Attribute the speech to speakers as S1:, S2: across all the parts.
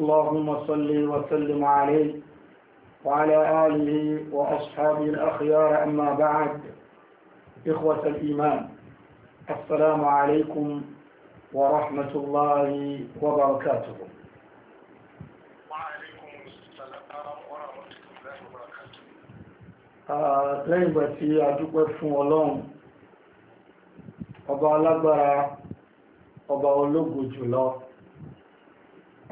S1: اللهم صل وسلم عليه وعلى آله وأصحابه الأخيار أما بعد إخوة الإيمان السلام عليكم ورحمة الله وبركاته وعليكم السلام ورحمة الله وبركاته lẹ́yìn ìgbà tí a dúpẹ́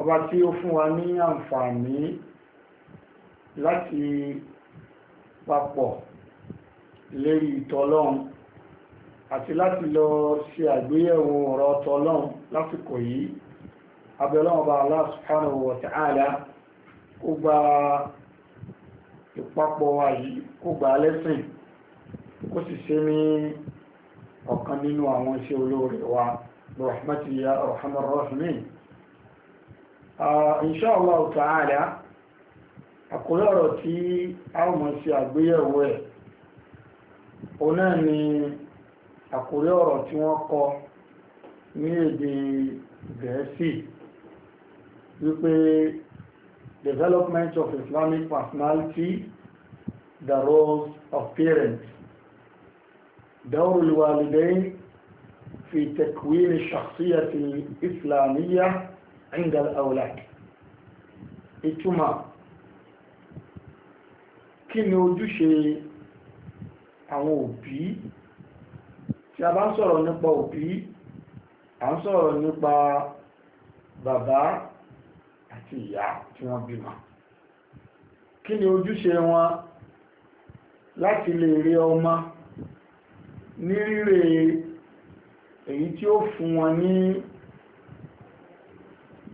S1: ọba tí ó fún wa ní àǹfààní láti papọ̀ lérí ìtọ́lọ́run àti láti lọ ṣe àgbéyẹ̀wò ọ̀rọ̀ tọ́lọ́run lásìkò yìí abẹ́lọ́wọ́ bá Allah subhanahu wa ta'ala kó gba ìpapọ̀ wa yìí kó gba lẹ́sìn kó sì ṣe ní ọ̀kan nínú àwọn iṣẹ́ olóore wa rahmatiya rahman Ah, inshallah ta'ala àkórí ọ̀rọ̀ tí a ó mọ̀ sí àgbéyẹ̀wò ẹ̀ òun náà ni àkórí ọ̀rọ̀ tí wọ́n kọ ní èdè gẹ̀ẹ́sì wípé development of Islamic personality the roles of parents دور الوالدين في تكوين الشخصية الإسلامية indal aulad ìtumọ̀ kí ni ojúṣe àwọn òbí tí a bá ń sọ̀rọ̀ nípa òbí a ń sọ̀rọ̀ nípa bàbá àti ìyá tí wọ́n bímọ kí ni ojúṣe wọn láti lè rí ọmọ ní rírè èyí tí ó fún wọn ní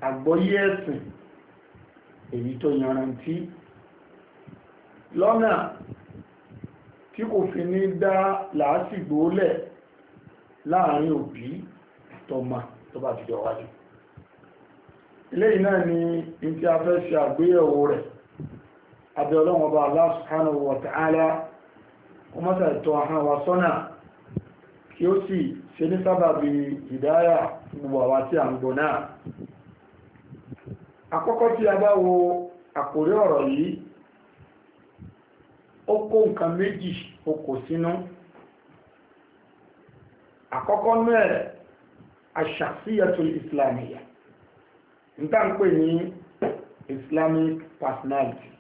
S1: àgbọ́yé ẹ̀sìn èyí tó yanrantí lọ́nà tí kò fi ní dá làásìgbò lẹ̀ láàrin òbí àtọmọ tó bá jùlọ wájú eléyìí náà ni in tí a fẹ́ ṣe àgbéyẹ̀wò rẹ̀ abẹ́ ọlọ́wọ́n bá Allah subhanahu wa ta'ala kó mọ́sà ìtọ́ àhán wa sọ́nà kí ó sì ṣe ní sábàbí ìdáyà gbogbo àwa tí a ń gbọ́ náà àkọ́kọ́ tí a bá wo àkòrí ọ̀rọ̀ yìí ó kó nǹkan méjì ó kò sínú àkọ́kọ́ náà aṣàfihàn islamiyya níta ń pè ní islamic personality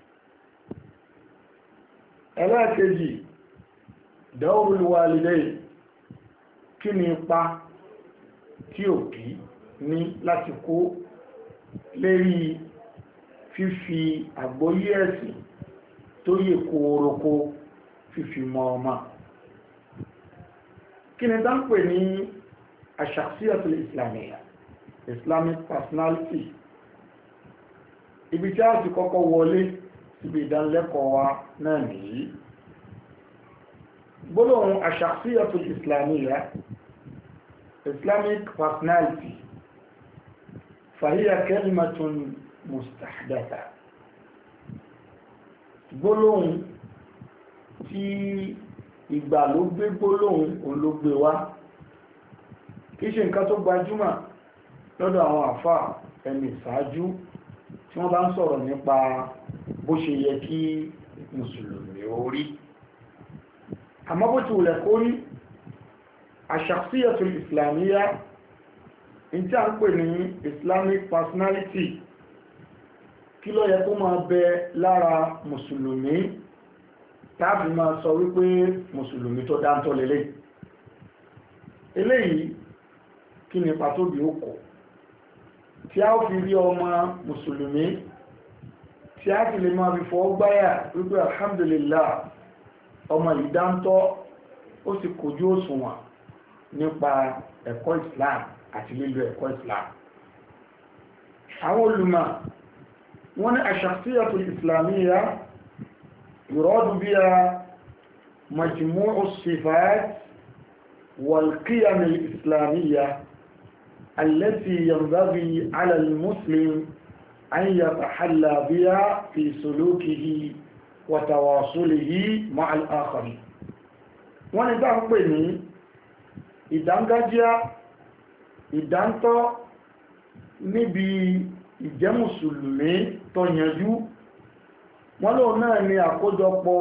S1: ẹlẹ́ẹ̀kejì dawrul walidayn kí ni ipa tí òbí ní láti kó lérí fífi àgbóyé ẹ̀sìn tó yè kóoroko fífi mọ ọmọ kí ni dáńpẹ̀ ní àṣàṣíyàtò ìsìlámìyà islamic personality ibi tí a ti kọ́kọ́ wọlé síbi ìdánilẹ́kọ̀ọ́ wa náà nìyí gbólóhùn àṣàṣíyàtò ìsìlámìyà islamic personality fàhíyà kẹ́lìmọ̀tún mustahdatha gbólóhùn tí ìgbà ló gbé gbólóhùn òun ló gbé wá kìí ṣe nǹkan tó gbajúmọ̀ lọ́dọ̀ àwọn àfà ẹni ìsáájú tí wọ́n bá ń sọ̀rọ̀ nípa bó ṣe yẹ kí mùsùlùmí orí àmọ́ bó ti wùlẹ̀ kórí àṣàkíyàtò ìsìlámíyà in tí a ń pè ní islamic personality kí ló yẹ kó máa bẹ lára mùsùlùmí tàbí máa sọ wípé mùsùlùmí tó dáńtọ́ lélẹ̀ eléyìí kí ni pàtó bí ó kọ̀ tí a ó fi rí ọmọ mùsùlùmí tí a fi lè máa fi fọ́ gbáyà wípé alhamdulillah ọmọ yìí dáńtọ́ ó sì kojú òṣùwọ̀n nípa ẹ̀kọ́ islam àti lílo ẹ̀kọ́ islam àwọn olùmọ̀ wọ́n ní aṣàkíyàtò islamiyya yuradu biya majmu'u sifat wal qiyam al islamiyya التي ينبغي على المسلم أن يتحلى بها في سلوكه wàtàwàsólèyí ma'al akhari wọ́n ni bá ń pè ní ìdángájíá ìdántọ́ níbi ìjẹ́ mùsùlùmí tó yanjú wọ́n lóun náà ni àkójọpọ̀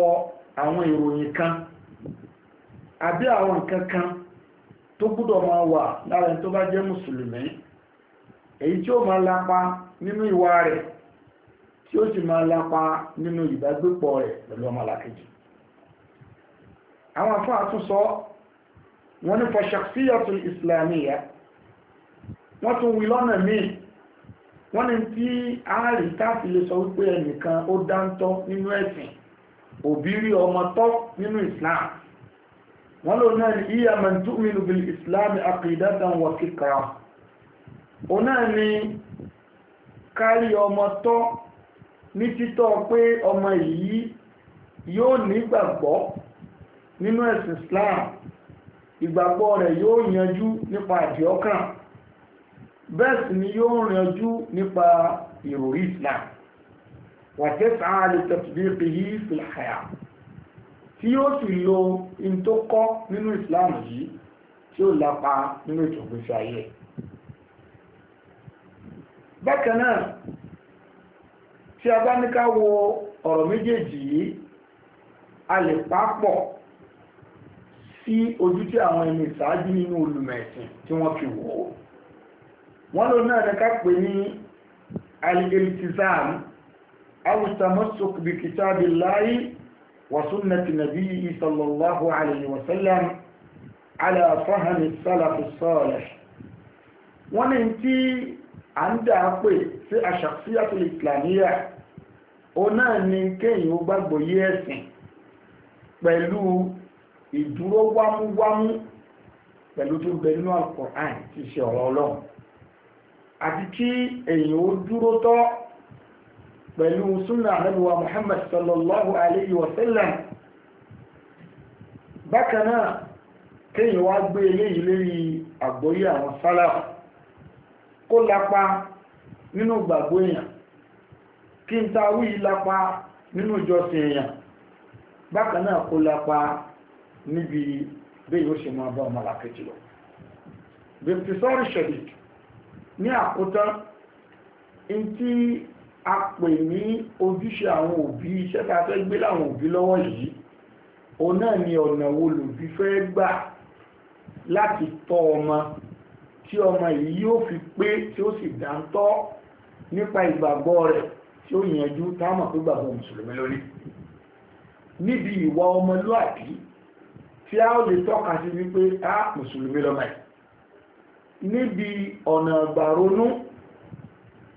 S1: àwọn ìròyìn kan àbí àwọn nǹkan kan tó gbúdọ̀ máa wà lára tó bá jẹ́ mùsùlùmí èyí tí ó máa lápa nínú ìwà rẹ̀ tí ó sì máa lápa nínú ìbágbépọ̀ rẹ̀ pẹ̀lú ọmọlàkejì àwọn afọ́ àtúnsọ wọ́n ní fọ́ṣàkíyàtù ìsìlámíyà wọ́n tún wí lọ́nà míì wọ́n ní tí àárí káàfì lè sọ wípé ẹnìkan ó dáńtọ́ nínú ẹ̀sìn òbí rí ọmọ tọ́ nínú islam wọ́n lò náà ní iya man tu'minu bil islam aqidatan wa fikra o náà ní kárí ọmọ tọ́ ní títọ́ pé ọmọ yìí yóò nígbàgbọ́ nínú ẹ̀sìn islam ìgbàgbọ́ rẹ̀ yóò yanjú nípa àdìọ́kàn bẹ́ẹ̀ sì ni yóò rìn ojú nípa ìròrí Islam wàtẹ́sà àlètẹ̀tìbíkì yìí fìlàyà tí yóò sì lo in tó kọ́ nínú Islam yìí tí ó lapa nínú ìtòkùnṣe ayé bákan náà tí a bá ní ká wo ọ̀rọ̀ méjèèjì yìí a lè pápọ̀ sí ojú tí àwọn ẹni ìsáájú nínú olùmẹ̀sìn tí wọ́n fi wò ó wọ́n ló náà nẹ́ká pè ní al-iltizam awùsàmọ́sọ̀k bí kitabillahi wa sunnati nabiyyi sallallahu alayhi wa sallam ala fahmi salafi salih wọ́n ní tí a ń dà pè sí aṣàkíyàtò islamiyya o náà ni kéyìn ó gbàgbọ́ pẹ̀lú ìdúró wámúwámú pẹ̀lú tó bẹ nínú al ti ṣe ọ̀rọ̀ Ọlọ́run àti kí èyàn ó dúró tọ́ pẹ̀lú súnà àrẹ́lúwà Muhammad sallallahu alayhi wa sallam bákanáà kéyàn wá gbé eléyìí lérí àgbóyé àwọn sálàfù kó lápa nínú gbàgbó èyàn kí n ta wí nínú ìjọsìn èèyàn bákan kó lápa níbi bí yóò ṣe máa bá ọmọ làkejì ṣẹ̀dìkì ní àkótán in tí a pè ní ojúṣe àwọn òbí iṣẹ́ ta fẹ́ gbé láwọn òbí lọ́wọ́ yìí o náà ni ọ̀nà wo lòbí fẹ́ gbà láti tọ́ ọmọ tí ọmọ yìí yóò fi pé tí ó sì dáńtọ́ nípa ìgbàgbọ́ rẹ̀ tí ó yànjú táwọn pé gbàgbọ́ mùsùlùmí lórí níbi ìwà ọmọlúàbí tí a ó lè tọ́ka sí wípé a ah, mùsùlùmí lọ́mọ yìí níbi ọ̀nà àgbàronú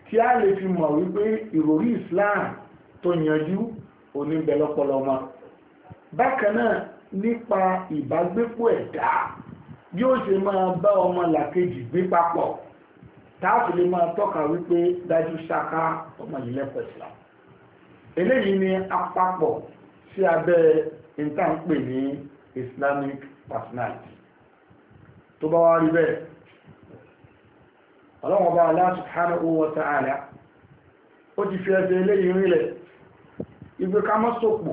S1: tí a lè fi mọ̀ wípé ìròrí Islam tó yanjú oníbẹ̀lọpọlọ ma bákan náà nípa ìbágbépọ̀ ẹ̀dá bí ó ṣe máa bá ọmọ làkejì gbé papọ̀ táàfù lè máa tọ́ka wípé dájú ṣáká ọmọ yìí lẹ́kọ̀ọ́ Islam eléyìí ni àpapọ̀ sí abẹ́ ìtànpè ní Islamic personality tó bá wá rí bẹ́ẹ̀ ọlọ́wọ́n bá Allah subhanahu wa ta'ala ó ti fi ẹsẹ̀ eléyìí rílẹ̀ ibi ká mọ́ sòpò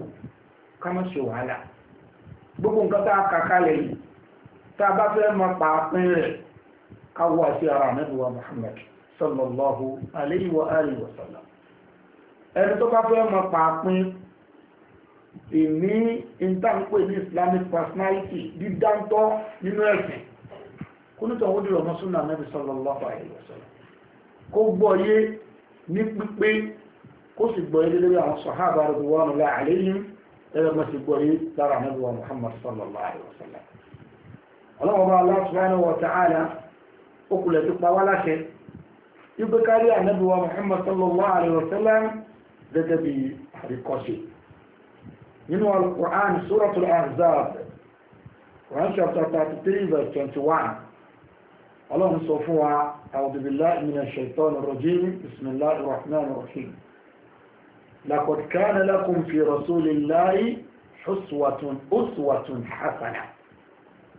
S1: ká mọ́ ṣe wàhálà gbogbo nǹkan tá a kà kalẹ̀ yìí tá a bá fẹ́ mọ pàápín rẹ̀ ká wọ àti ara Ànábì Muhammad sallallahu alayhi wa alihi wa sallam ẹni tó bá fẹ́ mọ pàápín ìní ìntànpé ní Islamic personality dídáńtọ́ nínú ẹ̀sìn kúnítọ̀ ó dìrọ̀ mọ́ súnà Ànábì sallallahu alaihi wasallam kó gbọ́ yé ní pípé kó sì gbọ́ yé lórí àwọn sàhábà radiyallahu alaihim ẹgbẹ́ mọ́ sì gbọ́ yé lára Ànábì wa Muhammad sallallahu alaihi wasallam ọlọ́wọ́ bá Allah subhanahu wa ta'ala ó kulẹ̀ tó pa wá láṣẹ ibi kárí Ànábì wa Muhammad sallallahu alaihi ọlọ́run sọ fún wa a'udhu billahi minash shaitani rajim bismillahir rahmanir rahim laqad kana lakum fi rasulillahi uswatun uswatun hasanah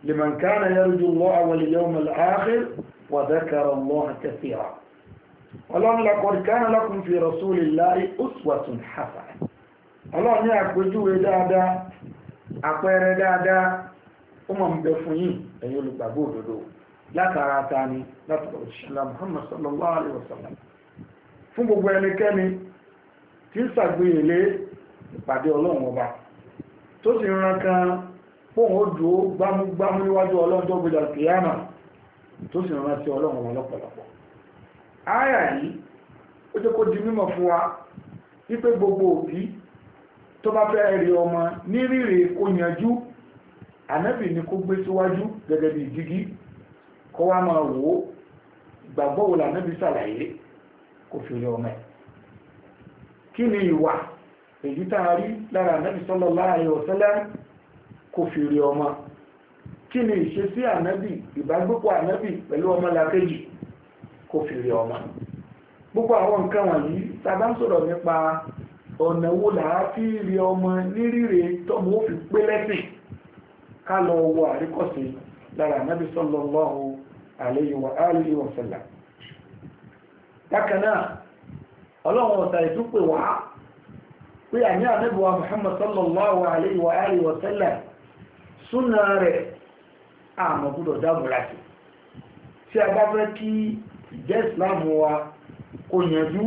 S1: liman kana yarju allaha wal yawmal akhir wa dhakara allaha kathira ọlọ́run laqad kana lakum fi rasulillahi uswatun hasanah ọlọ́run ní àpèjúwe dáadáa àpẹẹrẹ dáadáa ó látara ta ni látara òṣìṣẹ́lá Muhammad sallallahu alaihi wasallam fún gbogbo ẹnikẹ́ni tí tó sì ran sí ọlọ́run ọba lọ́pọ̀lọpọ̀ áyà yìí ó jẹ́ mímọ̀ fún wa gbogbo òbí tó bá ọmọ ni kó gbé síwájú gẹ́gẹ́ bí kó wá máa wò ó ìgbàgbọ́ wo là níbi ṣàlàyé kò fi rí ọmọ ẹ̀ kí ni ìwà èyí tá a rí lára ànábì sallallahu alaihi wasallam kò fi rí ọmọ kí ni ìṣesí ànábì ìbágbépọ̀ ànábì pẹ̀lú ọmọ làkejì kò fi rí ọmọ gbogbo àwọn nǹkan wọ̀nyí tá a bá ń sọ̀rọ̀ nípa ọ̀nà wo là á fi rí ọmọ nírírè tọ́mọ ó fi pé lẹ́sìn ká lọ wọ àríkọ̀sí lára ànábì sallallahu alayhi wa alihi wa sallam bákanáà ọlọ́run ọ̀sà ìtúpè wá pé àní ànábìwá muhammad sallallahu alayhi wa alihi wa sallam súnà rẹ̀ àmọ́ gbọ́dọ̀ dábòrà sí tí a bá fẹ́ kí ìjẹ́ ìsìláàmù wa kò yànjú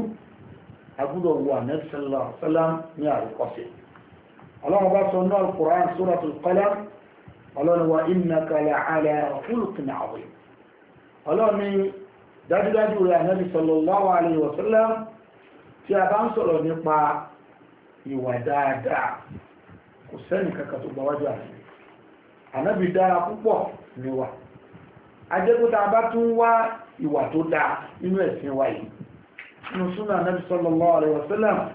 S1: agbúdọ̀ wà nẹ́sìlá sálám ní àríkọ́sí ọlọ́run bá sọ náà kùrán suratul qalam ọlọ́run wa innaka la'ala khuluqin 'azim ọlọ́ọ̀ni dájúdájú rẹ̀ ànábì sallallahu alaihi wasallam tí a bá ń sọ̀rọ̀ nípa ìwà dáadáa kò sẹ́nì kankan tó gbáwájú àti ànábì dára púpọ̀ níwà ajẹ́kúta bá tún wá ìwà tó dáa ẹ̀sìn wa yìí sallallahu wasallam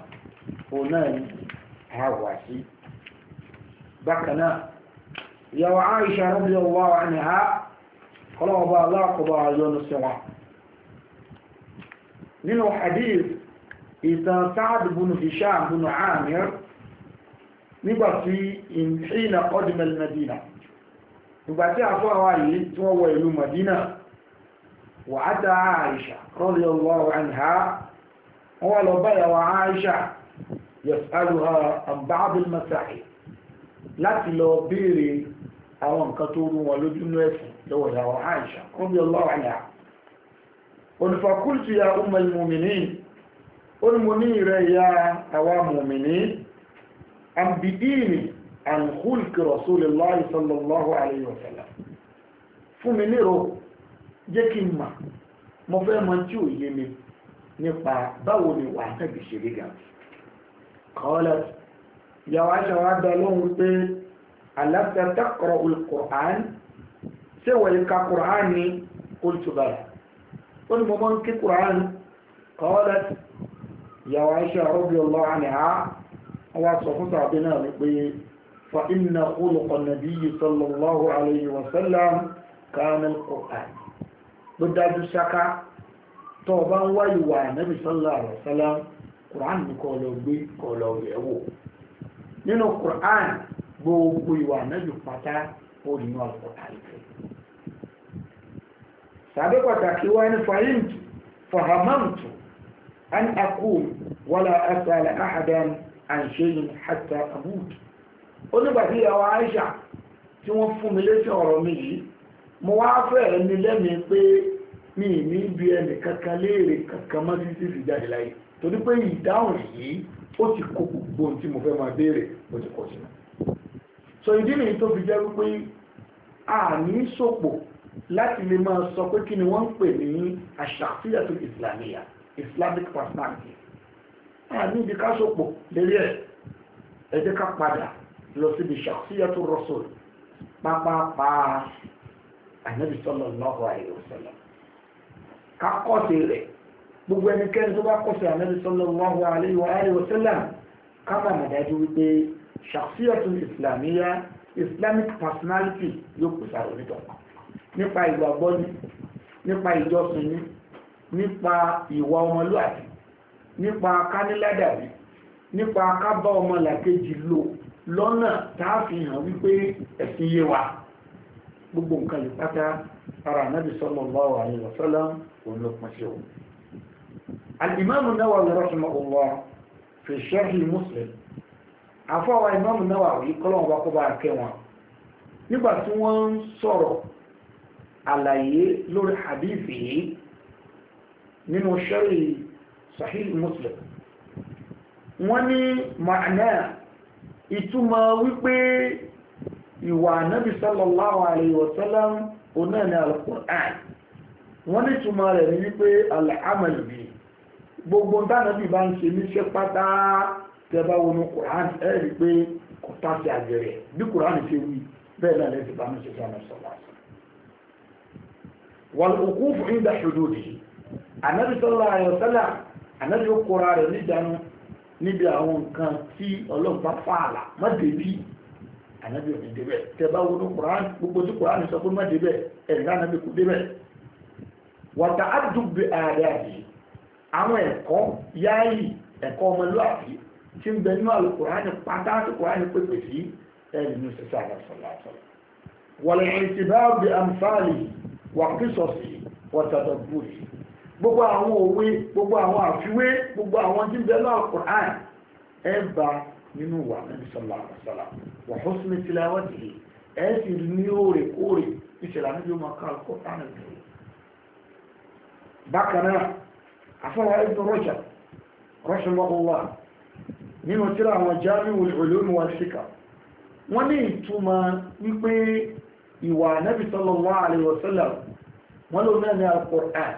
S1: kọlọ́wọ́bá aláàkọba yọnu sí wọn nínú hadith ìtàn sáàdì búnú hisham búnú amir nígbàtí ìhìnà ọdúnmẹ́lì madina nígbàtí àfọ́ àwá yìí tí wọ́n wọ ìlú madina wà á ta àìṣà radiyallahu anha wọ́n wà lọ báyàwó àwọn nǹkan tó rú wọn lójú ní ẹ̀sìn lọ́wọ́ ìyàwó Àìṣà kún bí ọlọ́wà àyà onífàkúlùtù ya ọmọ ìmòmìnì ó ní mo ní ìrẹ ìyá àwa mòmìnì àbìdíìnì àǹkúlùkì Rasulullahi sallallahu alayhi wa sallam fún mi nírò jẹ́ kí n mà mo alasta taqra'ul Qur'an ṣé wọ̀nyí ka Qur'an ni qultu bala ó ní mo máa ń kí Qur'an qalat ya Aisha radiyallahu anha wọ́n wá sọ fún tàbí náà wípé fa inna khuluqa nabiyyi sallallahu alayhi wa sallam kana al-Qur'an bá ń wá ìwà ànábì sallallahu alayhi wa sallam gbé kọ́ lọ nínú Qur'an gbogbo ìwà ànábì pátá ó nínú àlùkọ́tà ìfẹ́. sàbẹ́ pàtàkì wa ní fahimtu fahamantu an aqul wala asala ahadan an shay'in hatta amut ó nígbà tí ìyàwó Aisha tí wọ́n fún mi létí ọ̀rọ̀ mi yìí mo wá fẹ́ mi lẹ́mìí torí pé ìdáhùn yìí ó ti kó gbogbo tí mo fẹ́ máa béèrè ó ti kó sínú so ìdí nìyí tó fi jẹ́ wípé a ní sòpò láti lè máa sọ pé kí ni wọ́n ń pè ní àṣàfihàn ìsìlámíyà islamic personality a ní ibi ká sòpò lérí ẹ̀ ẹ jẹ́ ká padà lọ síbi ṣàfihàn tó rọ́sọ̀ pápápá ànábì sallallahu alaihi wasallam ká kọ́ọ̀tì rẹ̀ gbogbo ẹnikẹ́ni tó bá kọ́ọ̀tì ànábì sallallahu alaihi wasallam ká bàmàdájú wípé ṣàfíyàtù ìsìlámíyà islamic personality yóò kù sára onítọ̀ nípa ìgbàgbọ́ ni nípa ìjọsìn ni nípa ìwà ọmọlúwàbí nípa kániládàbí nípa kábá ọmọ làkejì lò lọ́nà táàfihàn wípé ẹ̀sìn yé wa gbogbo nǹkan yìí pátá ara ànábì sallallahu alaihi wasallam òun ló pọ̀ sí òun. al-imam an-Nawawi rahimahullah fi sharhi Muslim àfọwà ìmáàmù Nawawi kọ́lọ́wọ́n bá kọ́ bá kẹ́ wọn nígbà tí wọ́n ń sọ̀rọ̀ àlàyé lórí hadithi yìí nínú sharhi Sahih Muslim wọ́n ní ma'ana ìtumọ̀ wípé ìwà anábì sallallahu alayhi wa sallam onáàni al-Qur'an wọ́n ní ìtumọ̀ rẹ̀ ní wípé al-amal bi gbogbo dánábì bá ń ṣe níṣẹ́ pátá tẹ́bá wọnú kùrán ẹ̀rí pé kò tàṣì àgbẹ̀rẹ̀ bí kùrán ṣe wí bẹ́ẹ̀ náà lẹ́sìn bá mẹ́sẹ̀ sọ́nà sọ́lá wà lókún fún ìdá ṣòdòdì anábì sọ́lá ayọ̀sẹ́lá anábì ó kóra rẹ̀ níjànú níbi àwọn nǹkan tí ọlọ́gbà fààlà má débí anábì ò ní débẹ̀ tẹ́bá wọnú kùrán gbogbo tí kùrán sọ pé má débẹ̀ ẹ̀rí anábì kò débẹ̀ wà tá a dùn bí ààrẹ àdì àwọn ẹ̀kọ́ yáàyì ẹ̀kọ́ ọmọlúwàbí tí ń bẹ nínú alùkùránì pátá tí kùránì pépè sí ẹ̀rìnú sísá àlàsọ̀làsọ̀ wọ̀lẹ̀ ìtìbáàbì àmfààlì wà kíṣọ̀sì wọ̀tàdọ̀bùrì gbogbo àwọn òwe gbogbo àwọn àfiwé gbogbo àwọn tí ń bẹ nínú alùkùránì ẹ bá nínú wà níbi sọ̀là àlàsọ̀là wà husni tilawatihi ẹ sì ní òrèkóòrè ìṣẹ̀lẹ̀ àníbi ó máa ká alùkùránì dùn bákan náà nínú tíra àwọn Jami'ul Ulum wal Hikam wọ́n ní ìtumọ̀ wípé ìwà Ànábì sallallahu alaihi wasallam wọ́n ló náà ní Al-Qur'an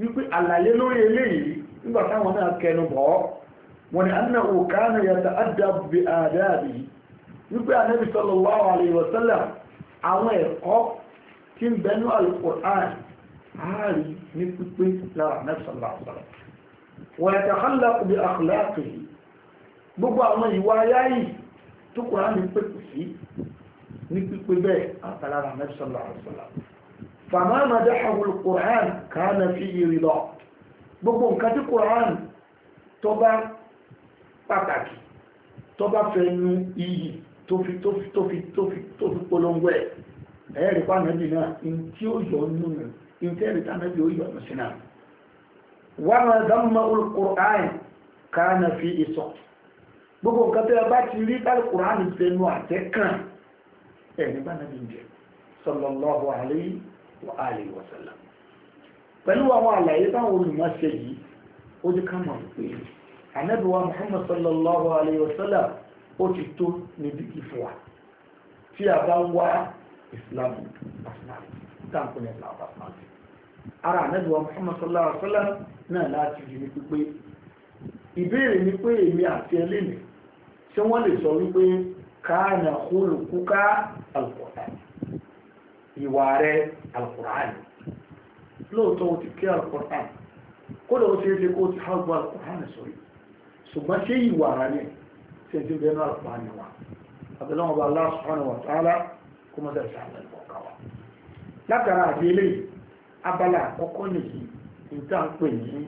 S1: wípé àlàyé lórí eléyìí nígbà táwọn náà kẹnu bọ̀ wọ́n ní annahu kana yata'addabu bi adabi wípé Ànábì tí ń bẹnu Al-Qur'an ààrí ní pípé lára Ànábì sallallahu alaihi wasallam wa yatakhallaqu bi gbogbo àwọn ìwà ayáyì tó Kùránì pèpè sí ní pípé bẹ́ẹ̀ àtàlára mẹ́sàn-án àrùsọ̀lá fàmà màdé àwọn Kùránì kàánà fi ìrì lọ gbogbo nǹkan tí Kùránì tó bá pàtàkì tó bá fẹnu iyì tó fi tó fi tó fi tó fi tó fi polongo ẹ̀ ẹ̀ẹ́rì pàmẹ́bì náà in tí ó yọ nù in tẹ́rì tàmẹ́bì ó yọ nù sí náà wọ́n mọ̀ dánmọ́ Kùránì kàánà fi ìsọ̀tù gbogbo nǹkan tó bá ti rí Al-Qur'an fẹnu àtẹ́ kàn ẹ̀rí bá nàbí jẹ sallallahu alayhi wa alihi wa sallam pẹ̀lú àwọn àlàyé táwọn olùmọ̀ ṣe yìí ó ní ká mọ̀ pé ànábìwá Muhammad sallallahu alayhi wa sallam ó ti tó níbi ìfọ̀ wa tí a bá ń wá ìsìlámù personality táǹkù ìbéèrè ni pé èmi àti ẹlẹ́nìí tí wọ́n lè sọ wípé káàna olùkúká alukọ̀tàn ìwà rẹ̀ alukọ̀tàn lóòótọ́ o ti kí alukọ̀tàn kódà ó ti ṣe kó o ti hàn gbọ́ alukọ̀tàn sórí ṣùgbọ́n ṣé ìwà rẹ̀ ni ṣe ti bẹ́ẹ̀ náà alukọ̀tàn wa abdullahi ọba Allah subhanahu wa kó mọ́tà ìṣàlẹ̀ ìkọ̀ọ̀kan wa látara àgbélé abala àkọ́kọ́ nìyí níta ń pè ní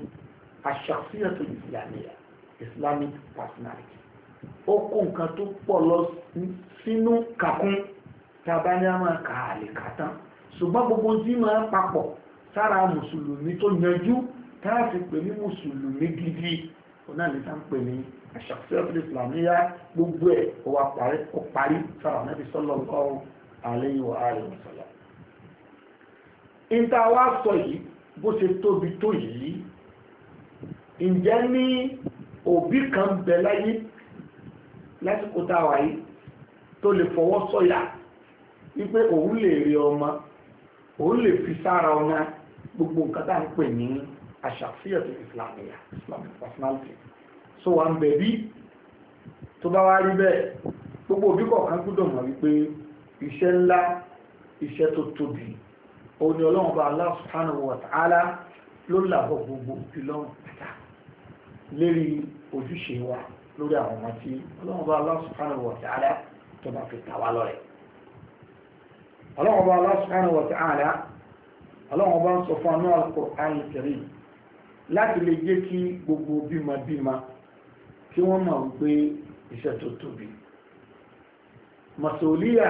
S1: aṣàfihàn ìsìlámì islamic personality ó kó nǹkan tó pọ̀ lọ sínú kàkún tá a bá ní a máa kà á lè kà tán ṣùgbọ́n gbogbo tí máa papọ̀ sára mùsùlùmí tó yanjú tá a fi pè ní mùsùlùmí gidi ọ̀nà ní tá ń pè ní àṣàkíyọ́sí ìsìlámíyá gbogbo ẹ̀ ó parí sára nàbí sallallahu alaihi wa alihi wa sallam ìta wá sọ yìí bó ṣe tóbi tó yìí ǹjẹ́ ní òbí kan bẹ láyé lásìkò tá a wà yìí tó lè fọwọ́ sọ̀yà wípé òun lè rí ọmọ òun lè fi sára ọmọ gbogbo nǹkan ń pè ní àṣàfihàn tó ìsìlámìyà islamic personality so wà ń bẹ̀ bí tó bá wá rí bẹ́ẹ̀ gbogbo òbí kọ̀ọ̀kan gbọ́dọ̀ mọ̀ wípé iṣẹ́ ńlá iṣẹ́ tó tóbi òun ni ọlọ́run bá Allah subhanahu wa ta'ala ló làbọ̀ gbogbo ìlọ́run pátá lérí ojúṣe wa lórí àwọn ọmọ tí ọlọ́run bá Allah subhanahu wa ta'ala tó bá fi kà wá lọ́rẹ̀ ọlọ́run bá Allah subhanahu wa ta'ala ọlọ́run bá ń sọ fún anú Al-Qur'an Al-Karim láti lè jẹ́ kí gbogbo bímabíma kí wọ́n mọ̀ wípé iṣẹ́ tó tóbi mọ̀sọ̀líyà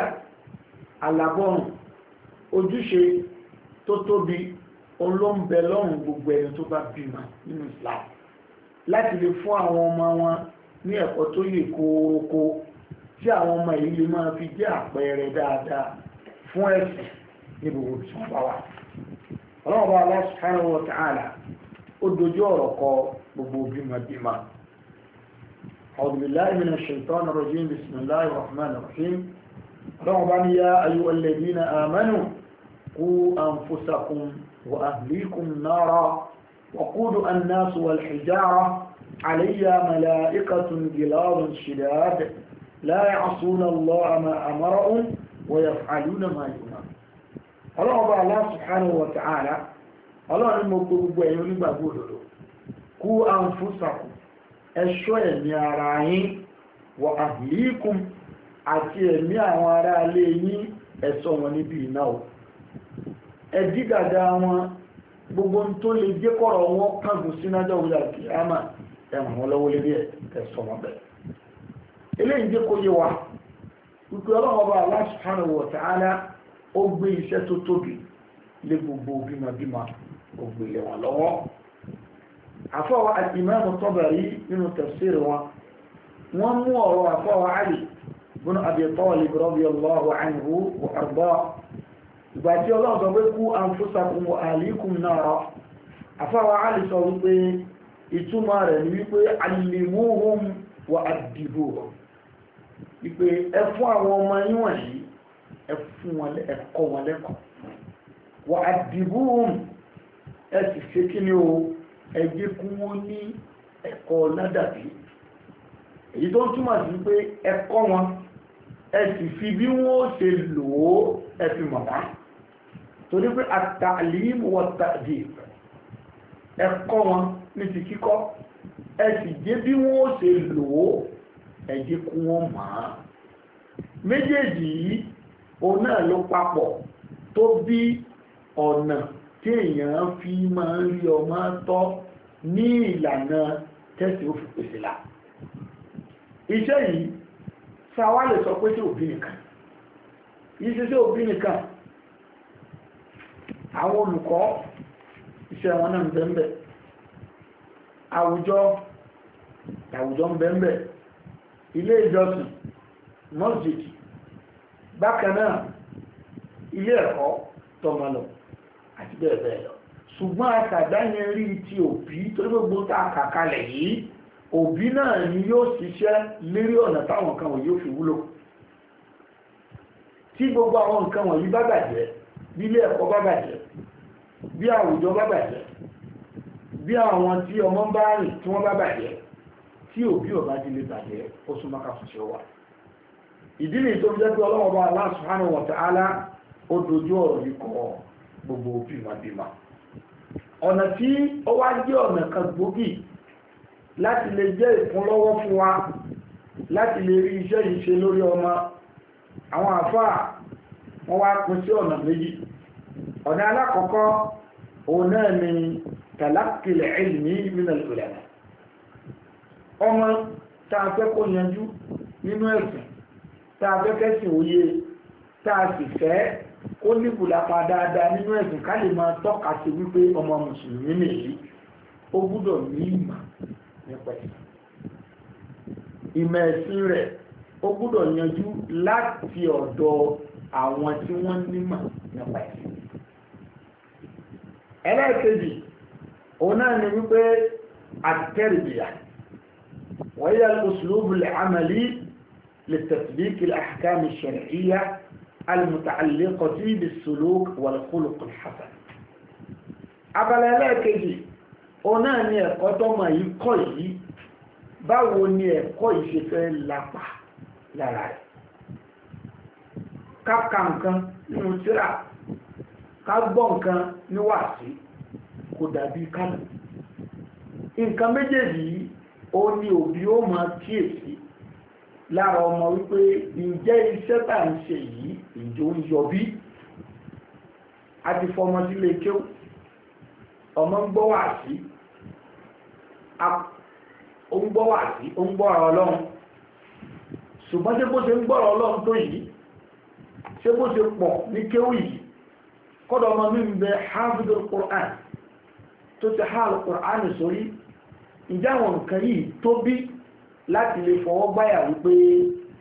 S1: alábọ́rùn ojúṣe tó tóbi olóńbẹ lọ́rùn gbogbo ẹni tó bá bímọ nínú Islam láti lè fún àwọn ọmọ wọn ní ẹ̀kọ́ tó yè kórókó tí àwọn ọmọ yìí lè máa fi jẹ́ àpẹẹrẹ dáadáa fún ẹ̀sìn ní gbogbo tí wọ́n bá wà. ọlọ́run bá Allah subhanahu wa ta'ala ó dojú ọ̀rọ̀ kọ gbogbo bímọbímọ. أعوذ بالله من الشيطان الرجيم بسم الله الرحمن الرحيم رغبا يا أيها الذين آمنوا قوا أنفسكم وأهليكم نارا وقودها الناس والحجارة علي ملائكة غلاظ شداد لا يعصون الله ما أمرهم ويفعلون ما يؤمر ọlọ́run bá Allah subhanahu wa ta'ala ọlọ́run ní mo kó gbogbo ẹ̀yin onígbàgbọ́ òdodo kú anfusakum ẹ̀ṣọ́ ẹ̀mí ara yín wa ahlikum àti ẹ̀mí àwọn ará alé yín ẹ̀ṣọ́ wọn níbi iná o ẹ̀dí dàda wọn gbogbo tó lè jẹ́ kọ́rọ̀ wọn kángun sínájọ́ òwúrọ̀ kìí ẹ̀ràn wọn lọ́wọ́ lérí ẹ̀ ẹ̀sọ̀ bẹ̀. eléyìí jẹ́ kó yé wípé ọlọ́run ọba Allah subhanahu wa ta'ala ó gbé iṣẹ́ tó tóbi lé gbogbo bímọbímọ ó gbé lọ́wọ́. Tabari nínú tafsir wọn wọ́n mú ọ̀rọ̀ àfọwọ́ Ali ibn Abi ìtumọ̀ rẹ̀ ní wípé alìmúhùn wà àdìbò wípé ẹ fún àwọn ọmọ yíwọ̀n yìí ẹ fún wọn ẹ̀kọ́ wọn lẹ́kọ̀ọ́ wà àdìbòhùn ẹ sì ṣe kí ni o ẹ jẹ́ kí wọ́n ní ẹ̀kọ́ ládàbí èyí tó ń túmọ̀ sí pé ẹ̀kọ́ wọn ẹ fi bí wọ́n ṣe lò ó ẹ torí pé àtàlím wọ́n tàdí rẹ̀ ẹ̀kọ́ wọn ní ti kíkọ́ ẹ sì jẹ́ bí wọ́n ó ṣe lò ó ẹ̀jẹ̀ kú wọn mọ̀ á méjèèjì yìí òun náà ló papọ̀ tó bí ọ̀nà tí èèyàn fi máa ń rí ọmọ tọ́ ní ìlànà tẹ́sí ó fi pèsè là iṣẹ́ yìí sáwá lè sọ pé sí òbí nìkan yìí ṣe sí òbí nìkan àwọn olùkọ́ iṣẹ́ wọn náà ń bẹ́ẹ̀bẹ̀ àwùjọ àwùjọ ń bẹ́ẹ̀bẹ̀ ilé ìjọsìn mọ́sídì bákan náà ilé ẹ̀kọ́ tọmọlọ àti bẹ́ẹ̀ bẹ́ẹ̀ lọ ṣùgbọ́n àtàdáyẹn rí ti òbí tó ló gbogbo tá a kàkalẹ̀ yìí òbí náà ni yóò ṣiṣẹ́ lérí ọ̀nà táwọn kan wọ̀nyí ó fi wúlò tí gbogbo àwọn nǹkan wọ̀nyí bá bàjẹ́ bí ẹ̀kọ́ bá bàjẹ́ bí àwùjọ bá bàjẹ́ bí àwọn tí ọmọ ń bá rìn tí wọ́n bá bàjẹ́ tí òbí ọba ti lè bàjẹ́ ó sún mọ́ká fún ṣe ìdí nìyí tó jẹ́ pé ọlọ́wọ́ bá Allah subhanahu wa ta'ala ó dojú ọ̀rọ̀ yìí kọ gbogbo bímabíma ọ̀nà tí ó wá jẹ́ ọ̀nà kan gbòógì láti lè jẹ́ ìfúnlọ́wọ́ fún wa láti lè rí iṣẹ́ yìí ṣe lórí ọmọ àwọn àfáà wọ́n wá pín sí ọ̀nà méjì ọ̀nà alákọ̀ọ́kọ́ òun náà ni tàlákìlẹ̀ ẹ̀lìmí nínú ìlànà ọmọ tá a fẹ́ kó yanjú nínú ẹ̀sìn tá a fẹ́ kẹ́sìn òye tá a sì fẹ́ kó níbùlápa dáadáa nínú ẹ̀sìn ká lè máa tọ́ka sí wípé ọmọ mùsùlùmí nìyí ó gbúdọ̀ ní ìmọ̀ nípa ẹ̀sìn ìmọ̀ ẹ̀sìn rẹ̀ ó gbúdọ̀ yanjú láti ọ̀dọ̀ àwọn tí wọ́n nímọ̀ nípa ẹ̀sìn ẹlẹ́ẹ̀kejì òun náà ni wípé àtẹ́rìbìyà wọ́yá al-uslubu al-amali لتطبيق الأحكام الشرعية المتعلقة بالسلوك والخلق الحسن abala ẹlẹ́ẹ̀kejì ọ̀nà ni ẹ̀kọ́ tọ́mọ yìí kọ́ yìí báwo ni ẹ̀kọ́ yìí ṣe fẹ́ lápá nínú tíra ká gbọ́ nǹkan ní wàásí kò dàbí kánò nǹkan méjèèjì yìí ó ní òbí ó máa kíyèsí lára ọmọ wípé ǹjẹ́ iṣẹ́ tá à ń ṣe yìí ìjọ ń yọ bí a ti fọmọ sílé kéwù ọmọ ń gbọ́ wàásí ó ń gbọ́ wàásí ó ń gbọ́ra ọlọ́run ṣùgbọ́n ṣé bó ṣe ń gbọ́ra ọlọ́run tó yìí ṣé bó ṣe pọ̀ ní kéwù yìí kọ́dọ̀ ọmọ mi ń bẹ tó ti ha Qur'an sórí ìjà àwọn nǹkan yìí tó láti le fọwọ́ gbáyà wípé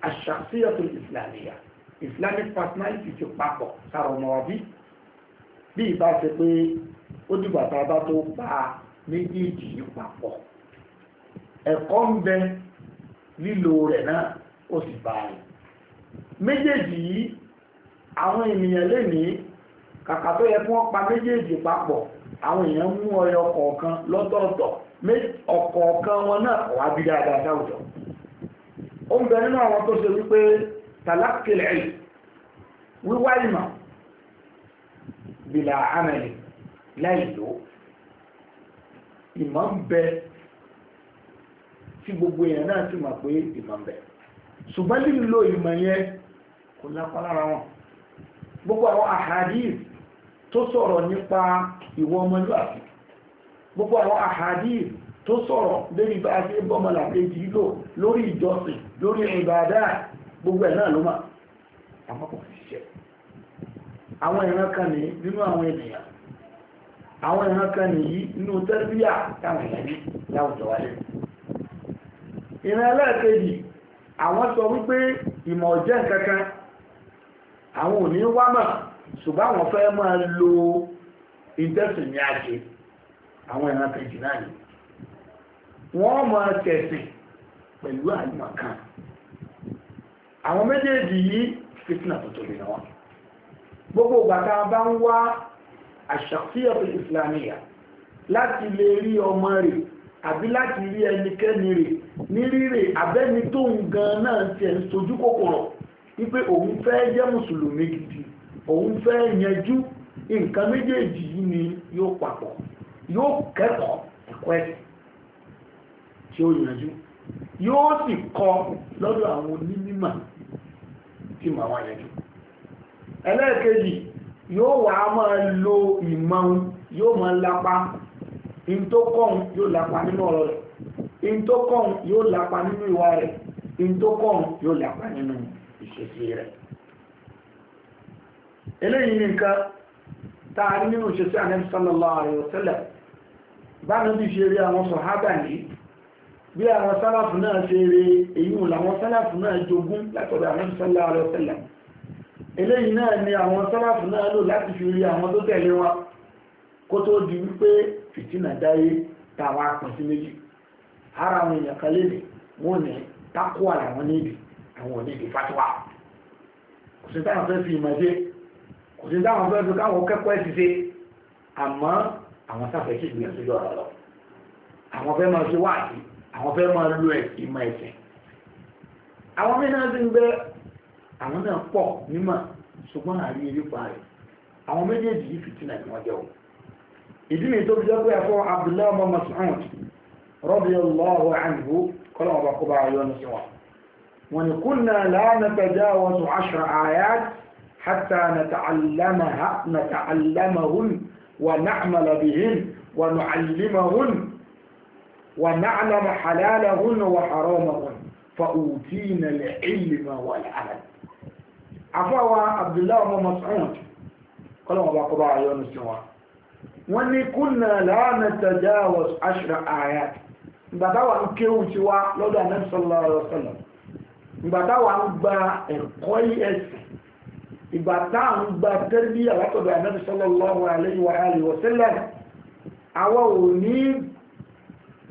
S1: aṣàṣíyàtul islamiyya islamic personality ti papọ̀ sára ọmọ wa bí ìbá ṣe pé ó dìgbà tá tó pa méjèèjì yìí papọ̀ ẹ̀kọ́ ń bẹ lílo rẹ̀ náà kàkà tó yẹ kí wọ́n pa méjèèjì papọ̀ àwọn èèyàn mú ọyọ kọ̀ọ̀kan lọ́tọ̀ọ̀tọ̀ ọ̀kọ̀ọ̀kan wọn náà kọ̀ wá bí dáadáa sáwùjọ ó ń bẹ nínú àwọn tó ṣe wípé tàlákìlẹ̀ yìí wíwá ìmọ̀ bìlà àmẹ́lì láìlò ìmọ̀ ń bẹ tí gbogbo èèyàn náà ti mọ̀ pé ìmọ̀ ń bẹ ṣùgbọ́n lílo ìmọ̀ yẹn kò lápá lára wọn gbogbo àwọn àhàdíìsì tó sọ̀rọ̀ nípa ìwọ ọmọlúwàbí gbogbo àwọn àhàdí tó sọ̀rọ̀ lórí bá ṣe bọ́mọlàkejì lò lórí ìjọsìn lórí ìbàdá gbogbo ẹ̀ náà ló mà àmọ́kọ̀ àwọn ìran kan nínú àwọn ènìyàn àwọn ìran nìyí nínú tẹ́lifíà ṣùgbọ́n àwọn fẹ́ máa lo ìtẹ́sìn ní àṣẹ àwọn ìran kejì náà ni wọ́n máa tẹ̀sìn pẹ̀lú àìmọ̀ kan àwọn méjèèjì yìí fitna tó tóbi náà wọn gbogbo bàtà bá ń wá àṣàfihàn ìsìlámìyà láti lè rí ọmọ rẹ̀ àbí láti rí ẹnikẹ́ni rẹ̀ ní rírè abẹ́ni tóun gan náà tiẹ̀ ń sojú kòkòrò wípé òun fẹ́ jẹ́ mùsùlùmí gidi òun fẹ́ yanjú nǹkan méjèèjì yìí ni yóò papọ̀ yóò kẹ́kọ̀ọ́ ẹ̀kọ́ ẹ̀sìn tí ó yanjú yóò sì kọ́ lọ́dọ̀ àwọn onímọ̀ tí màá wá yanjú ẹlẹ́ẹ̀kejì yóò wà á máa lo ìmọ̀ yóò máa lapa in tó kọ́hun yóò lapa nínú ọ̀rọ̀ rẹ̀ in tó kọ́hun yóò lapa nínú ìwà rẹ̀ in tó kọ́hun yóò lapa nínú ìṣesí rẹ̀ eléyìí nǹkan táàrí nínú a rí àwọn sọ̀hábà yìí na eléyìí náà ni àwọn sálàfù náà lò láti fi rí àwọn tó tẹ̀lé wọn kó tó di wípé fìtínà dáyé tàwa pọ̀ sí méjì ara na èèyàn kan léde wọn ní tákùwà làwọn níbi àwọn oníbi fatiwa fẹ́ fi ìmọ̀ kò sí táwọn fẹ́ fi káwọn kẹ́kọ̀ọ́ ẹ̀ ti ṣe àmọ́ àwọn sáfẹ́ sì gbìyànjú sójú ọ̀rọ̀ lọ àwọn fẹ́ máa ṣe àwọn fẹ́ máa lo ìmọ̀ àwọn mìíràn ń bẹ àwọn náà pọ̀ ṣùgbọ́n àrí eré pa rẹ̀ àwọn méjèèjì yìí wọ́n jẹ́ o ìdí mi tó fi jẹ́ pé ẹ̀fọ́ Abdullahi حتى نتعلمها نتعلمهن ونعمل بهن ونعلمهن ونعلم حلالهن وحرامهن فأوتينا العلم والعمل عفوا عبد الله بن مسعود قال ما بقى بقى يوم السواء واني كنا لا نتجاوز عشر آيات بدا وان كيو سوا لو ده النبي صلى الله عليه وسلم بدا وان با اقوي اسم ìgbà taa ń gba tẹ́lbíyà látọ̀dọ̀ ànábì sallallahu alayhi wa alihi wa ò ní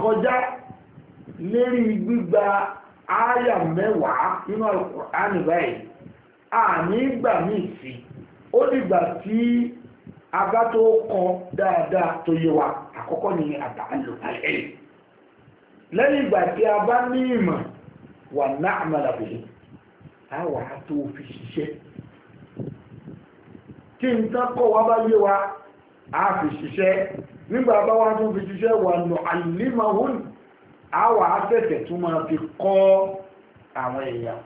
S1: kọjá lérí gbígba ááyà mẹ́wàá nínú Al-Qur'ani báyìí ìgbà míì sí ó dìgbà tí a bá tó kan dáadáa tó yé wa àkọ́kọ́ ni àtàlù àlẹ́ lẹ́yìn ìgbà tí a bá ní ìmọ̀ wà náà àmàlà bìí ṣiṣẹ́ kí n tán kọ́ wá bá yé wa a fi ṣiṣẹ́ nígbà bá wá tún fi ṣiṣẹ́ wà lọ àìlímọ̀hún àwà afẹ́fẹ́ tún máa fi kọ́ àwọn èèyàn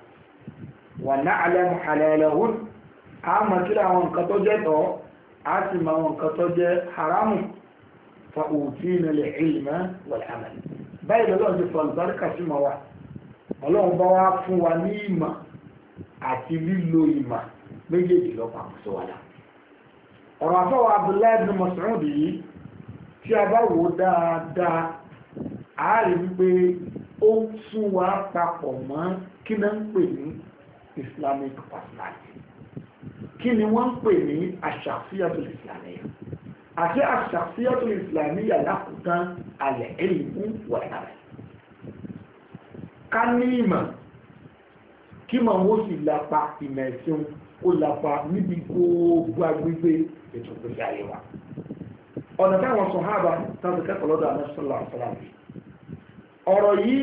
S1: wà ná alẹ́mù àlẹ́lẹ́hún a mọ̀ kí àwọn nǹkan tó jẹ́ tọ́ a sì mọ̀ àwọn nǹkan tó jẹ́ haramu fa òtún ilẹ̀ ìlmẹ́ wal amal báyìí lọ́lọ́run ti fọ sí ma wa ọlọ́run bá wá fún wa ní ìmọ̀ àti lílo ìmọ̀ méjèèjì lọ́pàá sọ wa láà ọ̀rọ̀ àfọwọ́ Abdullahi bin Mas'ud yìí tí a bá wò dáadáa a rí wípé ó tún wá papọ̀ mọ́ kí náà ń pè ní Islamic personality kí ni wọ́n ń pè ní aṣàfihàn islamiyà àti aṣàfihàn islamiyà lákòótán alẹ́ ẹ̀yìnkú wọ̀nyá rẹ̀ ká ní ìmọ̀ kí màá wọ́n sì lapa ìmọ̀ ẹ̀sìn ó lapa níbi gbogbo agbègbè ètò ìgbésí ayé wa ọ̀nà táwọn sọ̀hábà táwọn kẹ́kọ̀ọ́ lọ́dọ̀ àmẹ́sọ́lá àfọlábì ọ̀rọ̀ yìí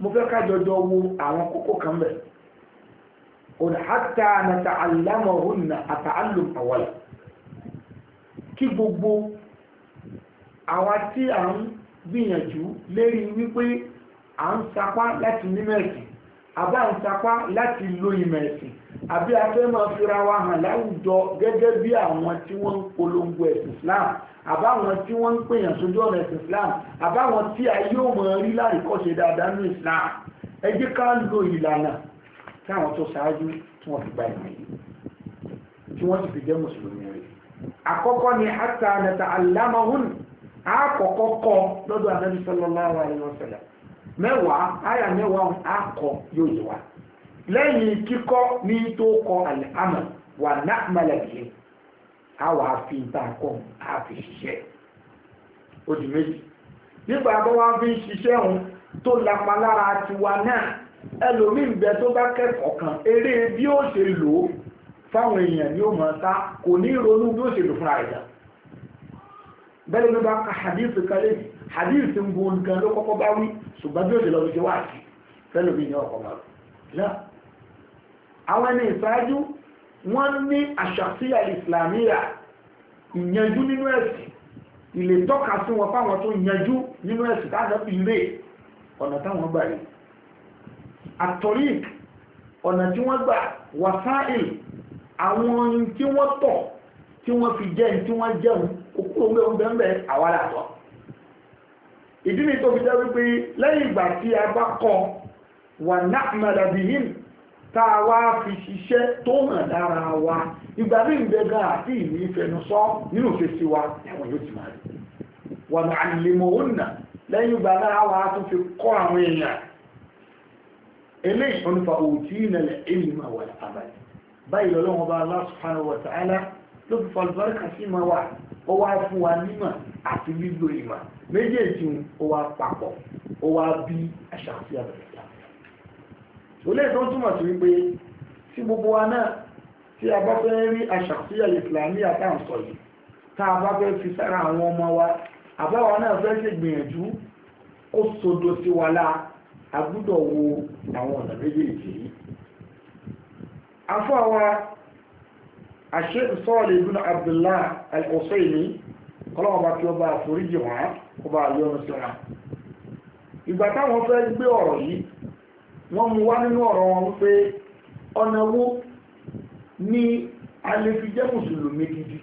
S1: mo fẹ́ ká jọjọ wo àwọn kókó kan bẹ̀ ọ̀nà hátà nàtà àlámọ̀húnà àtàlùm àwọlà kí gbogbo àwọn tí à ń gbìyànjú lérí wípé à ń sapá láti àbá ń sapá láti lo ìmọ̀ ẹ̀sìn àbí a fẹ́ máa fira wa hàn láwùjọ gẹ́gẹ́ bí àwọn tí wọ́n ń polongo ẹ̀sìn Islam àbá àwọn tí wọ́n ń pèèyàn sójú ọ̀nà ẹ̀sìn Islam àbá àwọn tí a yóò mọ̀ rí láìkọ́ṣe dáadáa ní Islam ẹ jẹ́ ká lo ìlànà tí àwọn tó ṣáájú tí wọ́n fi gba ìmọ̀ yìí tí wọ́n sì fi jẹ́ mùsùlùmí rẹ̀ àkọ́kọ́ ni hatta nata'allamahun àkọ́kọ́ kọ́ lọ́dọ̀ Ànábì sallallahu alaihi wasallam mẹ́wàá àyà mẹ́wàá àkọ yóò yẹ wa lẹ́yìn kíkọ́ ní tó kọ àmà wà náà mẹ́lẹ̀kì àwọ̀ àfi ìtàkọ́ àfi ṣiṣẹ́ odi méjì nígbà bá wá fi ń ṣiṣẹ́ òun tó lapa lára tiwa náà ẹlòmíì bẹ tó bá kẹ́kọ̀ọ́ kan eré bí ó ṣe lò ó fáwọn èèyàn ni ó mọ̀ ta kò ní ronú bí ó ṣe lò fúnra rẹ̀ bẹ́ẹ̀ ló bá ka hadith kalẹ́ yìí hadith ń bu nǹkan ló kọ́kọ́ bá wí ṣùgbọ́n bí ó ṣe lọ ṣe wá sí fẹ́lẹ̀ mi ní ọkọ̀ máa lọ. àwọn ẹni ìṣáájú wọ́n ní àṣàfíà ìsìlámíyà ìyanjú nínú ẹ̀sìn ìlè tọ́ka sí wọn fáwọn tó yanjú nínú ẹ̀sìn táwọn fi lè ọ̀nà táwọn gbà yìí àtọ̀rík ìdí ni tó fi jẹ́ wípé lẹ́yìn ìgbà tí a bá kọ wà náàmàdà bí yìí tá a wá fi ṣiṣẹ́ tó hàn dára wa ìgbà ní ìgbẹ́gà àti ìní ìfẹnusọ nínú fèsì wa àwọn yóò ti máa rí wà ní àlèmọ̀ òun nà lẹ́yìn ìgbà náà wà á tún fi kọ́ àwọn èèyàn eléyìí wọn òtí ìnàlẹ̀ èyí máa wà lábàáyé báyìí lọ́lọ́wọ́n bá Allah subhanahu wa ta'ala ló fi fọlùbárìkà méjèèjì ó wá papọ̀ ó wá bí àṣà àti àbẹ̀rẹ̀dá olè tó túmọ̀ sí wípé tí gbogbo wa náà tí a bá fẹ́ rí àṣà àti ìsìlámì àtàǹsọ̀ yìí tá a bá fẹ́ fi sára àwọn ọmọ wa àbáwa náà fẹ́ ṣègbìyànjú ó sodo sí wa láà a gbúdọ̀ wo àwọn ọ̀nà méjèèjì yìí afọ́wà àṣẹ ìsọ́ọ̀lẹ̀ ibn Abdullah al-Husayni kọlọ́wọ́ bá kí ó bá foríjì kó bá yọ́nu síra ìgbà táwọn fẹ́ gbé ọ̀rọ̀ yìí wọ́n mú wá nínú ọ̀rọ̀ wọn wípé ọ̀nà wo ni a lè fi jẹ́ mùsùlùmí gidi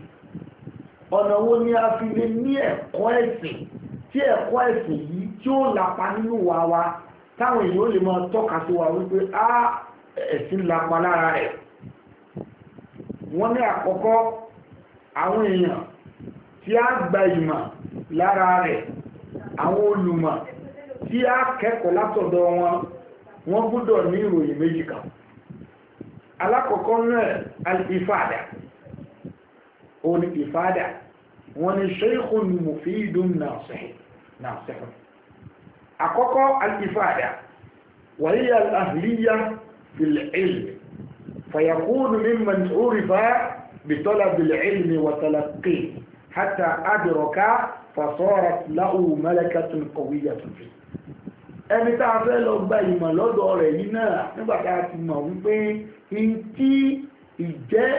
S1: ọ̀nà wo ni a fi lè ní ẹ̀kọ́ ẹ̀sìn tí ẹ̀kọ́ ẹ̀sìn yìí tí ó lapa nínú wa wa táwọn èèyàn lè máa tọ́ka sí wa wípé a ẹ̀sìn lapa lára rẹ̀ wọ́n ní àkọ́kọ́ àwọn èèyàn tí a gba ìmọ̀ lára rẹ̀ àwọn olùmọ̀ tí a kẹ́kọ̀ọ́ látọ̀dọ̀ wọn wọ́n gbọ́dọ̀ ní ìròyìn méjì kan alákọ̀ọ́kọ́ náà alifada òní ìfada wọ́n ní shaykhun mufidun nasihun àkọ́kọ́ alifada wàyíyà al'ahliya bil ilm fayakunu mimman urifa bitọ́lá bil ilm wa talaqi hatta adraka fàfọ́rọ̀ له ملكة قوية. tuntun ẹni tá a fẹ́ lọ gba ìmọ̀ lọ́dọ̀ rẹ̀ yìí náà nígbà tá a ti mọ̀ wípé in tí ìjẹ́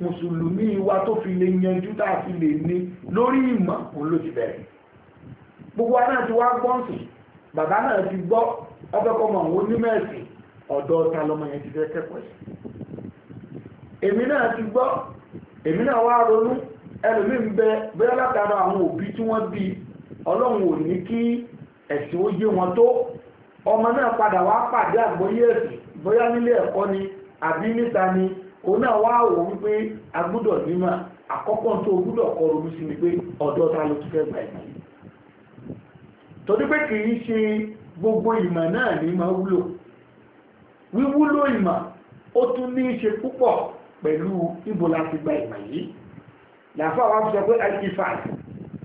S1: mùsùlùmí wa tó fi lè yanjú tá a fi lè ní lórí ìmọ̀ òun ló ti bẹ̀rẹ̀ gbogbo aná ti wá gbọ́n bàbá náà ti gbọ́ ọfẹ́kọ̀mọ̀ òun onímọ̀ ta ẹlòmí ń bẹ bẹ́ẹ̀ látara àwọn òbí tí wọ́n bí ọlọ́run ò ní kí ẹ̀sìn ó yé wọn tó ọmọ náà padà wá pàdé àgbọ́yé ẹ̀sìn bóyá nílé ẹ̀kọ́ ni àbí níta ni òun náà wá wò wípé a gbọ́dọ̀ nímọ̀ àkọ́kọ́ tó o gbọ́dọ̀ kọ́ ronú sí ni pé ọ̀dọ́ ta ló ti fẹ́ gba ìmọ̀ torí pé kì í ṣe gbogbo ìmọ̀ náà ní máa wúlò wíwúlò ìmọ̀ ó tún ní í ṣe púpọ̀ pẹ̀lú ibo la gba ìmọ̀ yìí làfà wa sọ pé àkìfà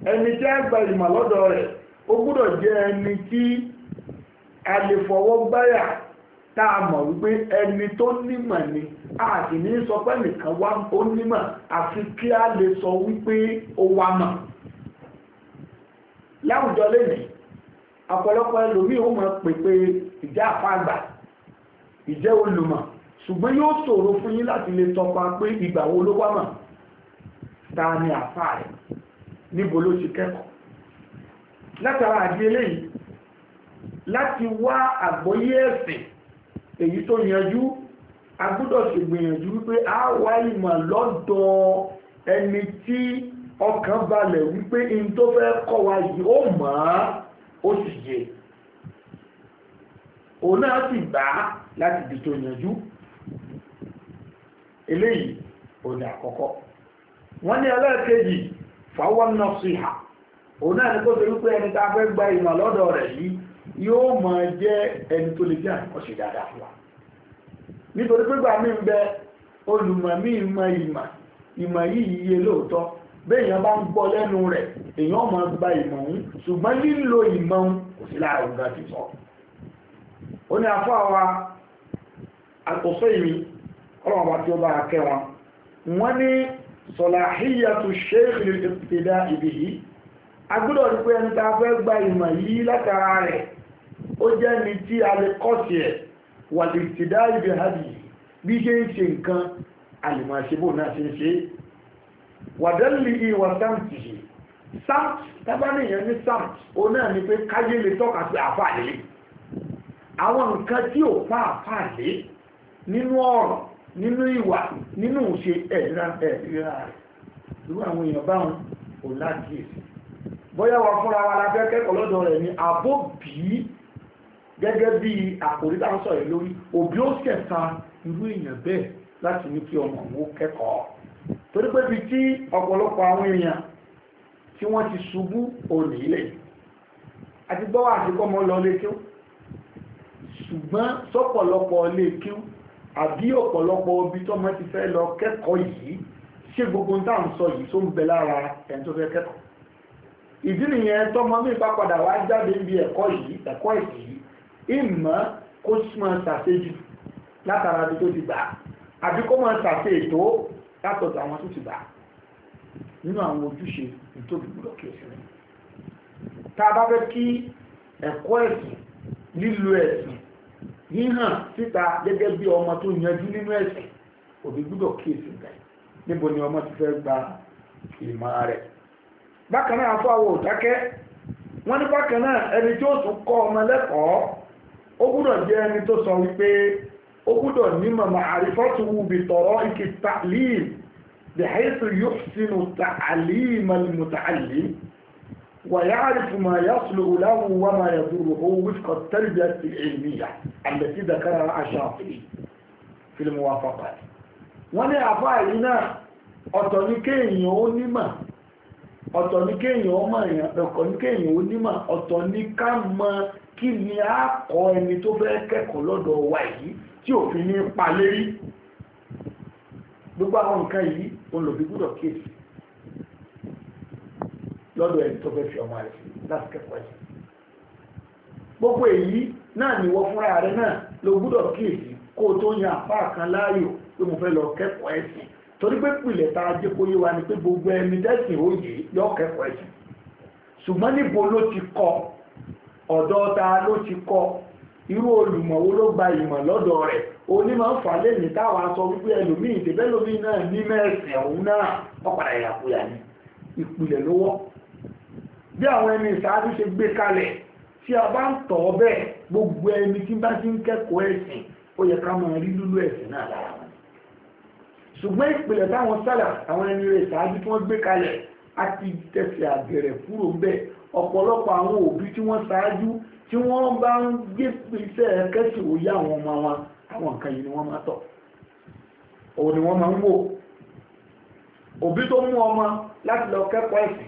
S1: ẹni tí a gba ìmọ̀ lọ́dọ̀ rẹ̀ ó gbọ́dọ̀ jẹ́ ẹni tí a lè fọwọ́ gbáyà tá mọ̀ wípé ẹni tó nímọ̀ ni a sì ní sọ pé nìkan wá ó nímọ̀ àfi kí a lè sọ wípé ó wá mọ̀ láwùjọ lónìí ọ̀pọ̀lọpọ̀ ẹlòmíì ó mọ̀ pèpè ìjà àfàgbà ìjẹ́ olùmọ̀ ṣùgbọ́n yóò ṣòro fún yín láti lè tọpa pé ìgbà wo ló wá mọ̀ ta ni àfáà rẹ̀ níbo ló ti kẹ́kọ̀ọ́ látara àdí eléyìí láti wá àgbọ́yé ẹ̀sìn èyí tó yanjú a gbọ́dọ̀ sì gbìyànjú wípé a wá ìmọ̀ lọ́dọ̀ ẹni tí ọkàn balẹ̀ wípé in tó fẹ́ kọ́ wa yìí ó mọ̀ ó sì yé òun náà sì gbà á láti di tó yanjú eléyìí òun ni àkọ́kọ́. wọ́n ní kejì fàwọn ha òun náà ní kó ṣe wípé ẹni tá a fẹ́ gba ìmọ̀ lọ́dọ̀ rẹ̀ yìí yóò mọ̀ jẹ́ ẹni tó lè jẹ́ àkọsí dáadáa fún wa nítorí mí ń bẹ olùmọ̀ mí mọ ìmọ̀ ìmọ̀ yìí yi lóòótọ́ béèyàn bá ń gbọ́ lẹ́nu rẹ̀ èèyàn mọ̀ gba ìmọ̀ ṣùgbọ́n lílo ìmọ̀ kò sí ti sọ ó ní afọ́ àwa ìmí ọlọ́run bá sọ̀làhíyàtù ṣéèkì ìpìdá ìbì yìí agbọ́dọ̀ rí pé ẹni tàà fẹ́ gba ìmọ̀ yìí látara rẹ̀ ó jẹ́ ní tí a lè kọ́sì ẹ̀ wà lè tìdá ìbì hàbì bí ṣe ń ṣe nǹkan alìmọ̀ṣẹ́bò náà ṣe ń ṣe wàdẹ́lì ìwà sáǹtì yìí sáǹtì tábánìyàn ní sáǹtì ni pé nínú ìwà nínú ìṣe ẹ̀ríra ẹ̀ríra rẹ̀ irú àwọn èèyàn báwọn kò láti èsì bóyá wà fúnra wa la fẹ́ kẹ́kọ̀ọ́ lọ́dọ̀ rẹ̀ ni àbó bìí gẹ́gẹ́ bí àkòrí tá à ń sọ̀rọ̀ lórí òbí ó kẹta irú èèyàn bẹ́ẹ̀ láti ní kí ọmọ òun kẹ́kọ̀ọ́ torí pé bí tí ọ̀pọ̀lọpọ̀ àwọn èèyàn tí wọ́n ti ṣubú òní ilẹ̀ àti gbọ́wọ́ àti kọ́mọ lọ lé kí ṣùgbọ́n sọ́pọ̀lọpọ̀ lé kí àbí ọ̀pọ̀lọpọ̀ ibi tó mọ́ ti fẹ́ lọ kẹ́kọ̀ọ́ yìí ṣé gbogbo ń táà ń sọ yìí tó ń bẹ lára ẹni tó fẹ́ kẹ́kọ̀ọ́ ìdí nìyẹn tọmọ mi bá padà wá jáde níbi ẹ̀kọ́ yìí ẹ̀kọ́ yìí ìmọ̀ kó súnmọ́ ṣàṣejù látara ibi tó ti gbà àbí kó máa ṣàṣe ètò látọ̀dọ̀ àwọn tó ti gbà nínú àwọn ojúṣe ìtòbí gbọdọ̀ kí ẹ̀sìn tá a bá fẹ́ kí ẹ̀kọ́ ẹ̀sìn lílo ẹ̀sìn yíhàn síta gẹ́gẹ́ bí ọmọ tó yanjú nínú ẹ̀sìn òbí gbúdọ̀ kíyèsí nǹkan ga níbo ni ọmọ ti fẹ́ gba ìmọ̀ rẹ̀ bákan náà òdákẹ́ wọ́n ní bákan ẹni tí ó tún kọ́ ọmọ lẹ́kọ̀ọ́ ó gbúdọ̀ jẹ́ ẹni tó sọ wípé ó gbúdọ̀ nímọ̀ màárífọ́tù wùbí ويعرف ما يصلح له وما يضره وفق التربية العلمية التي ذكرها الشاطبي في الموافقات wọ́n ní àfá yìí náà ọ̀tọ̀ ní kéèyàn ó nímọ̀ ọ̀tọ̀ ní kéèyàn a kọ́ ẹni tó fẹ́ kẹ́kọ̀ọ́ lọ́dọ̀ wa yìí tí ní gbogbo àwọn nǹkan yìí gbúdọ̀ kéèsì lọ́dọ̀ ẹni tó fẹ́ fi ọmọ rẹ̀ láti kẹ́kọ̀ọ́ ẹ̀ gbogbo èyí náà ni wọ́n fúnra rẹ̀ náà ló gbúdọ̀ kíyèsí kó o tó yan apá kan láàyò pé mo fẹ́ lọ kẹ́kọ̀ọ́ ẹ̀sìn torí pé pìlẹ̀ ta ajé wa ni pé gbogbo ẹni dẹ́sìn òye yọ kẹ́kọ̀ọ́ ẹ̀sìn ṣùgbọ́n níbo ló ti kọ́ ọ̀dọ̀ ta ló ti kọ́ irú olùmọ̀ wo ló gba ìmọ̀ lọ́dọ̀ rẹ̀ òní máa ń fà lẹ́yìn táwa sọ wípé ẹlòmíì tẹ̀bẹ́lòmíì náà ní mẹ́ẹ̀sìn ọ̀hún náà ọ̀padà ìyàkuyà ni ìpìlẹ̀ lówó bí àwọn ẹni ìsáájú ṣe gbé kalẹ̀ tí a bá ń tọ̀ ọ́ bẹ́ẹ̀ gbogbo ẹni tí bá ti ń kẹ́kọ̀ọ́ ẹ̀sìn ó yẹ ká máa rí lúlú ẹ̀sìn náà lára wọn ṣùgbọ́n ìpìlẹ̀ táwọn sálà àwọn ẹni rẹ̀ ìsáájú tí wọ́n gbé kalẹ̀ a ti tẹ̀sẹ̀ àgẹ̀rẹ̀ kúrò bẹ́ẹ̀ ọ̀pọ̀lọpọ̀ àwọn òbí tí wọ́n ṣáájú tí wọ́n bá ń gbé iṣẹ́ kẹ́sì òye àwọn ọmọ wọn àwọn nǹkan yìí ni wọ́n máa tọ̀ òun ni wọ́n máa ń wò òbí tó mú ọmọ láti lọ kẹ́kọ̀ọ́ ẹ̀sìn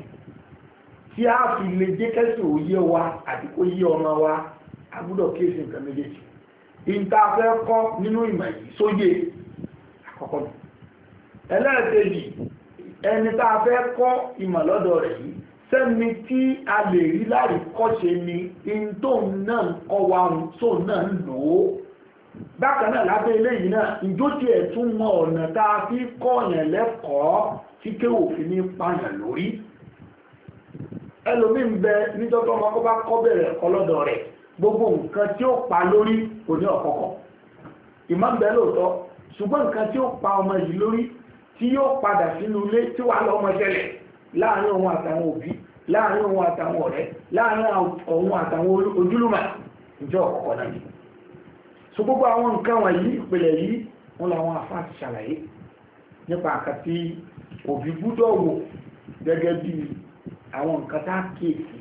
S1: tí a fi lè jẹ́ kẹ́sì òye wa àti kó yé ọmọ wa a gbọ́dọ̀ kíyèsí nǹkan méjèèjì ìntàfẹ́ kọ́ nínú ìmọ̀ yìí sóyè àkọ́kọ́ mi ẹlẹ́ẹ̀kejì ẹni tá a fẹ́ kọ́ ìmọ̀ lọ́dọ̀ rẹ̀ yìí sẹ́ni tí a lè rí láàrí kọ́ṣe ni intóun náà ń kọ́ wa ń tóun náà ń lò ó bákan náà lábẹ́ eléyìí náà ìjó tiẹ̀ tún mọ ọ̀nà tá a fi kọ́ ọ̀yàn lẹ́kọ̀ọ́ tí kéwòfin ní pààyàn lórí ẹlòmí ń bẹ níjọ́tọ́ ọmọ kọ́ bá kọ́ bẹ̀rẹ̀ ẹ̀kọ́ lọ́dọ̀ rẹ̀ gbogbo nǹkan tí ó pa lórí kò ní ọ̀kọ̀kọ̀ ìmọ̀ ń bẹ lóòótọ́ ṣùgbọ́n nǹkan tí ó pa ọmọ yìí lórí tí yóò padà sínú ilé tí wàá lọ́mọ ṣẹlẹ̀ láàrin òun àtàwọn òbí láàrin òun àtàwọn ọ̀rẹ́ láàrin òun àtàwọn ojúlùmọ̀ ìjọ ọ̀kọ̀kọ̀ náà ni so gbogbo àwọn nǹkan wọ̀nyí ìpìlẹ̀ yìí wọn làwọn afá ti ṣàlàyé nípa àkàtì òbí gbúdọ̀ wò gẹ́gẹ́ bíi àwọn nǹkan tá kíyèsí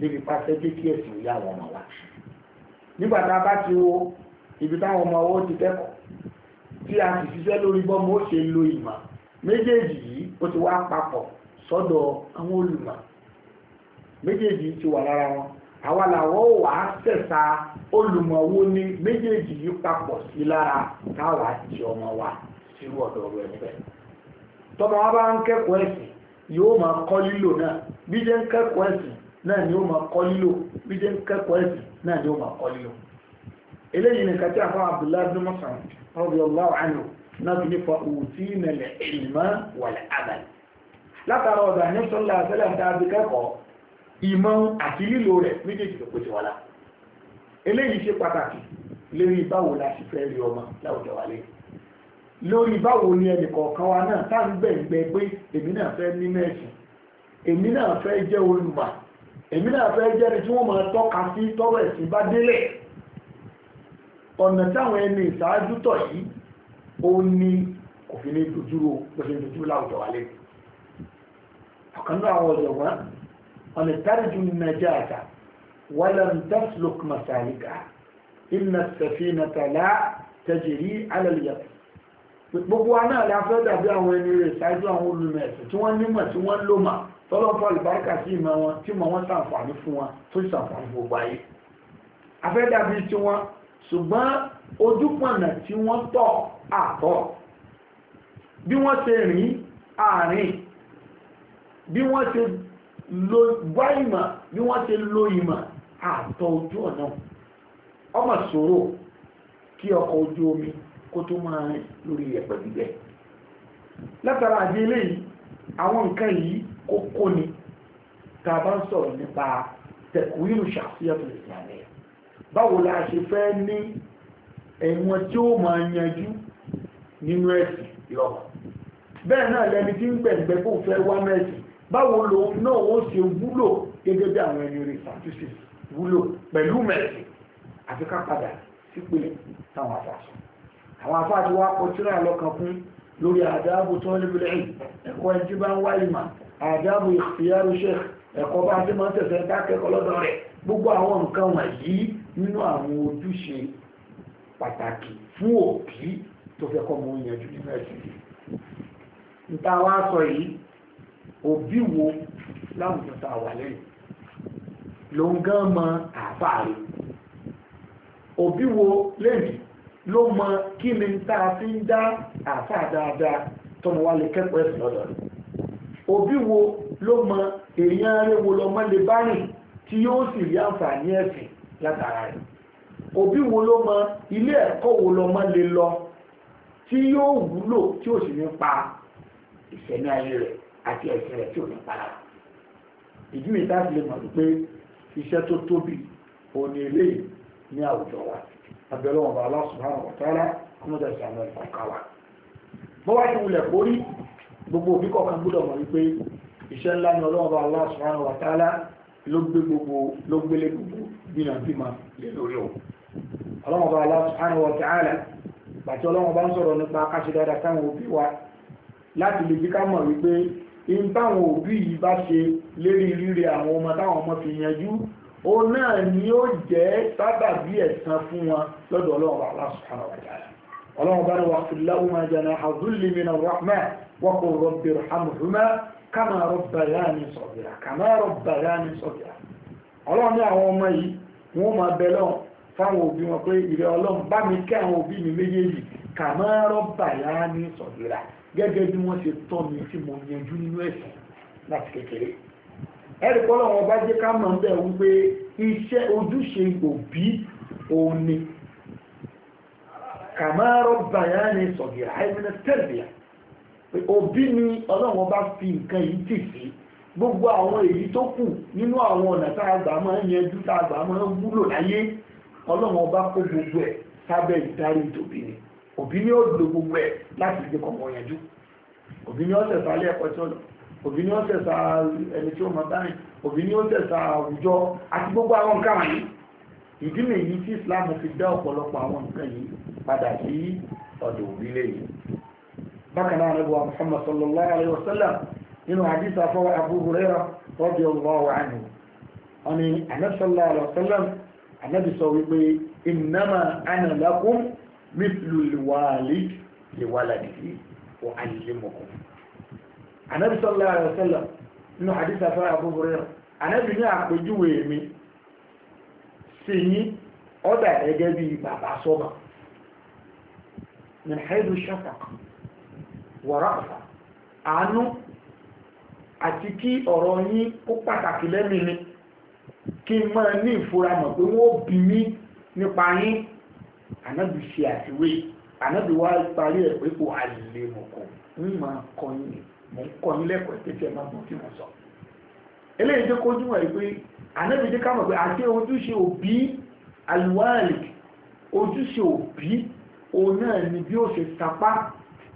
S1: níbi pàṣẹ jẹ́ kí ẹ̀sìn ìyá àwọn ọmọ nígbà tá a bá ti wo ibi táwọn ọmọ owó ti kẹ́kọ̀ọ́ tí a sì ṣiṣẹ́ lórí bọ́ọ̀mù ó ṣe lo ìmọ̀ méjèèjì yìí ó ti wá papọ̀ sọ́dọ̀ àwọn olùmọ̀ méjèèjì ti wà lára wọn àwa làwọ̀ wà á tẹ̀sà olùmọ̀wó ní méjèèjì yìí papọ̀ sí lára káwa ti ọmọ wa sírú ọ̀dọ̀ rẹ̀ níbẹ̀ tọ́mọ wa bá ń kẹ́kọ̀ọ́ ẹ̀sìn yóò máa kọ́ lílò náà bí jẹ́ ń kẹ́kọ̀ọ́ ẹ̀sìn náà ni ó máa kọ́ lílò bí jẹ́ ń kẹ́kọ̀ọ́ ẹ̀sìn náà ni ó máa kọ́ lílò eléyìí nìkan tí àfáà Abdullahi bin Mas'ud radiyallahu anhu náà fi nípa òtí nílẹ̀ ìmọ̀ wàlẹ̀ àbàlẹ̀ látara ọ̀dà ní sọ́lá àṣẹlẹ̀ ń dábí kẹ́kọ̀ọ́ lórí báwo ni ẹnìkọ̀ọ̀kan wa náà tá ń gbẹ̀gbẹ̀ pé èmi náà fẹ́ ní mẹ́ẹ̀sì èmi náà fẹ́ jẹ́ olùgbà èmi náà fẹ́ jẹ́ ni tí wọ́n máa tọ́ka sí tọ́rọ ẹ̀sìn bá délẹ̀ ọ̀nà táwọn ẹni ìṣáájú tọ̀ yìí ó ní kò fi ní dojúrò bó dojúrò láwùjọ wa lẹ́nu ọ̀kan náà àwọn ọ̀jọ̀gbọ́n ọ̀nà táríjú nàìjíríà wàlẹ̀ ń tẹ́sílùkù màsàlíkà ìnà sẹ̀fínà tàlá tẹ̀jìrí alẹ́ gbogbo aná àlẹ́ afẹ́ dàbí àwọn ẹni rẹ̀ ṣáájú àwọn olùmọ̀ ẹ̀sìn tí wọ́n nímọ̀ tí wọ́n lò mà tọ́lọ́pọ̀ àlùbáríkà sí ìmọ̀ wọn tí mọ̀ wọ́n ṣàǹfààní fún wọn tó ṣàǹfààní gbogbo ayé afẹ́ dàbí tí wọ́n ṣùgbọ́n ojúpọ̀nà tí wọ́n tọ̀ àtọ̀ bí wọ́n ṣe rìn àárín bí wọ́n ṣe lo gbá ìmọ̀ bí wọ́n ṣe lo ìmọ̀ àtọ̀ ojú ọ̀nà ọmọ ṣòro kí ọkọ̀ ojú omi kó tó máa rìn lórí ẹ̀pẹ̀ gbígbẹ́ látara àjẹ eléyìí àwọn nǹkan yìí kókó ni ta a bá ń sọ̀rọ̀ nípa tẹ̀kùrínù ṣàfihàn tó lè ṣe àlẹ́ báwo la ṣe fẹ́ ní ẹ̀wọ̀n tí ó máa yanjú nínú ẹ̀sìn ìrọ̀kọ̀ bẹ́ẹ̀ náà lẹni tí ń gbẹ̀gbẹ̀ kó fẹ́ wá mẹ́sìn báwo lo náà ó ṣe wúlò gẹ́gẹ́ bí àwọn ẹni orí sàtúnṣe wúlò pẹ̀lú mẹ́sìn àti ká padà sípò táwọn afáṣọ àwọn afáàtí wá kọ tíra lọ́kàn fún lórí àdáàbò tó ní bílẹ̀ ẹ̀kọ́ ẹjí bá ń wá ìmọ̀ àdáàbò ìfìyàrú ṣe ẹ̀kọ́ bá tí mọ́ tẹ̀sẹ̀ dákẹ́kọ̀ọ́ lọ́dọ̀ rẹ̀ gbogbo àwọn nǹkan wọ̀nyí nínú àwọn ojúṣe pàtàkì fún òbí tó fẹ́ kọ́ mọ òbí wo lẹ́yìn ló mọ kí ni tá a fi ń dá àfà dáadáa tọmọ wa lè kẹ́kọ̀ọ́ ẹ̀sìn lọ́dọ̀ rẹ̀ òbí wo ló mọ èèyàn arẹ wo lọmọ lè bá rìn tí yóò sì rí àǹfààní ẹ̀sìn látara rẹ̀ òbí wo ló mọ ilé ẹ̀kọ́ wo lọmọ lè lọ tí yóò wúlò tí ó sì ní pa ìsẹ̀mí ayé rẹ̀ àti ẹ̀sìn rẹ̀ tí ò ní para ìdí mi tá a fi lè mọ̀ wípé iṣẹ́ tó tóbi òní eléyìí ní àwùjọ wa abẹ́lẹ́ wọn bá Allah subhanahu wa ta'ala kọ́mọ́tà ìsàmọ́ ìfọ̀káwà bọ́ wá sí ilẹ̀ kórí gbogbo òbí kọ̀ọ̀kan gbọ́dọ̀ mọ̀ wípé iṣẹ́ ńlá ni ọlọ́wọ́ bá Allah subhanahu wa ta'ala ló gbé gbogbo ló gbélé gbogbo bínà lè lórí o ọlọ́wọ́ bá Allah subhanahu wa ta'ala bàtí ọlọ́wọ́ bá ń sọ̀rọ̀ nípa káṣí dáadáa táwọn òbí wa láti lè jíká mọ̀ wípé in táwọn òbí yìí bá ṣe lérí rírí àwọn ọmọ táwọn o náà ni ó jẹ́ sábàbí ẹ̀san fún wọn lọ́dọ̀ ọlọ́run Allah subhanahu wa ta'ala ọlọ́run bá ní wà fún lahuma janaha dhulli minar rahma wa qur rabbi irhamhuma kama rabbayani saghira kama rabbayani saghira ọlọ́run ní àwọn ọmọ yìí wọ́n máa bẹ lọ́n fáwọn òbí wọn pé ìrẹ́ ọlọ́run bá mi kẹ́ àwọn òbí mi méjèèjì kama rabbayani saghira gẹ́gẹ́ bí wọ́n ṣe tọ́ mi tí mo yanjú nínú ẹ̀sìn láti kékeré ẹ̀rí pọ́lọ́ wọn bá jẹ́ ká mọ̀ ń bẹ̀ wípé iṣẹ́ ojúṣe òbí òun ni kàmáàrọ̀ bàyá ni sọ̀gìrà ẹ̀mìnà tẹ̀lẹ̀yà òbí ni ọlọ́wọ́n bá fi nǹkan yìí tì sí gbogbo àwọn èyí tó kù nínú àwọn ọ̀nà tá a gbà máa ń yanjú tá a gbà máa ń wúlò láyé ọlọ́wọ́n bá kó gbogbo ẹ̀ sábẹ́ ìdarí ìtòbí ni òbí ni ó lo gbogbo ẹ̀ láti gbé kọ̀ọ̀kan yanjú òbí ni ó sẹ̀ sálẹ̀ ẹ̀kọ́ tí ó lọ òbí ni ó tẹ̀sà ẹni tí ó mọ̀ dáhìn òbí ni ó tẹ̀sà àwùjọ àti gbogbo àwọn nǹkan wọ̀nyí ìdí nìyí tí Islam fi dá ọ̀pọ̀lọpọ̀ àwọn nǹkan yìí padà sí ọ̀dọ̀ òbílẹ̀ yìí bákan náà níbo Muhammad sallallahu alayhi wa sallam nínú hadith afọwọ́ Abu Hurairah radiyallahu anhu wọn ni anabi sallallahu alayhi wa sallam anabi anabi sọlá rẹ sẹlẹ nínú hadith afẹ àbúrò rẹ anabi ní àpèjúwe mi sì ní ọdà ẹgẹ bíi bàbá sọba min haidu shafaq warafa àánú àti kí ọ̀rọ̀ yín kó pàtàkì lẹ́mí ni kí n máa ní ìfura mọ̀ pé wọ́n bí mí nípa yín ànábì ṣe àfiwé ànábì wá parí ẹ̀ pé kò àlè mọ̀kàn ń máa kọ́ yín mò ń kọ́ yín lẹ́kọ̀ọ́ pé kí ẹ máa gbọ́n tí mo sọ eléyìí tó kójú wọ̀nyí pé ànábì jẹ́ ká mọ̀ pé àti ojúṣe òbí alùwárì ojúṣe òbí òun náà ni bí ó ṣe sapá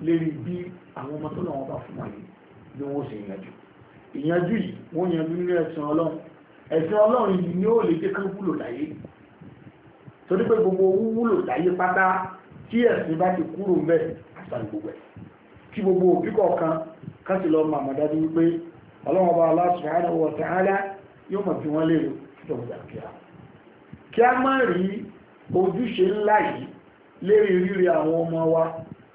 S1: lérí bí àwọn ọmọ tó lọ́wọ́ bá fún wọn yìí bí wọ́n ṣe yanjú ìyanjú yìí wọ́n yanjú nínú ẹ̀sìn ọlọ́run ẹ̀sìn ọlọ́run yìí ni ó lè jẹ́ ká wúlò láyé torí pé gbogbo wúlò láyé pátá tí ẹ̀sìn bá ti kúrò ń bẹ̀ àṣà gbogbo ẹ̀ kí gbogbo òbí kọ̀ọ̀kan káti lọ ma mọ̀dájú wípé ọlọ́wọ́ba Allah subhanahu wa ta'ala yóò mọ̀ fi wọ́n lè lò fìdọ̀gbà kíá kí a má rí ojúṣe ńlá yìí lérí rírí àwọn ọmọ wa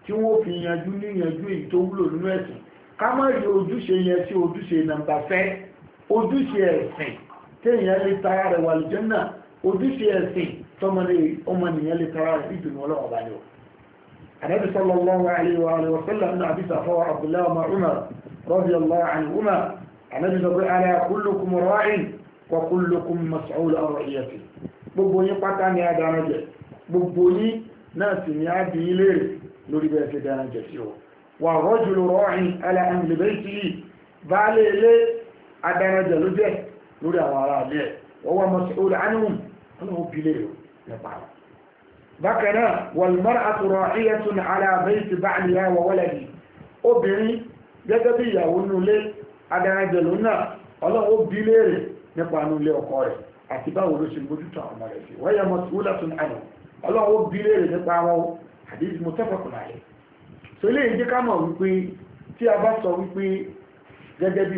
S1: tí wọ́n fi yanjú níyanjú èyí tó wúlò nínú ẹ̀sìn ká má rí ojúṣe yẹn sí ojúṣe nàmbà fẹ́ ojúṣe ẹ̀sìn téèyàn lè tara rẹ̀ wà lùjẹ́ náà ojúṣe ẹ̀sìn tọmọnìyàn lè tara rẹ̀ ìdùnnú ọlọ́wọ́ba النبي صلى الله عليه وآله وسلم أن أبي سفوى عبد الله وما عمر رضي الله عنهما النبي صلى على كلكم راع وكلكم مسؤول عن رعيته gbogbo yín pátá ni adáran jẹ gbogbo yín náà sì ni a bí ilé rẹ̀ lórí bẹ́ẹ̀ ṣe dáran jẹ sí ọ wà rọ́jùlù rọ́rin aláàmìlẹ̀ tí báálé ilé adáran jẹ ló jẹ́ lórí àwọn ará ilé wọ́n wọ́n mọ̀ sí olùhánihùn ọlọ́run bí ilé rẹ̀ nípa rẹ̀ bákanáà wàlmọ́rà àtùrọ̀ ìyẹ́tún aláàbẹ̀ẹ́sì bá àlìyà wà wọ́lẹ̀dì obìnrin gẹ́gẹ́ bí ìyàwó nulé adarajẹ̀lú náà ọlọ́wọ́ bí léèrè nípa nulé ọkọ rẹ̀ àti báwo ló ṣe mójútó àwọn ọmọ rẹ̀ sí wáyà mọ́túwúlẹ̀tún àná ọlọ́wọ́ bí léèrè nípa àwọn àdéhùn mọ́tẹ́fọ̀kùnà rẹ̀ so ilé bá sọ wípé gẹ́gẹ́ bí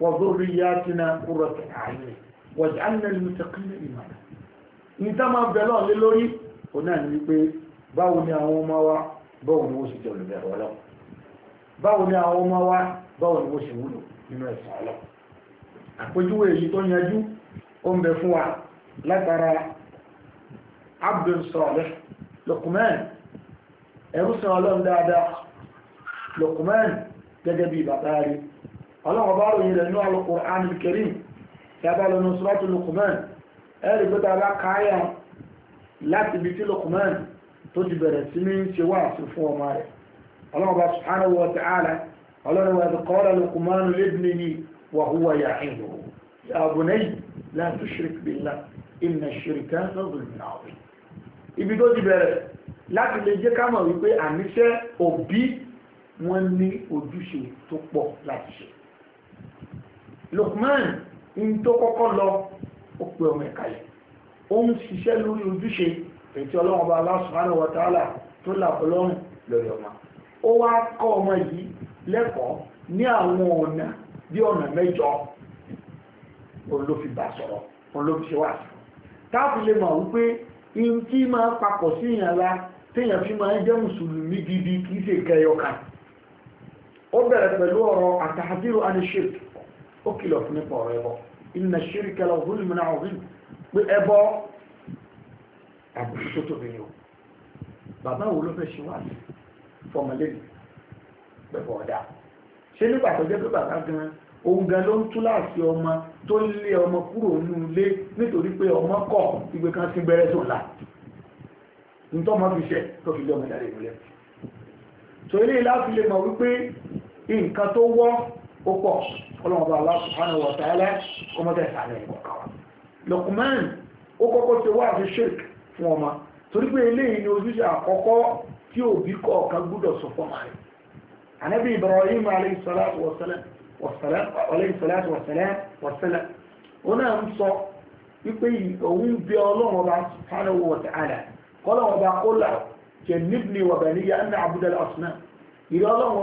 S1: وذرياتنا قرة أعين واجعلنا للمتقين إماما ní tá máa bẹ̀rẹ̀ ọ̀lẹ́ lórí o náà ní wípé báwo ni àwọn ọmọ wa báwo ni ó sì jẹ́ olùbẹ̀rẹ̀ ọlọ́ báwo ni àwọn ọmọ wa báwo ni ó sì wúlò nínú ẹ̀sìn ọlọ́ àpèjúwe èyí tó yanjú ó ń bẹ fún wa látara Abdul Salih Luqman ẹrú sọ ọlọ́run dáadáa Luqman gẹ́gẹ́ bí bàbá rí ọlọ́run bá ròyìn rẹ̀ ní Al-Qur'an Al-Karim yàbá lọ́nà sọ́tù Luqman ẹ̀rì pẹ́ta bá káyà láti ibi tí Luqman tó ti bẹ̀rẹ̀ sí ní ṣe wà sí fún ọmọ rẹ̀ ọlọ́run bá subhanahu wa ta'ala ọlọ́run wa ti qala Luqman libnihi wa huwa ya'iduhu ya bunayya la tushrik billah ní ojúṣe tó pọ̀ láti ṣe Lukman ń tó kọ́kọ́ lọ ó pè ọmọ ẹ̀ka yìí ó ń ṣiṣẹ́ lórí ojúṣe ètò ọlọ́run bá Allah subhanahu wa ta'ala tó là ọlọ́run lórí ọmọ ó wá kọ́ ọmọ yìí lẹ́kọ̀ọ́ ní àwọn ọ̀nà bí ọ̀nà mẹ́jọ òun ló fi bà sọ̀rọ̀ òun ló fi ó bẹ̀rẹ̀ pẹ̀lú ọ̀rọ̀ àtàdírò anishirk ó kìlọ̀ fún nípa ọ̀rọ̀ ẹbọ inna shirka la zulmun azim pé ẹbọ àbùsù tó tóbi ni o bàbá wo ló fẹ́ ṣe wá sí fọmọlẹ́nu pẹ̀pọ̀ ọ̀dà ṣé nígbà tó jẹ́ pé bàbá gan òun gan ló ń tú láàṣì ọmọ tó ń lé ọmọ kúrò nínú ilé nítorí pé ọmọ kọ̀ ìgbé kan sí gbẹrẹ tó ńlá nítorí ọmọ fi ṣẹ tó fi lé ọmọ ìdárẹ̀ ìmúlẹ̀ tó ilé láti lè mọ̀ wípé nǹkan tó wọ́ ó pọ̀ ọlọ́mọba Allah subhanahu wa ta'ala ọmọdé ìsàlẹ̀ ìwọ̀ká wa Luqman ó kọ́kọ́ ti wá àti sheik fún ọmọ torí pé eléyìí ni ojúṣe àkọ́kọ́ tí òbí kọ̀ọ̀kan gbúdọ̀ sọ fún ọmọ rẹ̀ anabi Ibrahim alayhi salatu wa salam ó náà ń sọ wípé òun bí ọlọ́run ọba subhanahu wa ta'ala kọ́lọ́run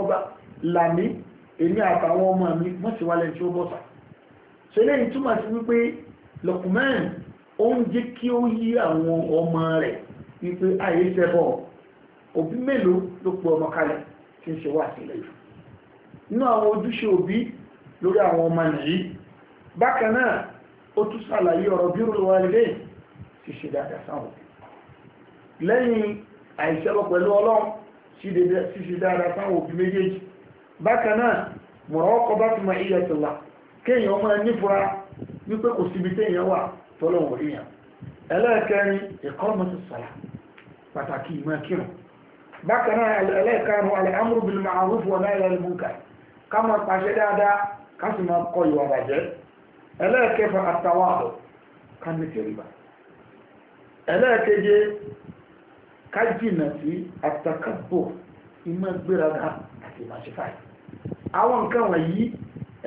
S1: ọba èmi àtàwọn ọmọ mi wọ́n ti wálẹ̀ tí ó bọ́sà so eléyìí túmọ̀ sí wípé Lukman ó ń jẹ́ kí ó yí àwọn ọmọ rẹ̀ wípé ayé sẹ́bọ̀ òbí mélòó ló pe ọmọ kalẹ̀ tí ń ṣe wà sílẹ̀ yìí nínú àwọn ojúṣe òbí lórí àwọn ọmọ nìyí bákan náà ó tún ṣàlàyé ọ̀rọ̀ bí rúlọ wà lè ti ṣe dáadáa sáwọn lẹ́yìn àìṣẹ́bọ̀ pẹ̀lú ọlọ́run ṣíṣe dáadáa sáwọn òbí méjèèjì bákanáà mọ̀rọ́kọ́ bá fi máa iyẹ̀ tìlá kéèyàn ọmọ ẹni fura wípé kò síbi téèyàn wà tọ́lọ̀wọ̀ ríyàn ẹlẹ́ẹ̀kẹrin ìkọ́mọ̀tì sọ̀lá pàtàkì ìmọ̀ kírun bákanáà ẹlẹ́ẹ̀kẹrin al-amru bil ma'ruf wa nahy anil munkar ká máa pàṣẹ dáadáa ká sí at ìmọ̀ gbéraga àti ìbáṣepá àwọn nǹkan wọ̀nyí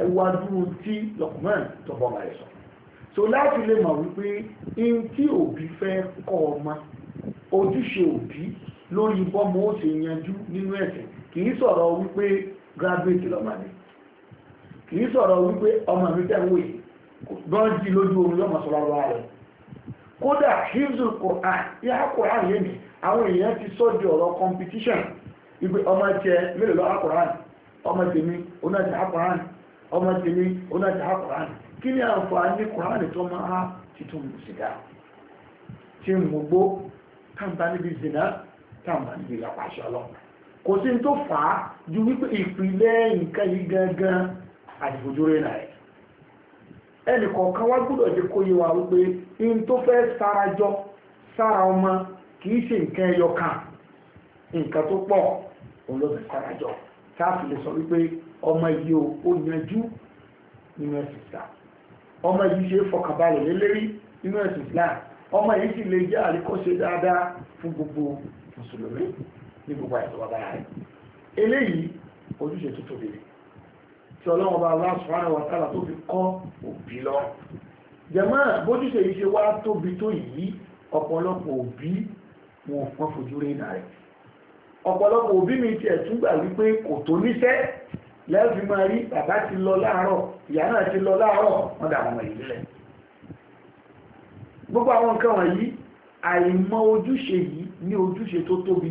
S1: ẹwàdú tí Lukman tọ́bọ̀ bá rẹ̀ sọ so láti lè mọ̀ wípé in tí òbí fẹ́ kọ́ ọmọ ojúṣe òbí lórí bọ́mọ ó ṣe yanjú nínú ẹ̀sìn kì í sọ̀rọ̀ wípé graduate lọ́mọ mi kì í sọ̀rọ̀ wípé ọmọ mi tẹ́wọ́ yìí gbọ́n jí lójú oorun yọ́mọ̀ rẹ̀ kódà hibzul Quran yá Quran yé àwọn èèyàn ti sọ́ ọ̀rọ̀ competition ibi ọmọ ẹ̀kẹ́ mélòó lọ akọ̀rán ọmọ tèmi onáti akọ̀rán ọmọ tèmi onáti akọ̀rán kí ni àǹfààní kọ̀rán tó máa ti tún sìgá tí ń mú gbó tàǹbà níbi zìnà tàǹbà níbi ìyàpàṣẹ ọlọ́run kò sí tó fà á ju wípé ìpìlẹ̀ nǹkan yìí gangan àdìfojúrí náà ẹnì kọ̀ọ̀kan wá gbọ́dọ̀ jẹ́ kó wa wípé tó fẹ́ sára ọmọ kì í ṣe nǹkan ẹyọ olóògbé kọ́lájọ́ káàfì lè sọ wípé ọmọ yìí o ó yanjú nínú ẹ̀sìn Islam ọmọ yìí ṣe fọkànbalẹ̀ lélẹ́rí nínú ẹ̀sìn Islam ọmọ yìí sì lè jẹ́ àríkọ́ṣe dáadáa fún gbogbo mùsùlùmí ní gbogbo àìsàn bàbá rẹ̀ eléyìí ojúṣe tó tóbi rẹ̀ tí ọlọ́run bá wá subhanahu wa ta'ala tó fi kọ́ òbí lọ jẹ̀mọ́ bójúṣe yìí ṣe wá tóbi tó yìí ọ̀pọ̀lọpọ̀ òbí wọn ò fojú rí náà rẹ̀ ọ̀pọ̀lọpọ̀ òbí mi tiẹ̀ tún gbà wípé kò tó níṣẹ́ lẹ́ẹ̀fì máa rí bàbá ti lọ láàárọ̀ ìyá náà ti lọ láàárọ̀ wọ́n dà wọ́n yìí lẹ̀ gbogbo àwọn nǹkan wọ̀nyí àìmọ̀ ojúṣe yìí ní ojúṣe tó tóbi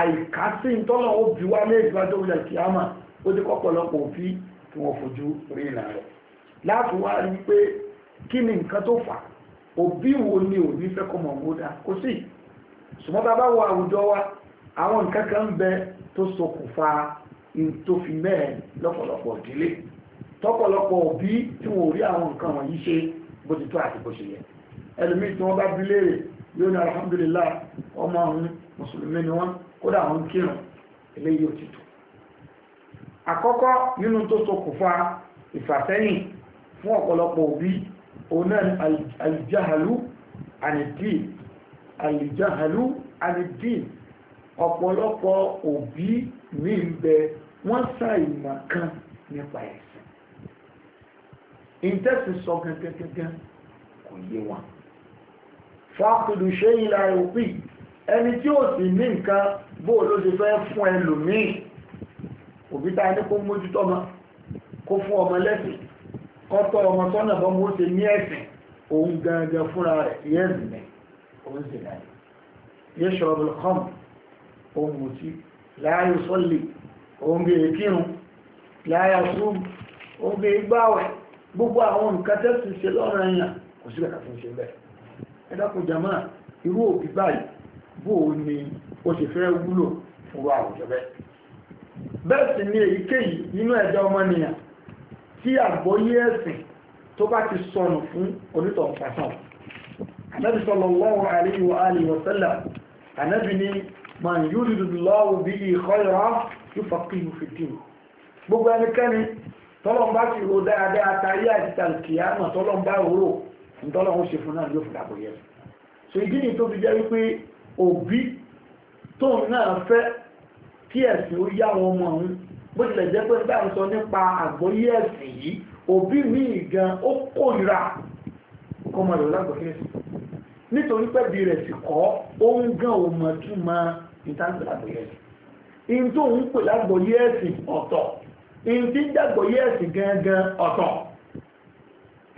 S1: àìkásí tọ́lọ̀ ó bí wá lé ìgbàjọ́ ìjà kí á mà ó ti kọ́pọ̀lọpọ̀ òfin tí wo àwùjọ wa àwọn nǹkan kan bẹ tó ṣokùnfà ìtòfin mẹ́rin lọ́pọ̀lọpọ̀ ìdílé tọ́pọ̀lọpọ̀ òbí tí wọ́n rí àwọn nǹkan wọ̀nyí ṣe bó ti tó àti bó ṣe yẹ ẹlòmí tí wọ́n bá bí léèrè yóò ní alhamdulillah ọmọ ọ̀hún mùsùlùmí ni wọ́n kódà àwọn kírun eléyìí ò ti tó àkọ́kọ́ nínú tó ṣokùnfà ìfàsẹ́yìn fún ọ̀pọ̀lọpọ̀ òbí òun náà alìjáhalú ànìdín alìjáhalú ọ̀pọ̀lọpọ̀ òbí mi ń bẹ wọ́n ṣàìmọ̀ kan nípa ẹ̀sìn ìtẹ́sì sọ gangan kò yé wọn fàkùdù ṣe ìlà òpin ẹni tí ó sì ní nǹkan bó ló ṣe fẹ́ fún ẹlòmíì òbí ta ní kó mójútó ọmọ kó fún ọmọ lẹ́sìn kọ́tọ́ ọmọ tọ́nà bọ́ mú ṣe ní ẹ̀sìn òun gangan fúnra rẹ̀ yẹ́sìn òun sì náà yẹ́sọ̀rọ̀ bọ̀lọ́kọ́mù ohun òtí láàáyò sọ́lì ohun bèèrè kírun láàáyà súnmù ohun bèèrè gbáwẹ̀ gbogbo àwọn nǹkan tẹ́sì lọ́rọ̀ ẹ̀yàn kò sí kàkà fún jama irú òbí báyìí bó o ó ṣe fẹ́ wúlò fún wa àwùjọ bẹ́ẹ̀ bẹ́ẹ̀ sì man yuridu Allahu bihi khayran yufaqqihu fid-din gbogbo ẹnikẹ́ni tọ́lọ́n bá ti ro dáadáa táyé àtìta kìyàmọ̀ tọ́lọ́n bá rò ntọ́lọ́n ṣe fún náà yóò fún àbòyẹ so ìdí ni tó fi jẹ́ wípé òbí tóun náà fẹ́ kí ẹ̀sìn ó yá wọn mọ̀ ọ́n bó tilẹ̀ jẹ́ pé bá ń sọ nípa àgbọ́yé ẹ̀sìn yìí ìtàgbé àgbòyé ẹ̀sìn in tó ń pè lágbòyé ẹ̀sìn ọ̀tọ̀ in tí ń dàgbòyé ẹ̀sìn gangan ọ̀tọ̀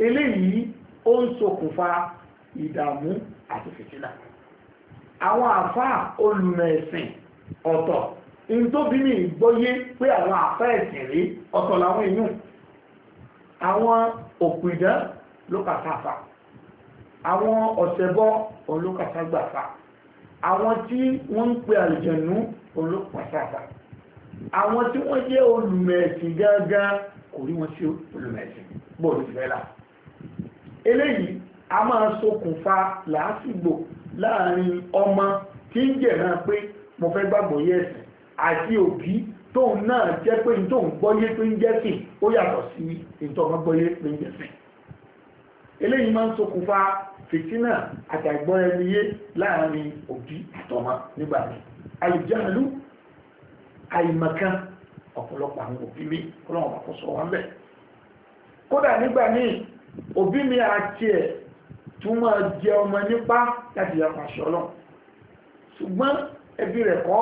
S1: eléyìí ó ń ṣokùnfà ìdààmú àti fìtínà àwọn àfáà olùmọ̀ ẹ̀sìn ọ̀tọ̀ in tó bí ní ìgbóyé pé àwọn àfáà ẹ̀sìn ọ̀tọ̀ làwọn èèyàn àwọn òpìdán ló kàtà fà àwọn ọ̀sẹ̀bọ òun ló àwọn tí wọ́n ń pe àlùjẹ̀nú olópàtàkà àwọn tí wọ́n jẹ́ olùmẹ̀ẹ̀sìn gángan kò rí wọn sí olùmẹ̀ẹ̀sìn bọ́ọ̀lù ìfẹ́lá eléyìí a máa ṣokùnfà làásìgbò láàrin ọmọ tí ń jẹ̀ràn pé mo fẹ́ gbàgbọ́ yẹ̀sìn àti òbí tóun náà jẹ́ pé tóun gbọ́yé pé ń jẹ́sìn ó yàtọ̀ sí ìtọ́ ọmọ gbọ́yé pé ń jẹ́sìn eléyìí máa ń ṣokùnfà fìtínà àtàgbọ́n ẹni yé láàrin òbí àtọmọ nígbà mi àlùjáàlú àìmọ̀kan ọ̀pọ̀lọpọ̀ àwọn òbí mi kọ́lọ́wọ́n bá kó sọ wọn bẹ́ẹ̀ kódà nígbà míì òbí mi àti ẹ̀ tún máa jẹ ọmọ nípa láti yàpá ṣọlọ ṣùgbọ́n ẹbí rẹ̀ kọ́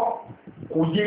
S1: kò yé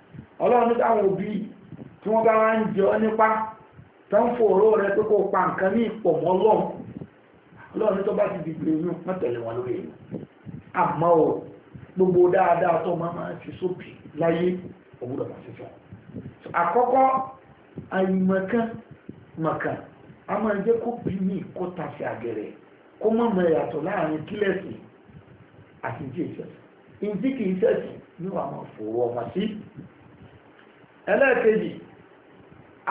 S1: ọlọ́run ní táwọn òbí tí wọ́n bá wá ń jẹ ọ́ nípa tó ń fò òró rẹ pé kó pa nǹkan ní ìpọ̀ mọ́ ọlọ́run ọlọ́run ní tó bá ti dìgbò inú wọ́n tẹ̀lé wọn lórí èèyàn àmọ́ o gbogbo dáadáa tó máa máa ti sóbì láyé òwúrọ̀ máa ṣe fún un àkọ́kọ́ àyìnmọ̀kan a máa jẹ́ kó bí ní kó ta sí àgẹ̀rẹ̀ kó mọ̀ mọ̀ ìyàtọ̀ láàrin kílẹ̀sì àti ìdí ìṣẹ̀sì ìdí ní wàá máa fòrò ọmọ sí ẹlẹ́ẹ̀kejì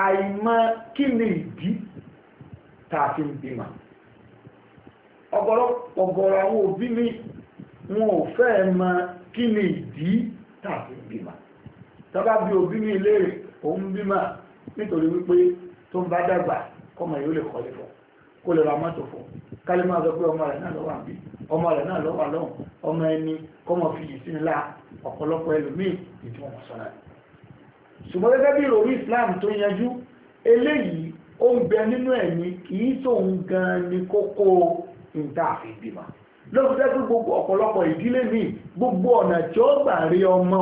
S1: àìmọ̀ kí ni ìdí tààfin bímọ ọ̀gọ̀rọ̀ àwọn òbí mi wọn ò fẹ́ mọ̀ kí ni ìdí tààfin bímọ tọ́bá bí òbí mi léèrè òun bímọ nítorí wípé tó ń bá dàgbà kọmọ yóò lè kọ́lé fún kó lè ra mọ́tò fún kálí máa sọ pé ọmọ rẹ̀ náà lọ́wọ́ àbí ọmọ rẹ̀ náà lọ́wọ́ àlọ́hùn ọmọ ẹni kọmọ fìyì sí ńlá ọ̀pọ̀lọpọ̀ ẹlòmíì ìdí wọn sọ náà ṣùgbọ́n gẹ́gẹ́ bí ìròrí Islam tó yanjú eléyìí ó ń bẹ nínú ẹ̀mí kìí tóun gan ni kókó nta àfi bímọ lọ́pọ̀ tẹ́ pé gbogbo ọ̀pọ̀lọpọ̀ ìdílé mi gbogbo ọ̀nà tí ó gbà rí ọmọ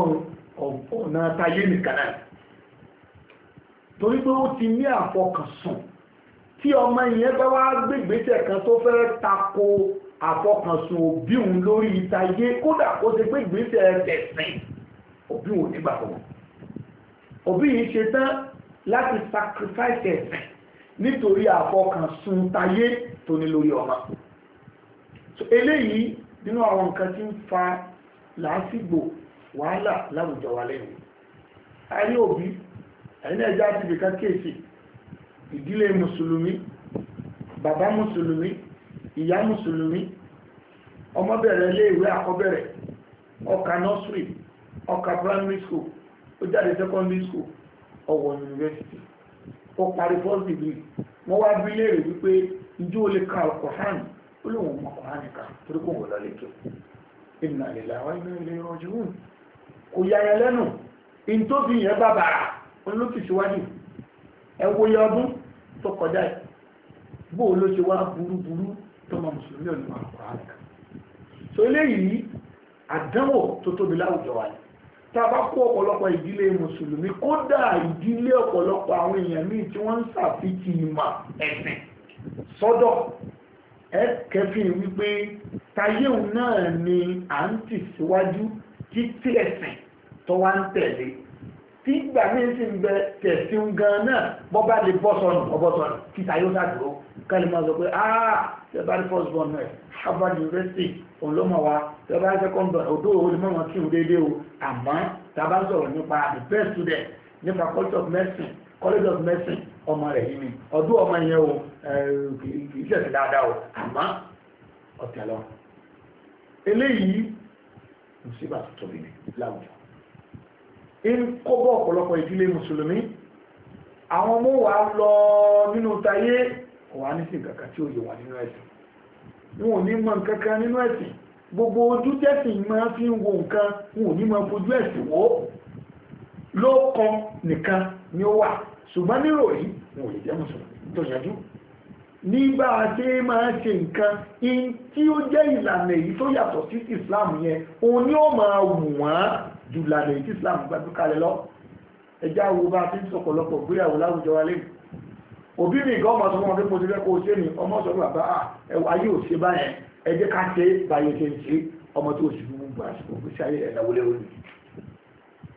S1: ọ̀nà tayé nìkan náà torí pé ó ti ní àfọkànsùn tí ọmọ yẹn bá wá gbégbésẹ̀ kan tó fẹ́ tako àfọkànsùn òbí òun lórí ìtayé kódà kó ṣe gbégbésẹ̀ tẹ̀sìn òbí òun nígbà fún òbí yìí ṣe tán láti sacrifice ẹ̀sìn nítorí àfọkànsùn tayé tó ní lórí ọmọ eléyìí nínú àwọn nǹkan tí ń fa làásìgbò wàhálà láwùjọ wa lẹ́yìn ayé òbí ẹ̀yìn ẹjá ti fi ká kéèsì ìdílé mùsùlùmí bàbá mùsùlùmí ìyá mùsùlùmí ọmọ bẹ̀rẹ̀ ilé ìwé àkọ́bẹ̀rẹ̀ ọkà nursery ọkà primary school ó jáde secondary school ọwọ́ university ó parí first degree wọ́n wá bí léèrè wípé ìjọ olè ka Al-Qur'an ó lóun mọ Qur'an ká torí kò wọ́n lọ lè kéwù inna lillahi wa inna ilayhi raji'un kò yára lẹ́nu ìntòbí yẹn bá bàrà olókì síwájú ẹ wo ọdún tó kọjá so eléyìí àdánwò tó tóbi láwùjọ tàbá kó ọ̀pọ̀lọpọ̀ ìdílé mùsùlùmí kódà ìdílé ọ̀pọ̀lọpọ̀ àwọn èèyàn míì tí wọ́n ń ṣàfihàn ìmọ̀ ẹ̀sìn sọ́dọ̀ ẹ kẹfìn wípé tayéhùn náà ni à ń tì síwájú títí ẹ̀sìn tó wá ń tẹ̀lé tí ìgbà míì ń bẹ tẹ̀sìn gan náà bọ́ lè bọ́ sọnù ọbọ̀ sọnù kí tayéhùn ṣàdúró kálímọ̀ sọ pé ah tẹ́bá rí first born rẹ̀ Harvard University òun ló mọ̀ wá tẹ́bá rí second born òdó òun ni mọ̀mọ́ kí n déédéé o àmọ́ tàbá sọ̀rọ̀ nípa the best student ní faculty of medicine college of medicine ọmọ rẹ̀ yìí ni ọdún ọmọ yẹn o kì í ṣẹ̀ṣẹ̀ dáadáa o àmọ́ ọ̀tẹ̀ lọ eléyìí mùsíbà tó tóbi ní láwùjọ ń kó bọ́ ọ̀pọ̀lọpọ̀ ìdílé mùsùlùmí àwọn ọmọ wa lọ nínú tayé kò wá ní sí nǹkan kan tí ó yẹ wà nínú ẹ̀sìn wọn ò ní mọ nǹkan kan nínú ẹ̀sìn gbogbo ojú tẹ́sìn máa fi ń wo nǹkan wọn ò ní máa fojú ẹ̀sìn wò ló kọ nìkan ni ó wà ṣùgbọ́n nírò yìí wọn ò lè jẹ́ mùsùlùmí tó yanjú nígbà tí máa ṣe nǹkan in tí ó jẹ́ ìlànà èyí tó yàtọ̀ sí Islam yẹn òun ni ó máa wù wọ́n ju ìlànà èyí tí Islam gbàgbé kalẹ̀ lọ ẹjá wo bá ti ń sọ̀pọ̀lọpọ̀ gbéyàwó láwùjọ wa lẹ́yìn òbí mi gan ọmọ sọ fún ọdún mo ti fẹ́ kó o ṣe ni ọmọ sọ fún bàbá ah, ẹwà yóò ṣe báyẹn ẹ jẹ́ ká ṣe báyẹn ṣe ń ṣe ọmọ tó ṣì fún gbogbo àsìkò kò sí ayé ẹ̀dá wọlé wọlé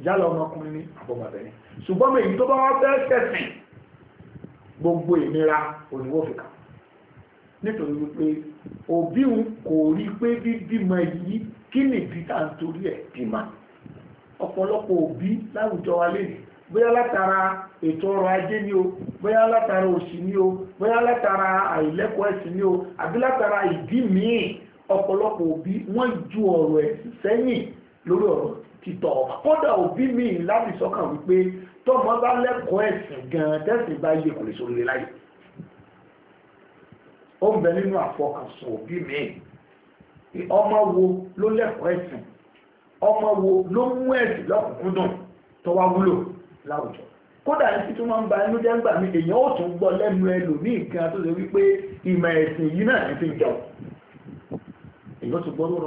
S1: yálà ọmọkùnrin ní àbọ̀mọbẹ̀rin ṣùgbọ́n mi èyí tó bá wá fẹ́ ṣẹ̀sìn gbogbo ìnira òníwó fìkà nítorí wípé òbí òun kò rí pé bíbímọ yìí kí nìdí tá à ń torí ẹ̀ bímọ ọ̀pọ̀lọpọ̀ òbí láwùjọ wa lénìí bóyá látara ètò ọrọ̀ ajé ni o bóyá látara òṣì ni o bóyá látara àìlẹ́kọ̀ọ́ ẹ̀sìn ni o àbí látara ìdí míì ọ̀pọ̀lọpọ̀ òbí wọ́n ju ọ̀rọ̀ ẹ̀sìn sẹ́yìn lórí ọ̀rọ̀ títọ́ kódà òbí míì láti sọ́kàn wípé tọ́mọ bá lẹ́kọ̀ọ́ ẹ̀sìn gan-an tẹ́sìn bá yẹ kò lè sórí rẹ láyé ó ń bẹ nínú àfọkànsùn òbí míì ọmọ wo ló lẹ́kọ̀ọ́ ẹ̀sìn ọmọ wo ló mú ẹ̀sìn lọ́kùnkúndùn tó wá wúlò láwùjọ kódà ní títún máa ń ba inú jẹ́ ńgbà mi èèyàn ó tún gbọ́ lẹ́nu nǹkan tó ṣe wípé ìmọ̀ ẹ̀sìn yìí náà ní fi ń jẹun tún gbọ́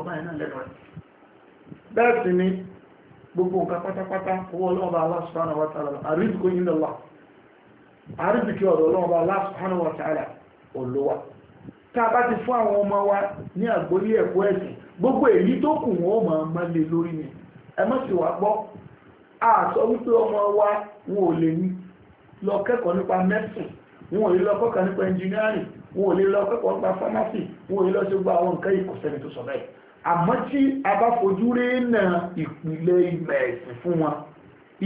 S1: báyìí náà ni gbogbo nǹkan pátápátá owó ọlọ́ọ̀bá wa yìí ọlọ́ọ̀bá wa olówà tá a bá ti fún àwọn ọmọ wa ní àgbóyé ẹ̀kọ́ ẹ̀sìn gbogbo èyí tó kù wọn ó máa mọ́lé lórí àṣọ wípé ọmọ wa wọn ò lè ní lọ kẹ́kọ̀ọ́ nípa medicine wọn ò lè lọ kọ́kọ́ nípa engineering wọn ò lè lọ kẹ́kọ̀ọ́ nípa pharmacy wọn ò lè lọ sí àwọn nǹkan ìkọ̀sẹ́ni tó sọ bẹ́ẹ̀ àmọ́ tí a bá fojú rí na ìpìlẹ̀ ìmọ̀ ẹ̀sìn fún wọn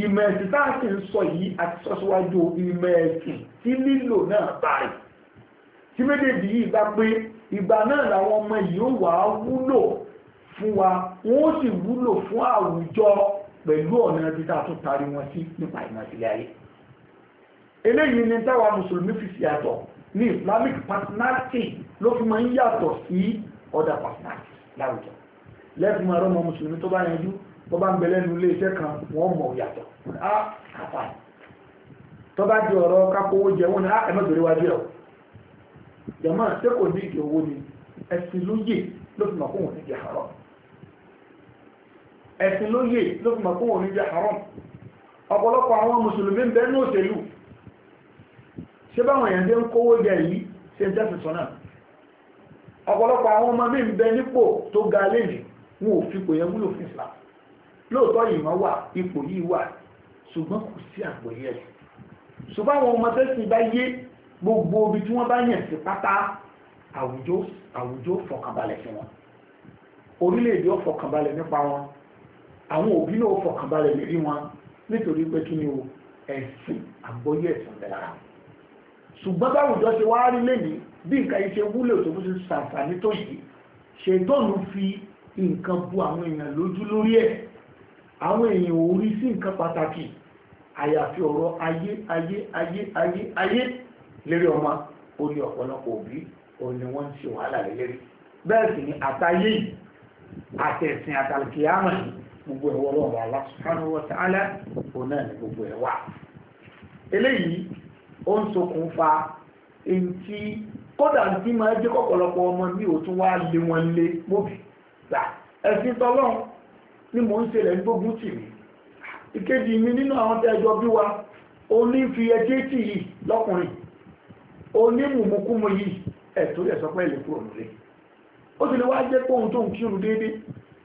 S1: ìmọ̀ ẹ̀sìn tá a sì ń sọ yìí àti sọ síwájú ìmọ̀ ẹ̀sìn tí lílò náà bá rè tí méjèèjì yìí bá pé ìgbà náà làwọn ọmọ yìí ó wà wúlò fún wa wọn ó sì wúlò fún àwùjọ pẹ̀lú ọ̀nà títà tó tari wọn sí nípa ìmọ̀sílẹ̀ ayé eléyìí ni táwa mùsùlùmí fi sí yàtọ̀ ní islamic personality ló fi máa ń yàtọ̀ sí ọ̀dà personality láwùjọ lẹ́fì máa rọ́mọ mùsùlùmí tó bá yanjú tó bá ń bẹ lẹ́nu ilé iṣẹ́ kan wọ́n mọ̀ yàtọ̀ á kàfà tó bá di ọ̀rọ̀ kákówó jẹ wọn ni á ẹ̀mẹ́gbèrè wájú ẹ̀ jọ̀mọ́ ṣé kò ní ìdí owó ni ẹ̀sìn ló yè ló fi mọ̀ kóhùn ti di àárọ̀ ẹ̀sìn ló yè ló fi mọ̀ kó jẹ́ haram ọ̀pọ̀lọpọ̀ àwọn mùsùlùmí ń bẹ ní òṣèlú ṣe báwọn èèyàn dé ń kówó jẹ yìí ṣe ń tẹ́sì sọ́nà ọ̀pọ̀lọpọ̀ àwọn ọmọ mi ń bẹ nípò tó ga lẹ́yìn wọn ò fipò yẹn wúlò fún Islam lóòótọ́ ìmọ̀ wà ipò wọn orílẹ̀-èdè ó nípa wọn àwọn òbí náà fọkànbalẹ̀ lè rí wọn nítorí pé kí ni o ẹ̀sìn àgbọ́yé ẹ̀sìn dára ṣùgbọ́n báwùjọ ṣe wá rí lẹ́yìn bí nǹkan iṣẹ́ wúlò tó bó ṣe ṣàǹfààní tó yìí ṣètọ́nù fi nǹkan bu àwọn èèyàn lójú lórí ẹ̀ àwọn èèyàn ò rí sí nǹkan pàtàkì àyàfi ọ̀rọ̀ ayé ayé ayé ayé ayé lérí ọmọ ó ní ọ̀pọ̀lọpọ̀ òbí ó ní wọ́n ń ṣe wàhálà lérí bẹ́ẹ̀ sì ni àtayé àtẹ̀sìn àtàlùkìyàmọ̀ yìí gbogbo ẹ̀wọ́ lọ́wọ́ Allah subhanahu wa ta'ala òun náà ní gbogbo ẹ̀ wà. eléyìí ó ń ṣokùnfà èyí tí kódà tí máa jẹ́ kọ́pọ̀lọpọ̀ ọmọ mi ò tún wá lé wọn lé mọ́bì gbà ẹ̀sìn tọ́lọ́run ni mò ń ṣẹlẹ̀ ń gbógun tì mí ìkejì mi nínú àwọn tẹ́jọ bí wa oní fi ẹjẹ́ tì yìí lọ́kùnrin oní mùmùkúmu yìí ẹ̀tọ́ rẹ̀ sọ pé ẹ̀lẹ́kùrọ̀ nílé ó sì lè wá jẹ́ pé òun tó ń kírun déédéé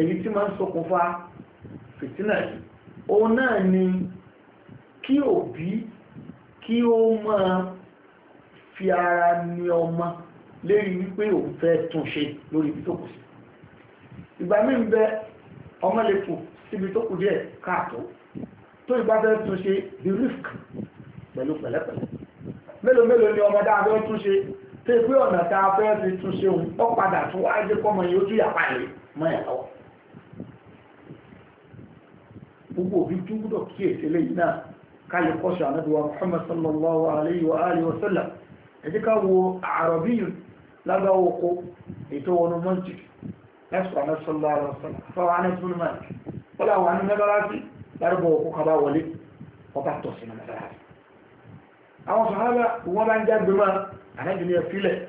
S1: èyí tí máa ń ṣokùnfà fìtínà yìí òun náà ni kí òbí kí ó máa fi ara ní ọmọ lérí wípé òun fẹ́ tún ṣe lórí ibi tó kù sí ìgbà míì ń bẹ ọmọ lè kù síbi tó kù díẹ̀ káàtó tó ìgbà fẹ́ tún ṣe the risk pẹ̀lú pẹ̀lẹ́pẹ̀lẹ́ mélòó mélòó ni ọmọ dáa fẹ́ tún ṣe tó ìpé ọ̀nà tá a fẹ́ fi tún ṣe òun ó padà tún wáyé kọ́mọ yóò tún yàpá yìí mọ́ ẹ̀ lọ́wọ́ gbogbo òbí tún gbọ́dọ̀ kí èsèlè yìí náà káyẹ kọ́ṣà anábíwá muhammad sallallahu alayhi wa alihi wa sallam ẹ̀jẹ̀ ká wo àrọ̀bíyùn lágbàá oko ètò wọnú mọ́jìk lẹ́sùn anábí sallallahu alayhi wa sallam fọwọ́ anábí sallallahu alayhi wa sallam wọ́n làwọn anábí mẹ́bàlásì lárúbọ̀ oko kaba wọlé ọba tọ̀sí ní mẹ́bàlásì. àwọn sàhábà wọn bá ń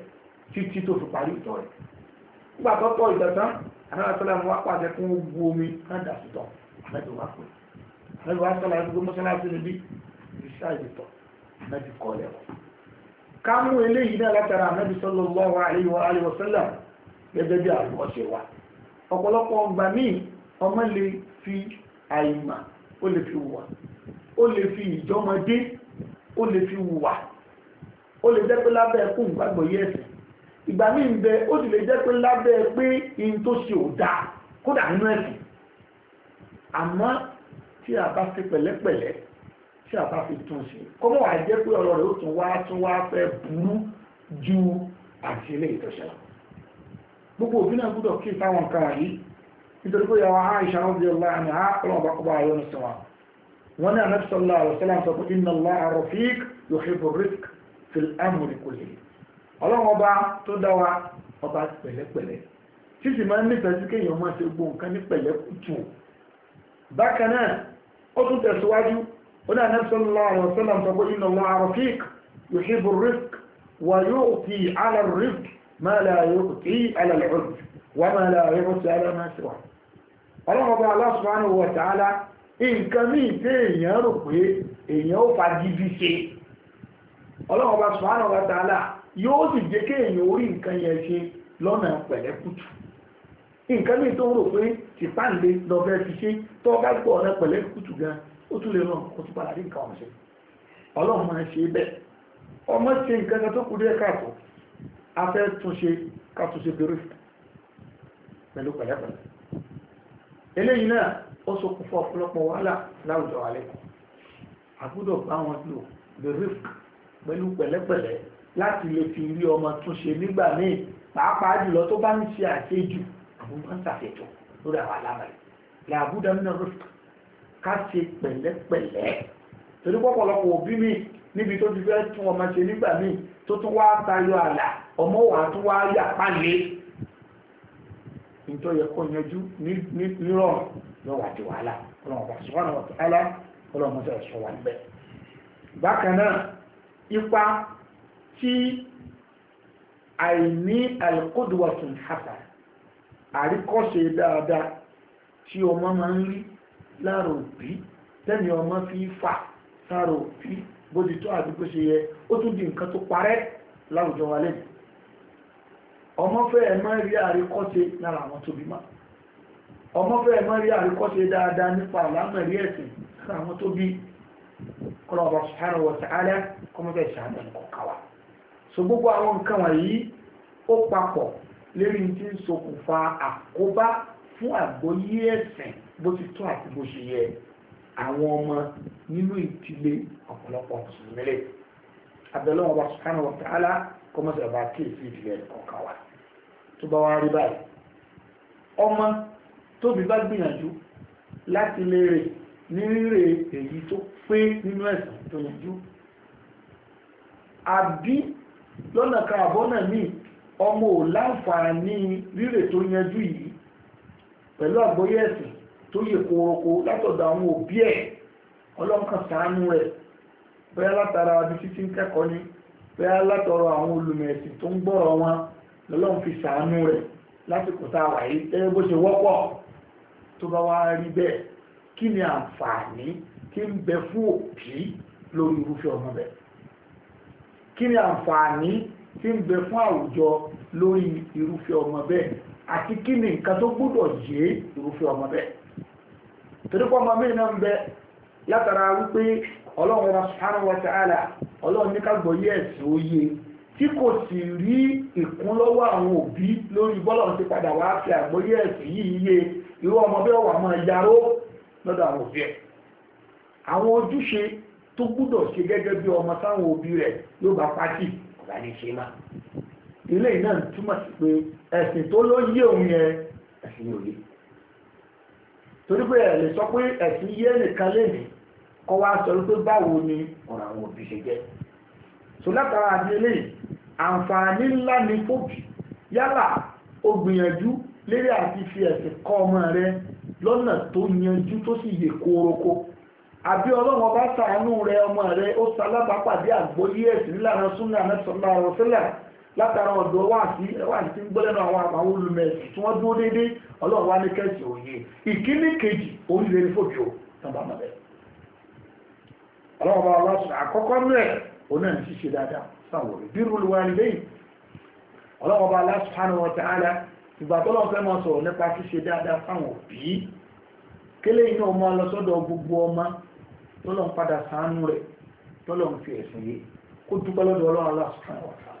S1: títí tó fi parí ìtọ́ rẹ̀ nígbà tọ́ ìgbà tán anábí sallallahu alayhi omi náà dà sí tọ́ anábí wá pè lẹ́nu wá sọ́la ẹgbẹ́ mọ́sálásí níbí ìṣá ìdìtọ̀ mẹ́bí kọ́ lẹ́wọ̀ ká mú eléyìí náà látara mẹ́bí sallallahu alaihi wa alihi wa sallam gẹ́gẹ́ bí àlùmọ́ṣe wa ọ̀pọ̀lọpọ̀ ọgbà míì ọmọ lè fi àìmà ó lè fi wà ó lè fi ìjọmọdé ó lè fi wà ó lè jẹ́ pé lábẹ́ kún gbàgbọ́ yẹ́sìn ìgbà míì ń bẹ ó sì lè jẹ́ pé lábẹ́ pé in tó ṣe ò dáa kódà nínú ẹ̀sìn àmọ́ tí a bá fi pẹ̀lẹ́pẹ̀lẹ́ tí a bá fi tún ṣe kọ́mọ́ wàá jẹ́ pé ọ̀rọ̀ rẹ̀ ó tún wá tún wá fẹ́ burú ju àti ilé ìtọ́ṣẹ́ lọ gbogbo òbí náà gbúdọ̀ kí táwọn nǹkan wọ̀nyí nítorí pé àwọn Aisha rọ́bì ọlá àmì àpọ̀lọ́wọ́n bá kọ́bá ayọ́ nìsọ wa wọ́n ní Ànábì sallallahu alaihi wasallam sọ pé inna Allaha rafiq yuhibbu rifq fil amri kullihi ọlọ́wọ́n ó tún tẹ̀síwájú ó ní àná sọ́lọ́ àwọn sọ́lọ́ sọ pé iná wọn arọ́fíìk yóò ṣe bú rísk wà yóò fi àlà rísk máa là yóò fi àlà lọ́rùn wà máa là yóò fi àlà máa ṣe wà. ọlọ́mọba Allah subhanahu wa ta'ala nǹkan nǹkan ní tó ń rò pé ìpáǹde lọ́fẹ́ fi ṣe tó bá gbọ́ ọ̀nà pẹ̀lẹ́ kùtù gan ó tún lè ràn kó tún padà rí nǹkan ọ̀ṣẹ́ ọlọ́run máa ṣe bẹ́ẹ̀ ọmọ ṣe nǹkan kan tó kù díẹ̀ káàtó afẹ́ tún ṣe kàtúnṣe bèrè pẹ̀lú pẹ̀lẹ́pẹ̀lẹ́ eléyìí náà ó ṣokùnfà ọ̀pọ̀lọpọ̀ wàhálà láwùjọ alẹ́ àgbúdọ̀ bá wọn lò bèrè pẹ̀lú pẹ̀lẹ́pẹ̀lẹ́ láti lè fi rí ọmọ túnṣe nígbà míì pàápàá jùlọ tó bá ń ṣe àṣejù wọ́n ń ṣàfẹ́tọ̀ lórí àwọn alámọ̀lẹ́ làbúdà nínú rẹ̀ ká ṣe pẹ̀lẹ́pẹ̀lẹ́ torí pọ̀pọ̀lọpọ̀ òbí mi níbi tó ti fẹ́ tún ọmọ ṣe nígbà míì tó tún wá tayọ àlà ọmọ wa tún wá yà pálẹ̀ nítorí yẹ kó yanjú nírọ̀rùn lọ́wọ́ àti wàhálà ọlọ́mọba sọ́wọ́n ọ̀tọ̀ wà níbẹ̀ bákan náà ipa tí àìní alqudwatun hasana àríkọ́ṣe dáadáa tí ọmọ máa ń rí lára òbí tẹ́mi ọmọ fi fà sára òbí tó àti ṣe yẹ ó tún di nǹkan tó parẹ́ láwùjọ wa lẹ́nu ọmọ fẹ́ máa rí àríkọ́ṣe lára àwọn tóbi máa ọmọ fẹ́ máa rí àríkọ́ṣe dáadáa nípa àlámọ̀ rí ẹ̀sìn lára àwọn tóbi ẹ̀kọ́ káwa so gbogbo àwọn nǹkan wọ̀nyí ó papọ̀ lérí tí ń ṣokùnfà àkóbá fún àgbọ́yé ẹ̀sìn bó ti tó àti bó ṣe yẹ àwọn ọmọ nínú ìdílé ọ̀pọ̀lọpọ̀ mùsùlùmí lè abẹ́lẹ́ wọn bá subhanahu wa ta'ala kọ́mọ́sí ọba kéèsì ìdílé ọ̀kan wa tó bá wá rí báyìí ọmọ tóbi bá gbìyànjú láti lè rè ní rírè èyí tó pé nínú ẹ̀sìn tó yanjú àbí lọ́nà kan àbọ́nà míì ọmọ ò láǹfààní rírè tó yanjú yìí pẹ̀lú àgbóyé ẹ̀sìn tó yẹ kòròkó látọ̀dọ̀ àwọn òbí ẹ̀ ọlọ́nkàn ṣàánú rẹ̀ bẹ́ẹ̀ látara ibi títí ń kẹ́kọ̀ọ́ ni bẹ́ẹ̀ látọ̀rọ̀ àwọn olùmẹ̀ẹ̀sìn tó ń gbọ́rọ̀ wọn lọ́lọ́run fi ṣàánú rẹ̀ lásìkò tá wà yìí gẹ́gẹ́ bó ṣe wọ́pọ̀ tó bá wá rí bẹ́ẹ̀ kí ni àǹfààní ń bẹ fún òbí lórí tí ń bẹ fún àwùjọ lórí irúfẹ́ ọmọ bẹ́ẹ̀ àti kí ni nǹkan tó gbọ́dọ̀ yé irúfẹ́ ọmọ bẹ́ẹ̀ torí ọmọ mìíràn náà ń bẹ látara wípé ọlọ́run ọba wa ta'ala ọlọ́run ní ká gbọ́yé ẹ̀sìn òye tí kò sì rí ìkúnlọ́wọ́ àwọn òbí lórí bọ́lọ̀ ti padà wá fi àgbọ́yé ẹ̀sìn yìí yé irú ọmọ bẹ́ẹ̀ wà máa ojúṣe tó gbọ́dọ̀ ṣe gẹ́gẹ́ bí ọmọ sáwọn òbí rẹ̀ yóò bá pàtì àgbà ní ṣe máa ilé iná túmọ̀ sí pé ẹ̀sìn tó ló yé òun yẹn ẹ̀sìn òye torí pé ẹ̀ lè sọ pé ẹ̀sìn yé nìkan lẹ́nìí kọ́ wá sọ wípé báwo ni ọ̀rọ̀ àwọn òbí ṣe jẹ́ so látara àdílé àǹfààní ńlá ni fòbí yálà ó gbìyànjú lérí àti fi ẹ̀sìn kọ́ ọmọ rẹ lọ́nà tó yanjú tó sì yè kórókó àbí ọlọ́wọ́n bá sàánú rẹ ọmọ rẹ ó salábàápàdé àgbóyé ẹ̀sìn nílànà súnà mẹ́sàn-án ọ̀rọ̀ sílẹ̀ látara ọ̀dọ̀ wà sí ẹwà tí ń gbọ́lẹ́nu àwọn àwọn olùmẹ̀sì tí wọ́n dúró dédé ọlọ́run wá ní kẹ́sì òye ìkíní kejì oríire ní fòjò nàbà mọ̀lẹ́ ọlọ́run bá wà lọ́sùn àkọ́kọ́ rẹ̀ òun náà ti ṣe dáadáa sáwọn òbí bí rúlu wa nílé ọlọ́run bá lọ́sùn hàn wọn tààlà ìgbà tó lọ́sẹ̀ mọ́ sọ̀rọ̀ nípa ṣíṣe dáadáa sáwọn òbí kélé iná ọmọ alọ́sọ́dọ̀ gbogbo ọmọ tọ́lọ̀ ń padà sàánú rẹ̀ tọ́lọ̀ ń fi ẹ̀sùn yé kó dúpẹ́ lọ́dọ̀ ọlọ́run Allah subhanahu wa ta'ala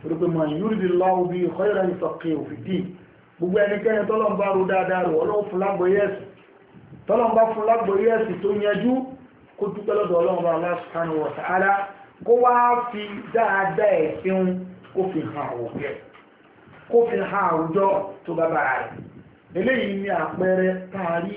S1: torí pé mọ̀ yuridillahu bihi khayran yufaqqihu fi ddin gbogbo ẹnikẹ́ni tọ́lọ̀ ń bá ro dáadáa rẹ̀ ọlọ́run fún lágbóyè ẹ̀sìn kó Allah subhanahu wa ta'ala kó wá fi dáadáa ẹ̀sìn kó fi hàn àwòrán kó fi hàn àwùjọ tó bá bàrà rẹ̀ eléyìí ni àpẹẹrẹ táàrí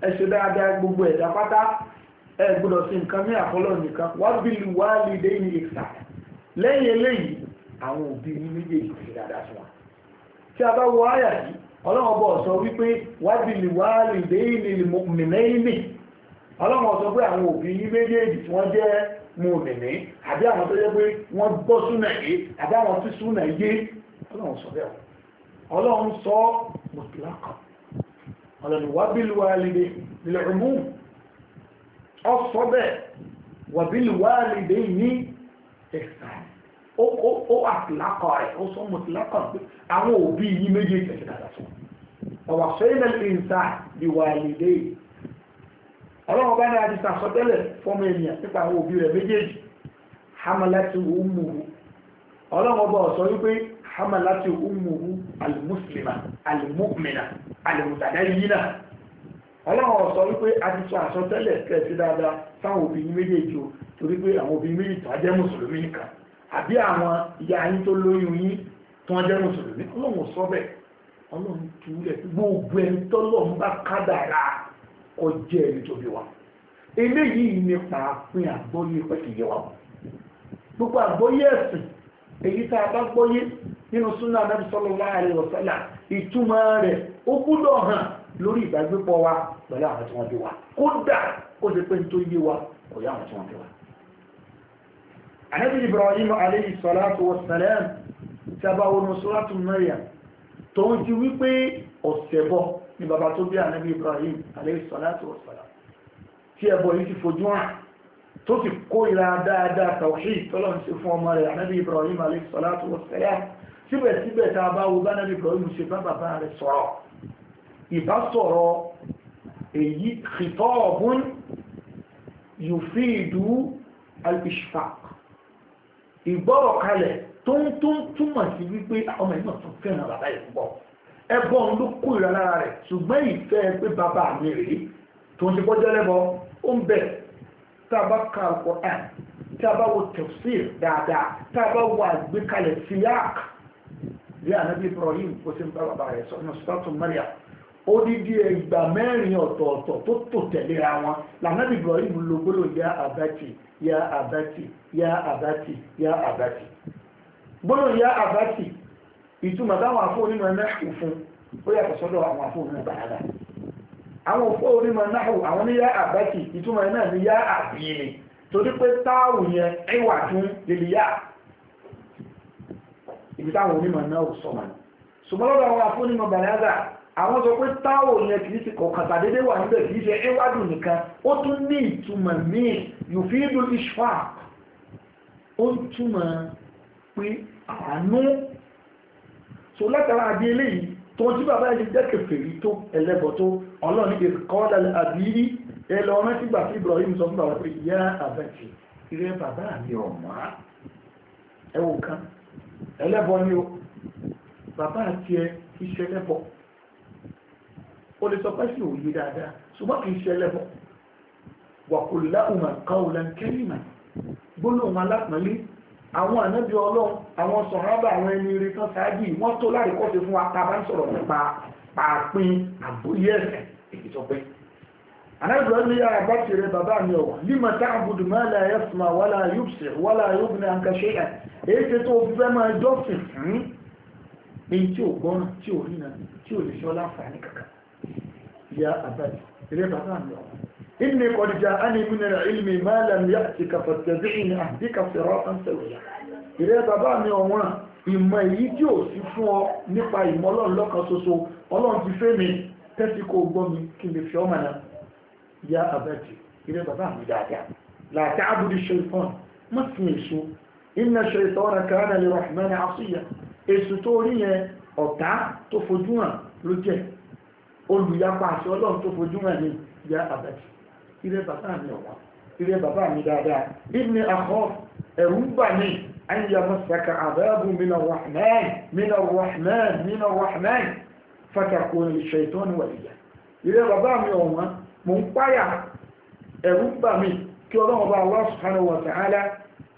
S1: ẹ ṣe dáadáa gbogbo ẹ̀dá pátá ẹ gbọ́dọ̀ sí nǹkan ní àfọlọ́ nìkan wọ́n bí lu wá lè dé ní ìsà lẹ́yìn eléyìí àwọn òbí ní méjèèjì ṣe dáadáa fún wa tí a bá wọ àyà yìí ọlọ́run ọba sọ wípé wá bí lu wá lè dé ní mìnẹ́yìnì ọlọ́run sọ pé àwọn òbí ní méjèèjì tí wọ́n jẹ́ mùmìnì àbí àwọn tó jẹ́ pé wọ́n gbọ́ súnà yé àbí àwọn tí ọlọ́ni wàbílwàlìdè lẹ́rùmú ọ̀sọ́bẹ̀ wàbílwàlìdè ní ẹ̀sà ó àtìlákọ̀ rẹ̀ ó sọ mọ̀tìlákọ̀ pé àwọn òbí yí méjì ìtẹ̀sẹ̀ dada fún ọwà fẹ́ẹ̀mẹ̀lì ìsà di wàlìdè ọlọ́run bá ní a ti sàsọtẹ́lẹ̀ fọ́mọ ènìyàn nípa àwọn òbí rẹ̀ méjèèjì hamalati umuhu ọlọ́run ọba ọ̀sọ́ wípé hamalati umuhu alimusulima alimumina alimusadayina ọlọ́run ọ̀sọ́ wípé a ti sọ àsọtẹ́lẹ̀ kẹsí dáadáa sáwọn obìnrin méjèèjì o torí pé àwọn obìnrin méjèèjì tó jẹ́ mùsùlùmí nìkan àbí àwọn ìyá yín tó lóyún yín tó jẹ́ mùsùlùmí ọlọ́run sọ bẹ́ẹ̀ ọlọ́run tú rẹ̀ gbogbo ẹni tọ́lọ́run bá kádàrá ọjẹ́ ẹni tóbi wa eléyìí nípa pín àgbọ́yé pẹ̀lú ìyẹ̀wà gbogbo àgbọ́yé ẹ̀sìn èyí tá a bá gbọ́yé nínú súnà Ànábì sallallahu alaihi wa sallam ìtumọ̀ rẹ̀ ó gbúdọ̀ hàn lórí ìgbàgbépọ̀ wa pẹ̀lú àwọn tí wọ́n bí wa kódà kó ṣe pé tó yé wa kò yá àwọn tí wọ́n bí wa. Ànábì Ibrahim alayhi salatu wa salam sábàwọn nusratu Maryam tó ń ti wípé ọ̀sẹ̀ bọ̀ ni bàbá tó bí Ànábì Ibrahim alayhi salatu wa síbẹ̀síbẹ̀ tá a bá wo bá nàbí kan lù ṣe bá bàbá rẹ̀ sọ̀rọ̀ ìbá sọ̀rọ̀ èyí khitabun yufidu al-ishfaq ìgbọ́rọ̀ kalẹ̀ tó ń tó ń túmọ̀ sí wípé ah, ọmọ ìmọ̀ tó fẹ́ràn bàbá yìí púpọ̀ ẹgbọ́n ló kó ìrà lára rẹ̀ ṣùgbọ́n ìfẹ́ pé bàbá mi rèé tó ń ṣe lẹ́bọ ó ń bẹ̀ tá a bá ka al tá a bá wo tafsir dáadáa tá a bá wo àgbékalẹ̀ síyáàkì bí ànábì Ibrahim kó sí nípa bàbá rẹ̀ sọ́nà sọ́tún Maryam odidi ẹgbà mẹ́rin ọ̀tọ̀ọ̀tọ̀ tó tò tẹ̀léra wọn lànábì Ibrahim ló gbọ́dọ̀ ya abati ya abati ya abati ya abati gbọ́dọ̀ ya abati ìtumọ̀ táwọn afọ́ nínú ẹ̀ náà fún ó yàtọ̀ sọ́dọ̀ àwọn afọ́ nínú bàálà àwọn òfó onímọ̀ náà àwọn ní yá àbátì ìtumọ̀ náà ní yá àbí torí pé táàwù yẹn ẹwà tún lè yá ibi táwọn onímọ̀ náà ò sọ̀mọ̀ ní ṣùgbọ́n lọ́dọ̀ àwọn afúnimọ̀ bàlágà àwọn sọ pé táwò yẹn kìí ti kọ̀ọ̀kan tàdédé wà níbẹ̀ kìí ṣe ẹwádùn nìkan ó tún ní ìtumọ̀ míì yóò fi dùn ìṣfà ó ń túmọ̀ pé àánú so látara àbí eléyìí tó ń tí bàbá ẹni jẹ́ kèfèrí tó ẹlẹ́bọ tó ọlọ́ọ̀ni kè kọ́lá àbírí ẹ lọ rántí gbà sí Ibrahim sọ fún bàbá pé ìyá àbẹ̀tì ìrẹ́ bàbá mi ọ̀mọ́ ẹ wò kán ẹlẹ́bọ ni o bàbá àti ẹ iṣẹ́ ẹlẹ́bọ o lè sọ pé sí òye dáadáa ṣùgbọ́n kì í ṣe ẹlẹ́bọ wàkùnlá òmà káwùlá kẹ́lìmà gbólóhùn alápọ̀nlé àwọn ànábì ọlọ́run àwọn sọ̀rọ̀bà àwọn ẹni rí tán ṣáájú wọ́n tó láti kọ́ sí fún wa ta bá ń sọ̀rọ̀ nípa pàápín àbóyé ẹ̀sẹ̀ èyí sọ pé anábì ọlọ́run yára bá ti bàbá mi ọ̀wọ̀ lima ta'budu ma la yasma wala yubsir wala yughni anka shay'an èéṣe tó fẹ́ máa jọ́sìn fún èyí tí ò gbọ́n tí ò rìnà tí ò lè ṣe ọláǹfààní kankan ya abadi ilé bàbá mi ọ̀hún inni qad ja'ani min al-ilmi ma lam ya'tika fattabi'ni ahdika siratan sawiya ilé bàbá mi ọ̀hún ìmọ̀ èyí tí ò sí fún ọ nípa ìmọ̀ ọlọ́run lọ́kan ṣoṣo ọlọ́run ti fẹ́ mi tẹ́sí kó gbọ́ mi kí n lè fi ọmọ náà ya abadi ilé bàbá inna shaytana kana lirrahmani asiya èsù tó rí yẹn ọ̀tá tó fojú hàn ló jẹ́ olùyapa àti ọlọ́run tó fojú hàn ní ìyá àbẹ̀tì ilé bàbá mi ọ̀wá ilé bàbá mi dáadáa inni akhaf ẹ̀rù ń páyà ẹ̀rù bà mí kí ọlọ́run bá Allah subhanahu wa ta'ala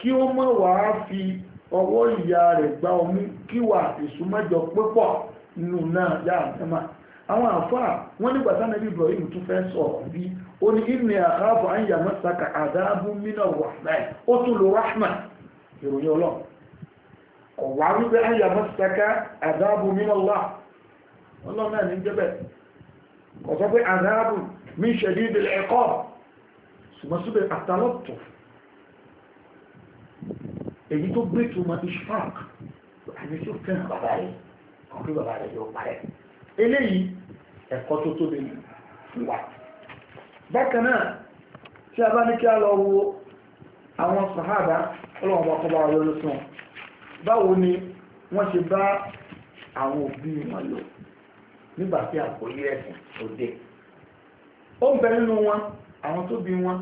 S1: kí ó mọ̀ wàá fi ọwọ́ ìyá rẹ̀ gba ọmú kí wà ìsúnmọ́jọ púpọ̀ nínú náà yá àdámà àwọn àfáà wọ́n nígbà tánà bí Ibrahim tún fẹ́ sọ bí ó ní ìmì àkáàbọ̀ àyà mọ́sàkà àdáàbù mínà wàhálà ó tún lo rahma ìròyìn ọlọ́run ọ̀wá wípé àyà mọ́sàkà àdáàbù mínà wà ọlọ́run náà ní jẹ́bẹ̀ kọ̀ sọ pé àdáàbù mí ṣẹ̀dí ìdílẹ̀ ẹ̀kọ́ èyí tó gbé túmọ̀ ishaq àti tí ó fẹ́ràn bàbá rẹ̀ kàn kí bàbá rẹ̀ yóò parẹ́ eléyìí ẹ̀kọ́ tó tóbi fún wa bákan náà tí a bá ní kí a lọ wo àwọn sàhábà ọlọ́run bá kọ́ bá wọn lọ́sùn wọn báwo ni wọ́n ṣe bá àwọn òbí wọn lò nígbà tí àkóyè ẹ̀sìn òde ó ń bẹ nínú wọn àwọn tó bí wọn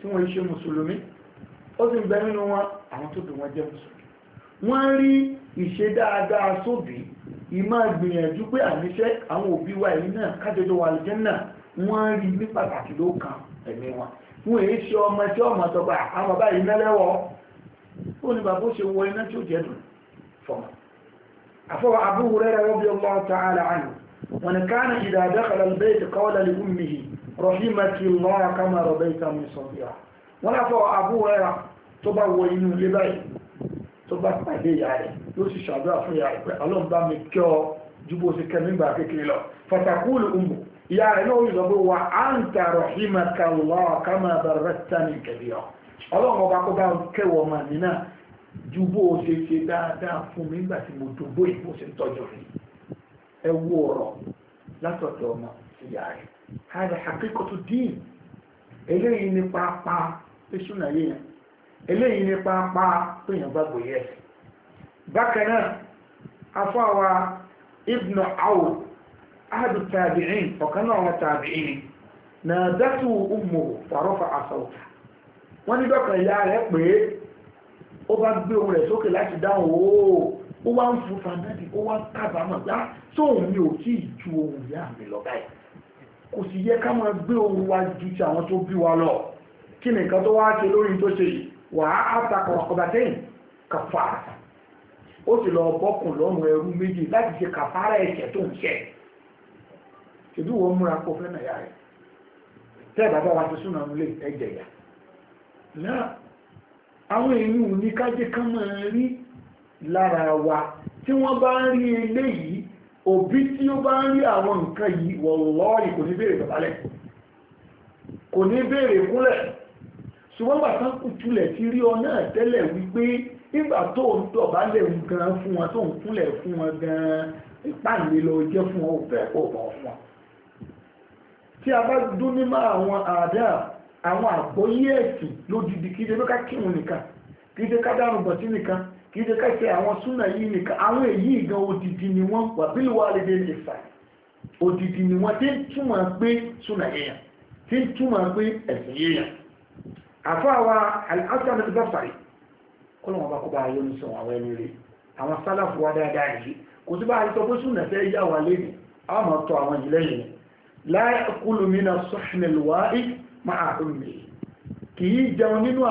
S1: tí wọ́n ṣe mùsùlùmí ó sì ń bẹ nínú wọn àwọn tó bí wọ́n jẹ́ mùsùlùmí wọ́n rí ìṣe dáadáa sóbì ìmá gbìyànjú pé àníṣẹ́ àwọn òbí wa yìí náà kájọjọ wà lẹ́jẹ́ náà wọ́n rí ní pàtàkì ló kan ẹ̀mí wọn fún èyí ṣe ọmọ tí ọmọ tọgbà àwọn ah, bàbá yìí mẹ́lẹ́wọ́ ó ní bàbá ó ṣe wọ iná tí ó jẹ́ dùn fọmọ àfọwọ́ Abu Hurairah radiyallahu ta'ala anhu من كان إذا دخل البيت قال لأمه رحمك الله كما ربيتني صغيرا ولا فهو أبو هريرة tó bá wọ inú ilé báyìí tó bá pàdé ìyá rẹ̀ yóò sì ṣàdúrà fún ìyá rẹ̀ pé ọlọ́run bá mi kí ọ ju bó ṣe kẹ́mi gbà kékeré lọ fàtàkùlù ummu ìyá rẹ̀ náà yóò sọ pé wà á ń ta rọ̀hìmà kàlọ́ kàmà bàrẹ̀ tani kẹ̀lẹ́ ọ ọlọ́run ọba kó bá kẹwọ́ ọmọ mi ju bó ṣe ṣe dáadáa fún mi nígbà tí mo dògbò ìbò ṣe ń tọ́jú rẹ̀ ẹ wú ọ̀rọ̀ látọ̀dọ̀ ọmọ ìyá rẹ̀ káàdà àkẹ́kọ̀ọ́ tó dín eléyìí ní pápá pẹ́ṣúnà yẹn eléyìí ní pápá tóyàn bá gbòyẹ bákan náà afáwa ibn awo ahadu tabi'in ọ̀kan náà tabi'in na dátù umu farofa asauta wọ́n ni dọ́kàn ya rẹ̀ pé ó bá gbé ohun rẹ̀ sókè láti dáhùn ooo ó wá ń fún fanadi ó wá ń kábàámọ̀ gbá sóhun ah, ò tí ì ju ohun ìyá mi lọ báyìí kò sì yẹ ká máa gbé ohun wa ju ti àwọn tó bí wa lọ kí nìkan tó wá ṣe lórí tó ṣe yìí wà á àtàkùn ọ̀kọ̀bàtẹ́yìn kàfàrà ó sì lọ bọ́kùn lọ́rùn ẹrú méjì láti ṣe kàfàrà ẹ̀ṣẹ̀ tó ń ṣẹ̀ ṣèbí wọ́n múra kó fẹ́ nàyà rẹ̀ tẹ́ bàbá wa ti súnà nílé ẹ̀jẹ̀ yà náà àwọn èèyàn ní kájé kan máa rí lára wa tí wọ́n bá ń rí eléyìí òbí tí ó bá ń rí àwọn nǹkan yìí wọ̀lọ́ọ̀rì kò ní béèrè kò ní ṣùgbọ́n gbà tán kùtùlẹ̀ ti rí ọ náà tẹ́lẹ̀ wípé nígbà tó ń dọ̀bálẹ̀ ń gan fún wọn tó ń kúnlẹ̀ fún wọn gan ìpàdé lọ jẹ́ fún wọn òbẹ̀ kó bọ̀ fún wọn. tí a bá dún ní máa àwọn àdá àwọn àgbọ́yé ẹ̀sìn lódìdí kí ṣe ká kírun nìkan kí ṣe ká dárun bọ̀tí nìkan kí ṣe ká ṣe àwọn súnà yìí nìkan àwọn èyí gan odidi ni wọ́n wà bílù wà lédè nìfà odidi ni wọ́n ti ń túmọ̀ pé súnà yẹ̀yàn ti ń túmọ̀ pé ẹ̀sìn yẹ̀yàn àfáàwà alásán ti bọ́sàrí kó lọ́wọ́ bá kó bá yóò ní sọ àwọn ẹni rẹ̀ àwọn sálàfù wa dáadáa yìí kò sí bá a sọ pé súnà fẹ́ yà wà lé ní àwọn ọmọ tọ àwọn ìlẹ́yìn láyé kúlù mí na sọ́hìnlẹ̀lùwá máa rùn mí kì í jẹun nínú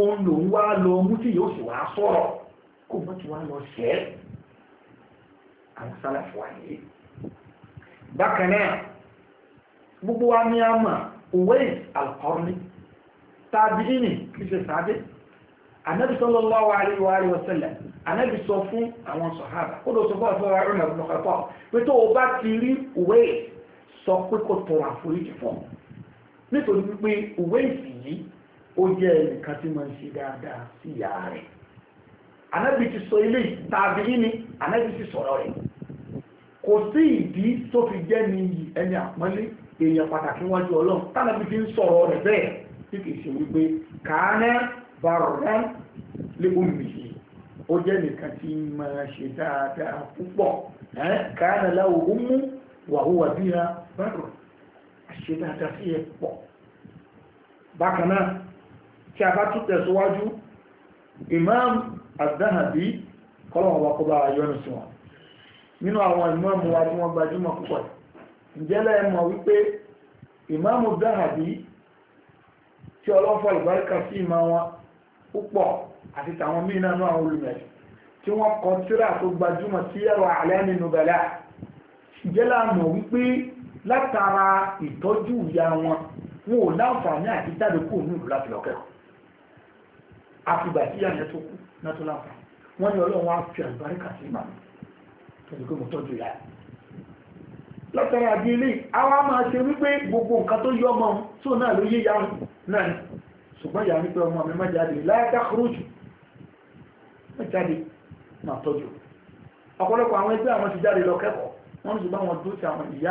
S1: òun lòun wá lọ mú tí yóò sì wá sọ̀rọ̀ kó mọ́ ti wá lọ sẹ́ àwọn sálàfù wà ní. bákan náà gbogbo wa ní a mọ̀ Uwais al-Qarni tàbí ìní kì í ṣe tàbí anabi sallallahu alayhi wa alayhi wa sallam anabi sọ fún àwọn sọ̀hábà ó lọ sọ fún àwọn ọ̀rọ̀ ìrìnàjò lọ́kọ̀ọ́kọ́ pé tó o bá ti rí Uwais sọ pé kò tọrọ àforíjì fún nítorí wípé Uwais yìí ó jẹ́ ẹnìkan tí máa ń ṣe dáadáa sí ìyá rẹ̀ anábì ti sọ ilé tàbí ní anábì ti sọ̀rọ̀ rẹ̀ kò sí ìdí tó fi jẹ́ ní ẹni àpọ́nlé èèyàn pàtàkì wájú ọlọ́run tánàbí ti ń sọ̀rọ̀ rẹ̀ bẹ́ẹ̀ tí kìí ṣe wípé kàánẹ́ bàrọ̀rẹ́ lé omi ó jẹ́ nìkan tí máa ṣe dáadáa púpọ̀ kàánẹ́ láwọ̀ ó mú wàhúwà bíra bàrọ̀ àṣẹ dáadáa sí ẹ̀ pọ̀ bákan náà tí a bá tún tẹ̀síwájú imam az-Zahabi kọ́lọ̀wọ̀n wa kó bá yọ́nu sí wọn nínú àwọn imam wa tí wọ́n gbajúmọ̀ púpọ̀ ìjẹ́lẹ̀ mọ̀ wípé imam az-Zahabi tí ọlọ́fọ̀ ìbáríkà sí ìmọ̀ wọn púpọ̀ àti tàwọn míì náà náà olùmẹ̀sì tí wọ́n kọ tírà tó gbajúmọ̀ sí ẹ̀rọ àlẹ́ nínú bẹ̀rẹ̀ ìjẹ́lẹ̀ mọ̀ wípé látara ìtọ́jú ìyá wọn wọn ò láǹfààní àti jáde kúrò ní ìlú láti lọ́kẹ́kọ̀ọ́ àfìgbà tí ìyá yẹn tó kú náà tó láǹfà wọ́n ní ọlọ́run wá fi àlùbáríkà sí màmí tẹ̀lé pé mo tọ́jú ìyá rẹ̀ lọ́tọ̀rọ̀ àbí ilé àwa máa ṣe wípé gbogbo nǹkan tó yọ ọmọ tó náà ló yé yàrá náà ni ṣùgbọ́n ìyá wípé ọmọ mi má jáde láyàtà kúròjù má jáde má tọ́jú ọ̀pọ̀lọpọ̀ àwọn ẹgbẹ́ àwọn ti jáde lọ kẹ́kọ̀ọ́ wọ́n ń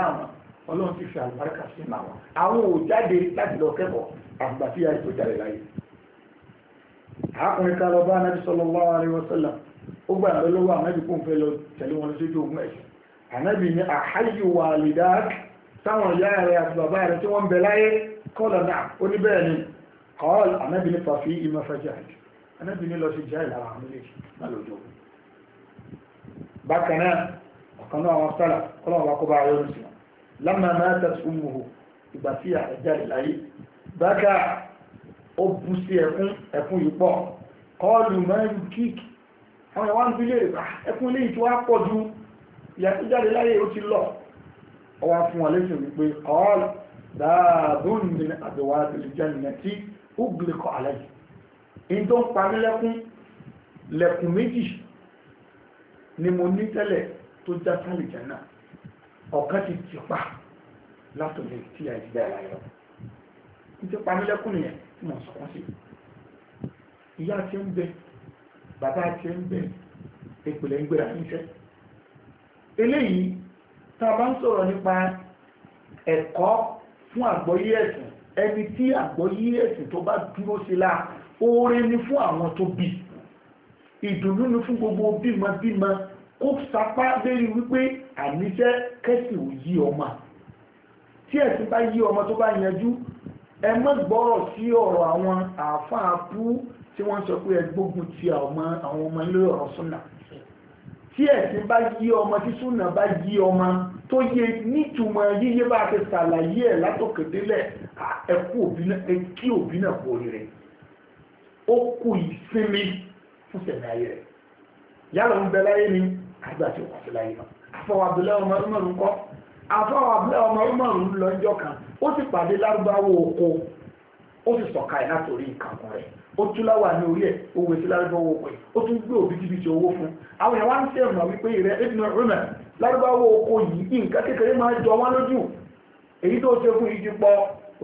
S1: ọlọ́run ti fi àlùbáríkà sí màwọn àwọn ò jáde láti lọ kẹ́kọ̀ọ́ àgbà tí láyé arákùnrin ká lọ bá anábì sallallahu alaihi wasallam ó gbà lọ lọ́wọ́ anábì kó ń fẹ́ lọ tẹ̀lé wọn lójú ogun ẹ̀sìn anábì ní àháyù wàlídáàkì táwọn ìyá rẹ̀ àti bàbá rẹ̀ tí wọ́n bẹ láyé kọ́lọ̀ náà ó ní bẹ́ẹ̀ ni kọ́ọ̀lù anábì ní fàfí ìmọ̀ fẹ́jà anábì ní lọ sí jẹ́ ìlànà ó bú sí ẹkún ẹkún yìí pọ̀ kọlù mẹ́rin kíkì àwọn ẹ̀wọ́n fi lè ẹkún ilé ìtí wá pọ̀ ìyà tó jáde láyé ó ti lọ ọwá fún wọn lẹ́sìn wípé all dáàbùn ní àbẹ̀wà àtẹ̀lẹ̀jẹ́ nìyẹn tí ó gbìlẹ̀ kọ alẹ́ yìí in tó ń parí lẹ́kún lẹ́kùn méjì ni mo ní tẹ́lẹ̀ tó já sálẹ̀ nìyẹn tí mo sọ wọ́n sí ìyá tí ń bẹ bàbá tí ń bẹ ìpìlẹ̀ ń gbéra níṣẹ́ eléyìí tá a bá ń sọ̀rọ̀ nípa ẹ̀kọ́ fún àgbọ́yé ẹ̀sìn ẹni tí àgbọ́yé ẹ̀sìn tó bá dúró sí la oore ni fún àwọn tó bí ìdùnnú ni fún gbogbo bímọbímọ kó sapá lérí wípé àníṣẹ́ kẹ́sì ò yí ọmọ tí ẹ̀sìn bá yí ọmọ tó bá yanjú ẹ mọ́ gbọ́rọ̀ sí ọ̀rọ̀ àwọn àáfàá pú tí wọ́n sọ pé ẹ gbógun ti àwọn ọmọ ilé ọ̀rọ̀ súnà tí ẹ̀sìn bá yí ọmọ tí súnà bá yí ọmọ tó yẹ nítumọ̀ yíyé bá ti ṣàlàyé ẹ̀ látòkèdélẹ̀ ẹ̀kú òbí náà kú oríire ó kú ìsinmi fún sẹ̀mí ayé rẹ̀ yálà ń bẹ láyé ni àgbà tí ó kọ̀ sí láyé náà àfọwọ́ àbẹ̀lẹ́ ọmọ ọmọ ọdún kọ́ afọ abúlé ọmọ ọmọrùn ń lọ ọjọ́ kan ó sì pàdé lárúbáwò oko ó sì sọ̀ka ẹ̀ látòrí ìkàkùn rẹ̀ ó tún láwà ní orí ẹ̀ owó etí lárúbáwò oko yìí ó tún gbé òbítíbitì owó fún àwọn ṣe wípé rẹ̀ ẹ̀dùn lárúbáwò oko yìí nǹkan kékeré máa jọ lójú èyí tó ṣe fún ìdí pọ ó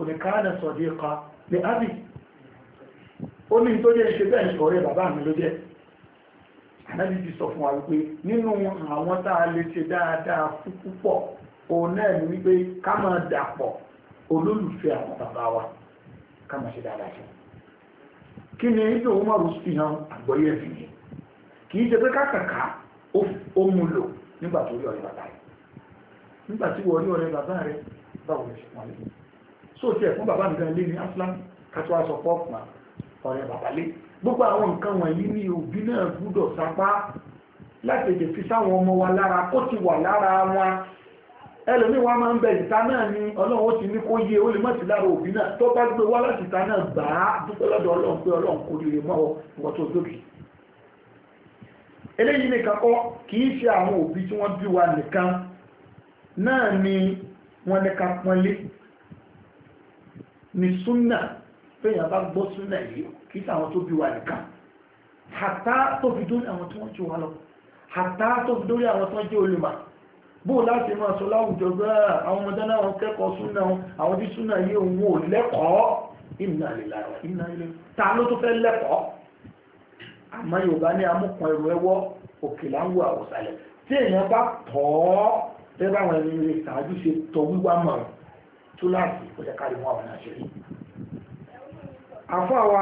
S1: ní tó ṣe bẹ́ẹ̀ bàbá mi ló jẹ́ sọ fún wa wípé nínú àwọn tá a lè ṣe dáadáa òun náà ni wípé ká máa dàpọ̀ olólùfẹ́ àwọn bàbá wa ká máa ṣe dáadáa sí kí ni ibi òun máa rúsí hàn àgbọ́yé ẹ̀sìn yìí kì í ṣe pé kákàká ó mú lò nígbà tó rí ọ̀rẹ́ bàbá rẹ̀ nígbà tí wọ́n rí ọ̀rẹ́ bàbá rẹ̀ báwo lè ṣe wọ́n lé so tiẹ̀ fún bàbá mi gan lé ní aslam kátó aṣọ pọ́ọ̀pù mà ọ̀rẹ́ bàbá lé gbogbo àwọn nǹkan wọ̀nyí ni òbí náà gbúdọ̀ sapá láti tètè fi sáwọn ọmọ wa lára ó ti wà lára wọn ẹlòmí wọn máa ń bẹ ìta náà ni ọlọ́run ó ti ní kó yé ó lè mọ̀tí lára òbí náà tó bá gbé wá láti ìta náà gbà á dúpẹ́ lọ́dọ̀ ọlọ́run pé ọlọ́run kò lè mọ́ ọ wọ́n tó gbòkè eléyìí nìkan kọ́ kì í ṣe àwọn òbí tí wọ́n bí wa nìkan náà ni wọ́n ní ká pọ́nlé ní súnà péyàn bá gbọ́ súnà yìí kì í ṣàwọn tó bí wa nìkan hàtá tó fi dórí àwọn tí wọ́n ti wà lọ hàtá tó fi dórí àwọn tó jẹ́ olùmọ̀ bó láti máa sọ láwùjọ gbá àwọn ọmọdé náà kẹ́kọ̀ọ́ súnà àwọn tí súnà yìí òun ò lẹ́kọ̀ọ́ ìnà ìlà ìnà ilé ta ló tó fẹ́ lẹ́kọ̀ọ́ àmọ́ yorùbá ní amúkan ẹrù ẹwọ́ òkè láwù àwòsàlẹ̀ tí èèyàn bá tọ́ bẹ́ẹ̀ báwọn ẹni rẹ̀ ṣáájú ṣe tọ wíwá mọ̀ tó láti ó yẹ kárí mọ́ àwọn àṣírí àfọ́ àwa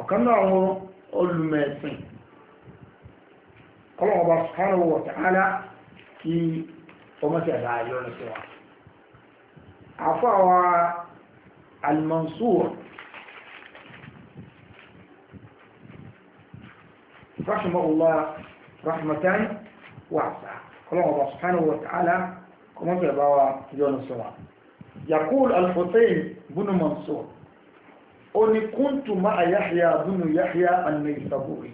S1: ọ̀kan náà olùmẹ̀sìn kọ́lọ̀ ọba subhanahu wa ta'ala kí ọmọ tí a dáa yọ ní síwá àfáwà al-Mansur rahimahullah rahmatan wasa kọ́lọ̀ ọba subhanahu wa ta'ala kọmọ tí a bá wa yakul al-Husayn Mansur ó ní kuntu ma'a Yahya bin Yahya an-Naysaburi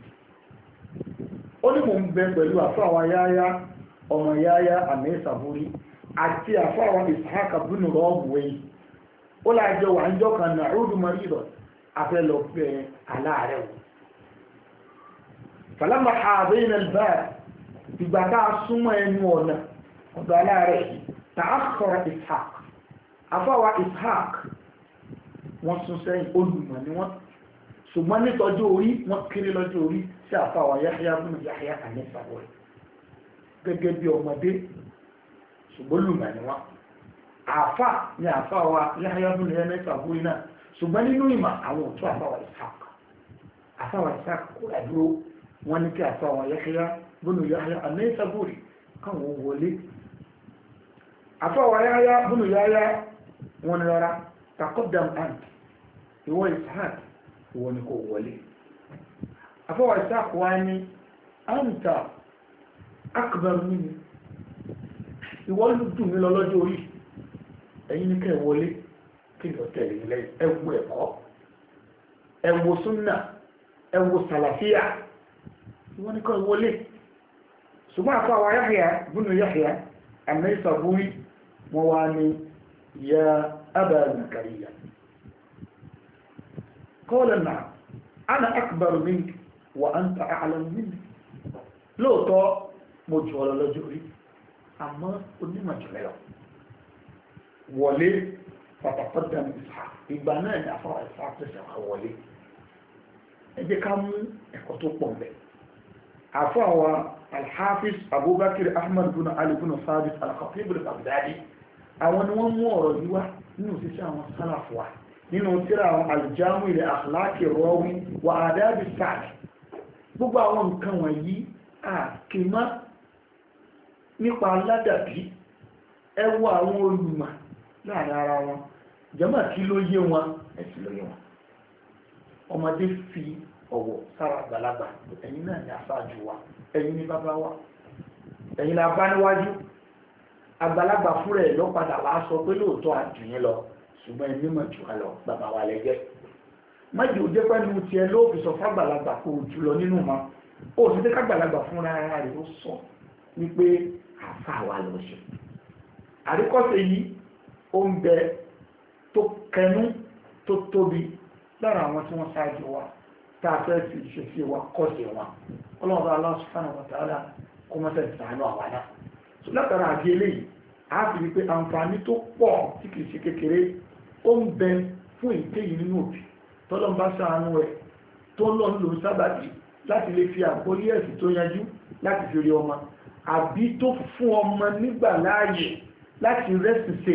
S1: ó ní mò ń bẹ pẹ̀lú àfáwà yáyá ọmọ yáyá àmì ìsàbúrí àti àfáwà ìsàkà bínú rọ́ọ̀bùwẹ̀ ó láàjọ wà ń jọ́kan náà rúdù mọ́ ìrọ̀ afẹ́ lọ pẹ́ aláàrẹ̀ wò fàlámà àbẹ́yìn ẹ̀lbá ìgbà tá a súnmọ́ ẹnu ọ̀nà ọ̀dọ̀ aláàrẹ̀ tààkọ̀rọ̀ ìsàk àfáwà ìsàk wọ́n sún sẹ́yìn olùmọ̀ ni wọ́n ṣùgbọ́n nítọ́jú orí wọ́n kéré lọ́jọ́ orí tí àfàwà yáyá bùn yáyá àní sàbọ̀ rẹ̀ gẹ́gẹ́ bí ọmọdé ṣùgbọ́n lùmọ̀ ni wá àfà ni àfàwà yáyá bùn yáyá sàbọ̀ rẹ̀ náà ṣùgbọ́n nínú ìmọ̀ àwọn òtún àfàwà ìsàk àfàwà ìsàk kó àdúró wọn ní kí àfàwà yáyá bùn yáyá àní sàbọ̀ rẹ̀ káwọn wọlé àfàwà yáyá bùn yáyá wọn rárá takọ́dàm àǹtí ìwọ ìsàk ìwọ ni kò wọlé. afọwọ́ ìsáàkù wá ní àǹtà akọ̀bẹ̀rún nínú iwọ ló dùn mí lọ lọ́jọ́ orí ẹ̀yin ní kẹ́ kí n lọ tẹ̀lé ilẹ̀ ẹ wo ẹ̀kọ́ ẹ wo súnà ẹ wo sàlàfíà ìwọ ní kọ́ wọlé Yahya Yahya ìsàbúrí ana akbar wà á ń ta àlàmù nínú lóòótọ́ mo jù ọ lọ lọ́jọ́ orí àmọ́ onímọ̀ jù lẹ́yọ̀ wọlé pàtàkọ́dà ìsà ìgbà náà ní afọ́ ìsà tẹ̀sẹ̀ wá wọlé ẹ jẹ́ ká mú ẹ̀kọ́ tó pọ̀ mbẹ́ afọ́ àwa alhafiz abubakar ahmad bin ali bin sabit al àwọn ni wọ́n mú ọ̀rọ̀ yìí nínú sísẹ́ àwọn sálàfù nínú tíra àwọn aljamu ilẹ̀ akhlaqi rawi wa adabi sáàkì gbogbo àwọn nǹkan wọ̀nyí àkèmọ́ nípa aládàbí ẹ wo àwọn olùmọ̀ láàrin ara wọn jẹ́mọ̀ kí ló yé wọn ẹ̀sìn ló yé wọn ọmọdé fi ọ̀wọ̀ sára àgbàlagbà ẹ̀yin náà ni aṣáájú wa ẹ̀yin ni bàbá wa ẹ̀yin la bá níwájú àgbàlagbà fúnra ẹ̀ ló padà wá sọ pé lóòótọ́ àjùyín lọ ṣùgbọ́n ẹ̀mí mọ̀ jù wá lọ bàbá wa lẹ́jẹ́ májì ò jẹ́ pẹ́lú tiẹ̀ ló fi sọ fún àgbàlagbà kò jùlọ nínú ma ó sì jẹ́ kágbàlagbà fúnra ara rẹ̀ ó sọ wípé àfa wa lọ ṣe àríkọ́sẹ̀ yìí ó ń bẹ tó kẹnu tó tóbi lára àwọn tí wọ́n ṣáájú wa tá a fẹ́ fi ìṣesí wa kọ́sẹ̀ wa ọlọ́run bá aláṣọ fún àwọn tààlà kó mọ́sẹ̀ ìsànú àwa náà so látara àbí eléyìí a fi rí pé àǹfààní tó pọ̀ tí kìí ṣe kékeré ó ń bẹ fún èyíkéyìí nínú òbí tọ́lọ́n bá ṣàánú ẹ̀ tó lọ ń lòun sábàbí láti lè fi àgbóyé ẹ̀sìn tó yanjú láti fi rí ọmọ àbí tó fún ọmọ nígbà láàyè láti rẹ́sì ṣe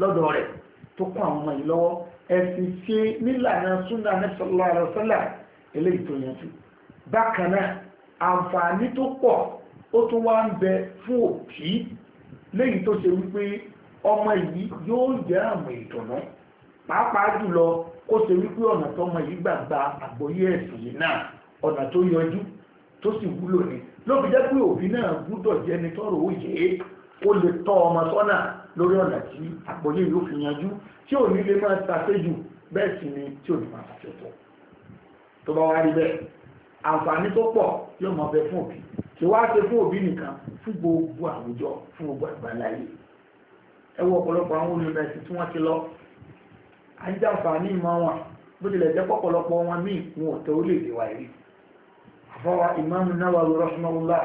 S1: lọ́dọ̀ rẹ̀ tó kún àwọn ọmọ yìí lọ́wọ́ ẹ̀sìn ṣe nílànà súnà nẹ́sọ̀lá àrọ̀sọ́là eléyìí tó yanjú bákan náà àǹfààní tó pọ̀ ó tún wá ń bẹ fún òbí léyìí tó ṣe wípé ọmọ yìí yóò jẹ́ àmọ̀ ìdùnnú pàápàá jùlọ kó ṣe wípé ọ̀nà tó mọ yìí gbàgbà àgbọ́yé ẹ̀sìn yìí náà ọ̀nà tó yọjú tó sì wúlò ní lóbi jẹ́ pé òbí náà gbúdọ̀ jẹ́ ni tọ́rọ̀ òye ó lè tọ́ ọmọ sọ́nà lórí ọ̀nà tí àgbọ́yé yóò fi yanjú tí ò ní lè máa ṣàṣejù bẹ́ẹ̀ sì ni tí ò ní máa ṣàṣejù tó bá wá rí bẹ́ẹ̀ àǹfààní tó pọ̀ yóò mọ̀ bẹ fún òbí kí wá ṣe fún òbí nìkan fún gbogbo àwùjọ fún gbogbo àgbáláyé ẹ wo ọ̀pọ̀lọpọ̀ àwọn olùmẹ̀sìn tí wọ́n ti lọ ajáǹfààní ìmọ̀ wọn bó tilẹ̀ jẹ́ pọ̀pọ̀lọpọ̀ wọn míì wọn ò tó lè dè wá rí àfọwà ìmáàmù Nawawi rahimahullah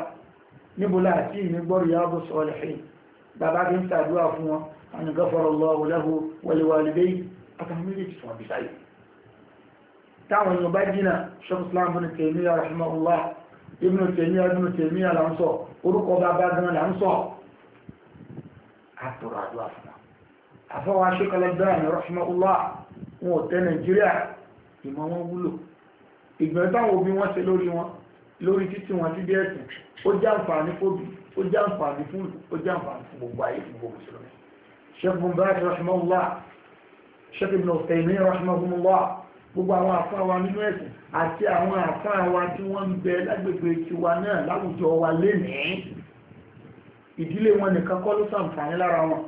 S1: níbo láti ní gbọ́rù Riyadu Salihin bàbá bí ń sàdúrà fún wọn àni ghafarallahu lahu wa liwalidayhi àtàwọn méjèèjì tí wọ́n bí sáyé táwọn èèyàn bá jìnà ṣọ́kùsílám ibn àfọwọ́ aṣọ́kọlẹ̀ bẹ́ẹ̀ni rahimahullah wọn ò tẹ́ nàìjíríà ìmọ̀ wọn wúlò ìgbẹ̀rẹ̀ táwọn òbí wọn ṣe lórí wọn lórí títí wọn dídí ẹ̀sìn ó jẹ́ àǹfààní fóbi ó jẹ́ àǹfààní fún ìlú ó jẹ́ àǹfààní fún gbogbo ayé fún gbogbo ìṣòro sheikh bumbaz rahimahullah sheikh ibn ọ̀sẹ̀mí rahimahullah gbogbo àwọn àfáà wa nínú ìdílé wọn nìkan kọ́ ló ṣàǹfààní lára wọn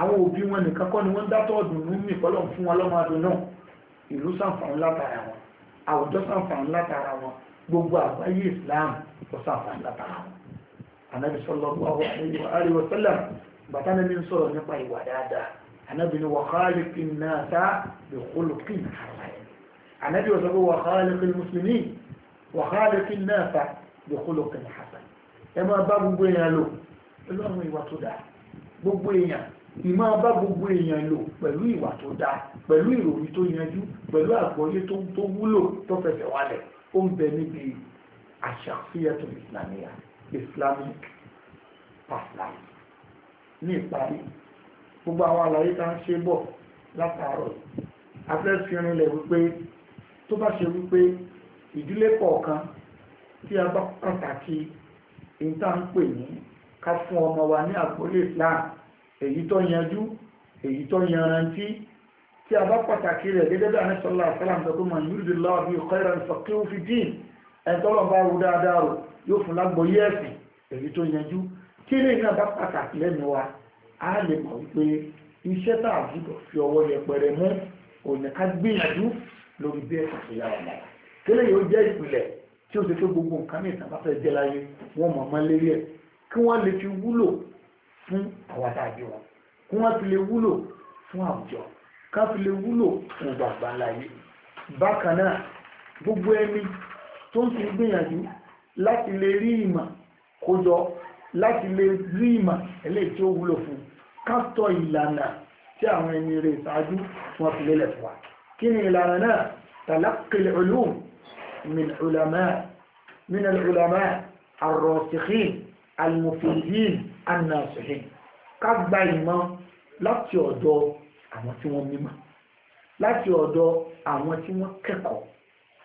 S1: àwọn òbí wọn nìkan kọ́ ni wọ́n ń dátọ́ ọ̀dùnnú mì kọ́lọ̀ fún wọn lọ́mọ adùn náà ìlú ṣàǹfààní látara wọn àwùjọ ṣàǹfààní látara wọn gbogbo àgbáyé Islam ó ṣàǹfààní látara wọn. anabi sallallahu alaihi wa sallam bàtà ni mi ń sọ̀rọ̀ nípa ìwà dáadáa anabi ni wa khaliqin nasa bi khuluqin hasan anabi wa bá gbogbo èèyàn lò pẹ̀lú ìwà tó dáa gbogbo èèyàn ìmọ̀ bá gbogbo èèyàn lò pẹ̀lú ìwà tó dáa pẹ̀lú ìròyìn tó yanjú pẹ̀lú àgbọ́yé tó wúlò tó fẹsẹ̀ wálẹ̀ ó ń bẹ níbi àṣàfihàn islamia islamic past life ní ìparí gbogbo àwọn àlàyé tá ń ṣe bọ̀ látàárọ̀ afẹ́fìrin lẹ̀ wípé tó bá ṣe wípé ìdílé kọ̀ọ̀kan tí a bá pàtàkì ìta ń pè ní ká fún ọmọ wa ní àgbọ́lé islam èyí tó yanjú èyí tó yanrantí tí a bá pàtàkì rẹ̀ gẹ́gẹ́ bí àní sọ́lá àṣálà ń tọ́kùnmọ̀ yúrùdì lọ́wọ́ bí khairan faqihu fi din ẹ̀tọ́lọ̀ bá wù dáadáa rò yóò fún lágbọ́ yẹ́ẹ̀sì èyí tó yanjú kí ní ìgbà bá pàtàkì lẹ́nu wa a lè mọ̀ wípé iṣẹ́ tá a gbúdọ̀ fi kí wọ́n lè fi wúlò fún àwàdàjọ wọn kí wọ́n fi lè wúlò fún àwùjọ ká fi lè wúlò fún gbàgbà láyé bákan náà gbogbo ẹni tó ń fi gbìyànjú láti lè rí ìmọ̀ kójọ láti lè rí ìmọ̀ eléyìí tí ó wúlò fún ká tọ ìlànà tí àwọn ẹni rẹ̀ ìsáájú wọn fi lélẹ̀ fún kí ni ìlànà náà تلقي العلوم من علماء من العلماء anasihin ká gba ìmọ̀ láti ọ̀dọ̀ àwọn tí wọ́n mímọ̀ láti ọ̀dọ̀ àwọn tí wọ́n kẹ́kọ̀ọ́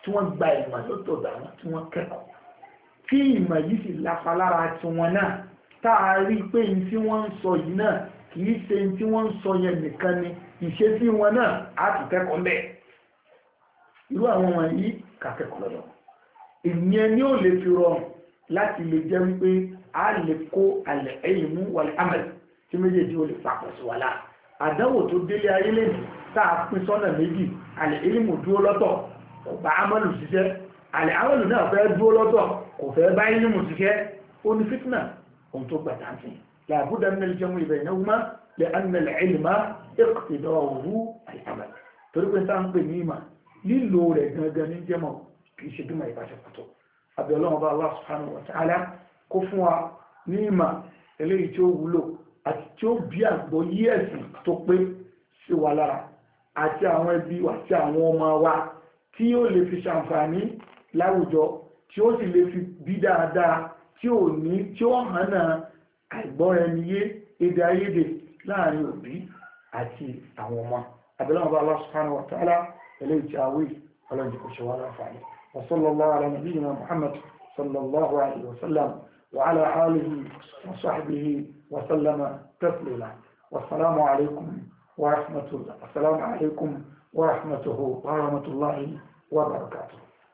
S1: tí wọ́n gba ìmọ̀ lọ́tọ̀ọ̀dọ̀ àwọn tí wọ́n kẹ́kọ̀ọ́ kí ìmọ̀ yìí sì lafa lára tiwọn náà tá a rí i pé ní tí wọ́n ń sọ yìí náà kì í ṣe ní tí wọ́n ń sọ yẹn nìkan ni ìṣesí wọn náà á ti kẹ́kọ̀ọ́ lẹ̀ irú àwọn wọ̀nyí kà kẹ́kọ̀ọ́ lọ́dọ̀ ìyẹn ni ó lè fi rọrùn láti lè jẹ́ wípé a lè kó alẹ̀ ẹ̀yìn mú wọlé amẹ́lì tí méjèèjì ò lè papọ̀ sí wa láà àdánwò tó délé ayé lẹ́nu tá a pín sọ́nà méjì alẹ̀ ìlímù dúró lọ́tọ̀ kò bá amẹ́lù ṣiṣẹ́ alẹ̀ amẹ́lù náà fẹ́ dúró lọ́tọ̀ kò fẹ́ bá ìlímù ṣiṣẹ́ ó ní fitna ohun tó gbà dáńtì làbúdà nílẹ̀ jẹun ìbẹ̀ ìnáwó má lè kó fún wa ní ìmà eléyìí tí ó wúlò àti tí ó bí àgbọ́yé ẹ̀sìn tó pé sí wa lára àti àwọn ẹbí wa àti àwọn ọmọ wa tí ó lè fi ṣàǹfààní láwùjọ tí ó sì lè fi bí dáadáa tí ò ní tí ó hànà àìgbọ́ra ẹni yé èdè àìyedè láàrin òbí àti àwọn ọmọ abẹ́lẹ́wọ̀n bá Allah subhanahu eléyìí tí a wí ọlọ́run kò ṣe wá láǹfààní wa sallallahu ala nabiyyina Muhammad sallallahu alaihi wa وعلى آله وصحبه وسلم تسليما والسلام عليكم ورحمة الله السلام عليكم ورحمته ورحمة الله وبركاته